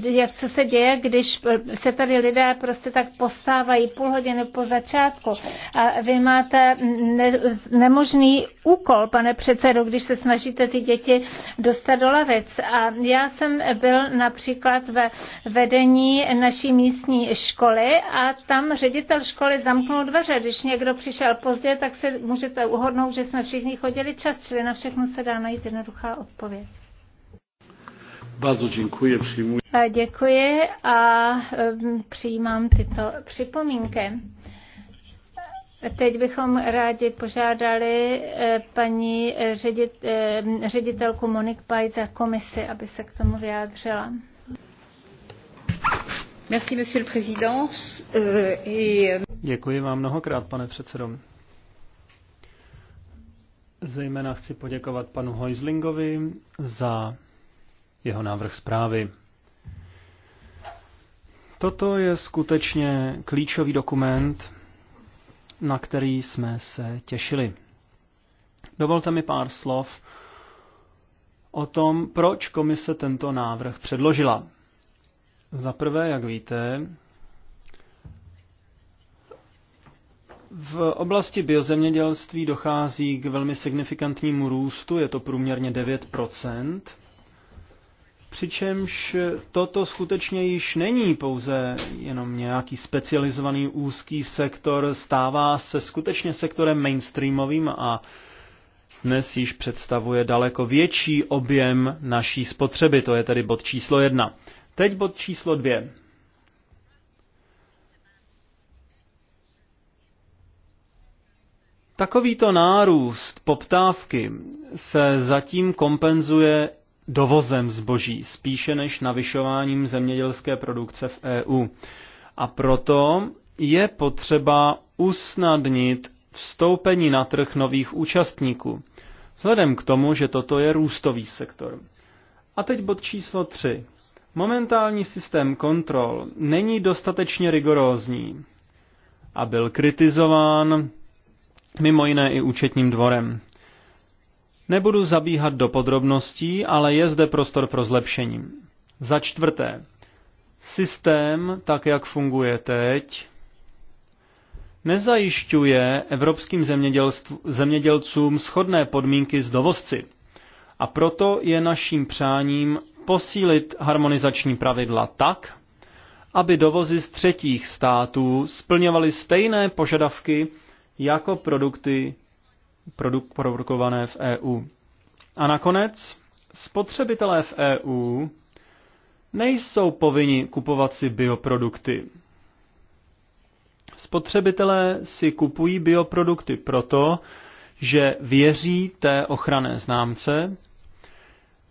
jak, co se děje, když se tady lidé prostě tak postávají půl hodiny po začátku. A vy máte ne, nemožný úkol, pane předsedo, když se snažíte ty děti dostat do lavic. A já jsem byl například ve vedení naší místní školy a tam ředitel školy zamknul dveře. Když někdo přišel pozdě, tak se můžete uhodnout, že jsme všichni chodili čas, čili na všechno se dá najít jednoduchá odpověď. Bardzo děkuji, přijmuji. Děkuji a přijímám tyto připomínky. Teď bychom rádi požádali eh, paní ředit, ředitelku Monik Pajt za komisi, aby se k tomu vyjádřila. Merci, monsieur le président. Euh, euh, děkuji vám mnohokrát, pane předsedo. Zejména chci poděkovat panu Hojzlingovi za jeho návrh zprávy. Toto je skutečně klíčový dokument, na který jsme se těšili. Dovolte mi pár slov o tom, proč komise tento návrh předložila. Za prvé, jak víte, v oblasti biozemědělství dochází k velmi signifikantnímu růstu, je to průměrně 9 Přičemž toto skutečně již není pouze jenom nějaký specializovaný úzký sektor, stává se skutečně sektorem mainstreamovým a dnes již představuje daleko větší objem naší spotřeby. To je tedy bod číslo jedna. Teď bod číslo dvě. Takovýto nárůst poptávky se zatím kompenzuje dovozem zboží, spíše než navyšováním zemědělské produkce v EU. A proto je potřeba usnadnit vstoupení na trh nových účastníků, vzhledem k tomu, že toto je růstový sektor. A teď bod číslo 3. Momentální systém kontrol není dostatečně rigorózní a byl kritizován mimo jiné i účetním dvorem. Nebudu zabíhat do podrobností, ale je zde prostor pro zlepšení. Za čtvrté, systém, tak jak funguje teď, nezajišťuje evropským zemědělcům schodné podmínky s dovozci. A proto je naším přáním posílit harmonizační pravidla tak, aby dovozy z třetích států splňovaly stejné požadavky jako produkty produk- produkované v EU. A nakonec, spotřebitelé v EU nejsou povinni kupovat si bioprodukty. Spotřebitelé si kupují bioprodukty proto, že věří té ochranné známce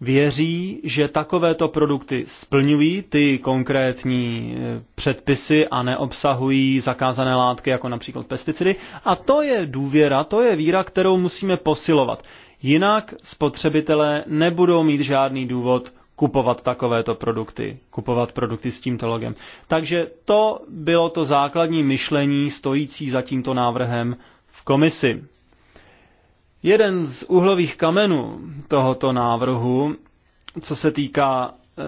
věří, že takovéto produkty splňují ty konkrétní e, předpisy a neobsahují zakázané látky, jako například pesticidy. A to je důvěra, to je víra, kterou musíme posilovat. Jinak spotřebitelé nebudou mít žádný důvod kupovat takovéto produkty, kupovat produkty s tímto logem. Takže to bylo to základní myšlení stojící za tímto návrhem v komisi. Jeden z úhlových kamenů tohoto návrhu, co se týká e,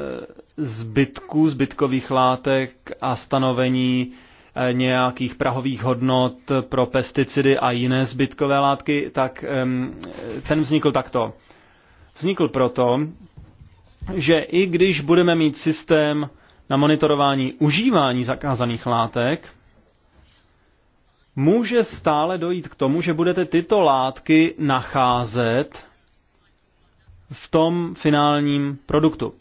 zbytků, zbytkových látek a stanovení e, nějakých prahových hodnot pro pesticidy a jiné zbytkové látky, tak ten vznikl takto. Vznikl proto, že i když budeme mít systém na monitorování užívání zakázaných látek, může stále dojít k tomu, že budete tyto látky nacházet v tom finálním produktu.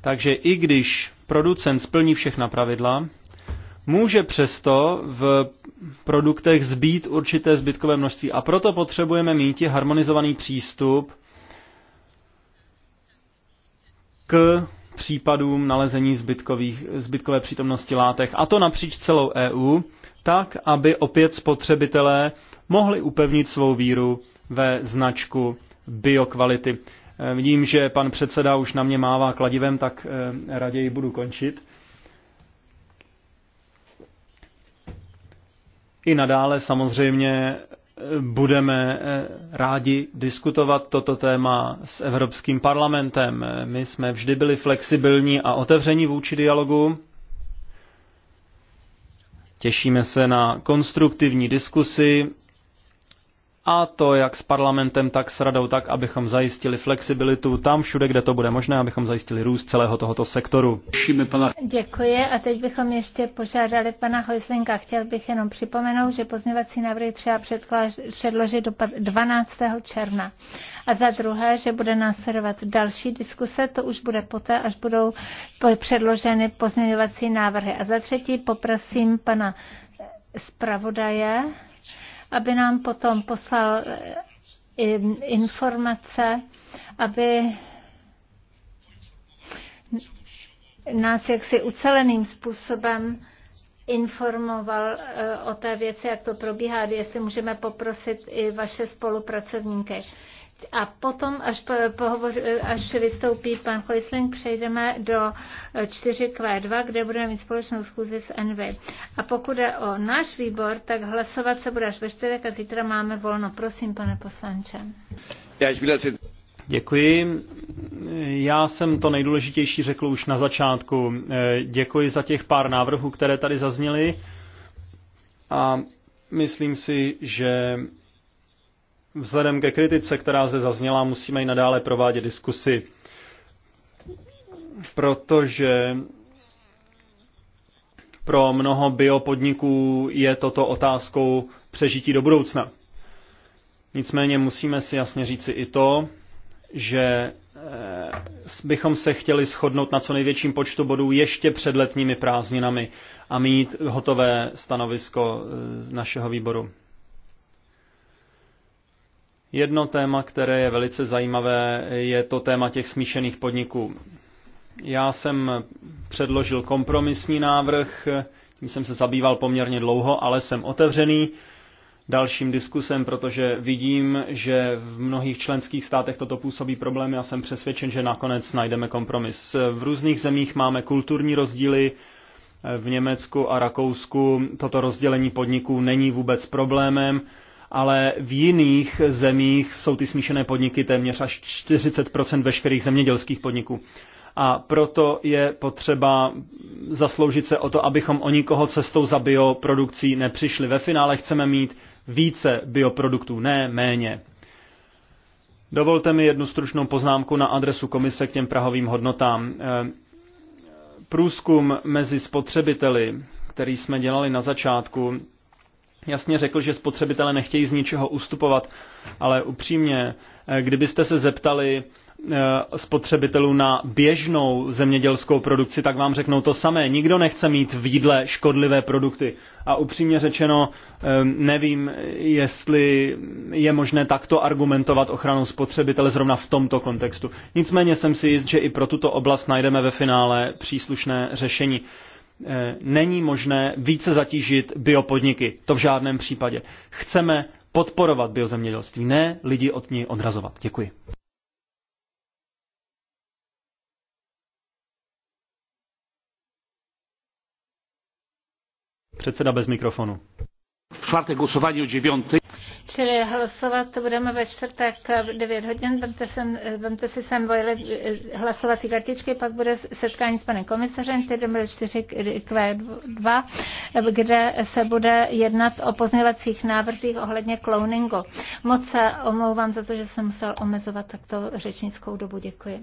Takže i když producent splní všechna pravidla, může přesto v produktech zbýt určité zbytkové množství. A proto potřebujeme mít harmonizovaný přístup k případům nalezení zbytkových, zbytkové přítomnosti látek. A to napříč celou EU tak aby opět spotřebitelé mohli upevnit svou víru ve značku biokvality. Eh, vidím, že pan předseda už na mě mává kladivem, tak eh, raději budu končit. I nadále samozřejmě eh, budeme rádi diskutovat toto téma s Evropským parlamentem. My jsme vždy byli flexibilní a otevření vůči dialogu Těšíme se na konstruktivní diskusi a to jak s parlamentem, tak s radou, tak abychom zajistili flexibilitu tam všude, kde to bude možné, abychom zajistili růst celého tohoto sektoru. Děkuji a teď bychom ještě požádali pana Hojslinka. Chtěl bych jenom připomenout, že pozměvací návrhy třeba předložit do 12. června. A za druhé, že bude následovat další diskuse, to už bude poté, až budou předloženy pozměňovací návrhy. A za třetí poprosím pana eh, zpravodaje, aby nám potom poslal eh, informace, aby nás jaksi uceleným způsobem informoval eh, o té věci, jak to probíhá, jestli můžeme poprosit i vaše spolupracovníky. A potom, až, po, pohovoř, až vystoupí pan Hojsling, přejdeme do 4Q2, kde budeme mít společnou schůzi s NV. A pokud je o náš výbor, tak hlasovat se bude až ve čtvrtek a zítra máme volno. Prosím, pane poslanče. Já Děkuji. Já jsem to nejdůležitější řekl už na začátku. Eh, děkuji za těch pár návrhů, které tady zazněly. A myslím si, že Vzhledem ke kritice, která zde zazněla, musíme i nadále provádět diskusy, protože pro mnoho biopodniků je toto otázkou přežití do budoucna. Nicméně musíme si jasně říci i to, že eh, bychom se chtěli shodnout na co největším počtu bodů ještě před letními prázdninami a mít hotové stanovisko eh, našeho výboru. Jedno téma, které je velice zajímavé, je to téma těch smíšených podniků. Já jsem předložil kompromisní návrh, tím jsem se zabýval poměrně dlouho, ale jsem otevřený dalším diskusem, protože vidím, že v mnohých členských státech toto působí problémy a jsem přesvědčen, že nakonec najdeme kompromis. V různých zemích máme kulturní rozdíly, v Německu a Rakousku toto rozdělení podniků není vůbec problémem ale v jiných zemích jsou ty smíšené podniky téměř až 40% veškerých zemědělských podniků. A proto je potřeba zasloužit se o to, abychom o nikoho cestou za bioprodukcí nepřišli. Ve finále chceme mít více bioproduktů, ne méně. Dovolte mi jednu stručnou poznámku na adresu komise k těm prahovým hodnotám. E, průzkum mezi spotřebiteli, který jsme dělali na začátku, jasně řekl, že spotřebitelé nechtějí z ničeho ustupovat, ale upřímně, eh, kdybyste se zeptali eh, spotřebitelů na běžnou zemědělskou produkci, tak vám řeknou to samé. Nikdo nechce mít v jídle škodlivé produkty. A upřímně řečeno, eh, nevím, jestli je možné takto argumentovat ochranu spotřebitele zrovna v tomto kontextu. Nicméně jsem si jist, že i pro tuto oblast najdeme ve finále příslušné řešení. Eh, není možné více zatížit biopodniky. To v žádném případě. Chceme podporovat biozemědělství, ne lidi od ní odrazovat. Děkuji. Předseda bez mikrofonu. V čtvrtek hlasování o 9. Čili hlasovat budeme ve čtvrtek v 9 hodin. Vemte, sem, vemte si sem vojle hlasovací kartičky, pak bude setkání s panem komisařem, tedy bude 4Q2, kde se bude jednat o pozměvacích návrzích ohledně cloningu. Moc se omlouvám za to, že jsem musel omezovat takto řečnickou dobu. Děkuji.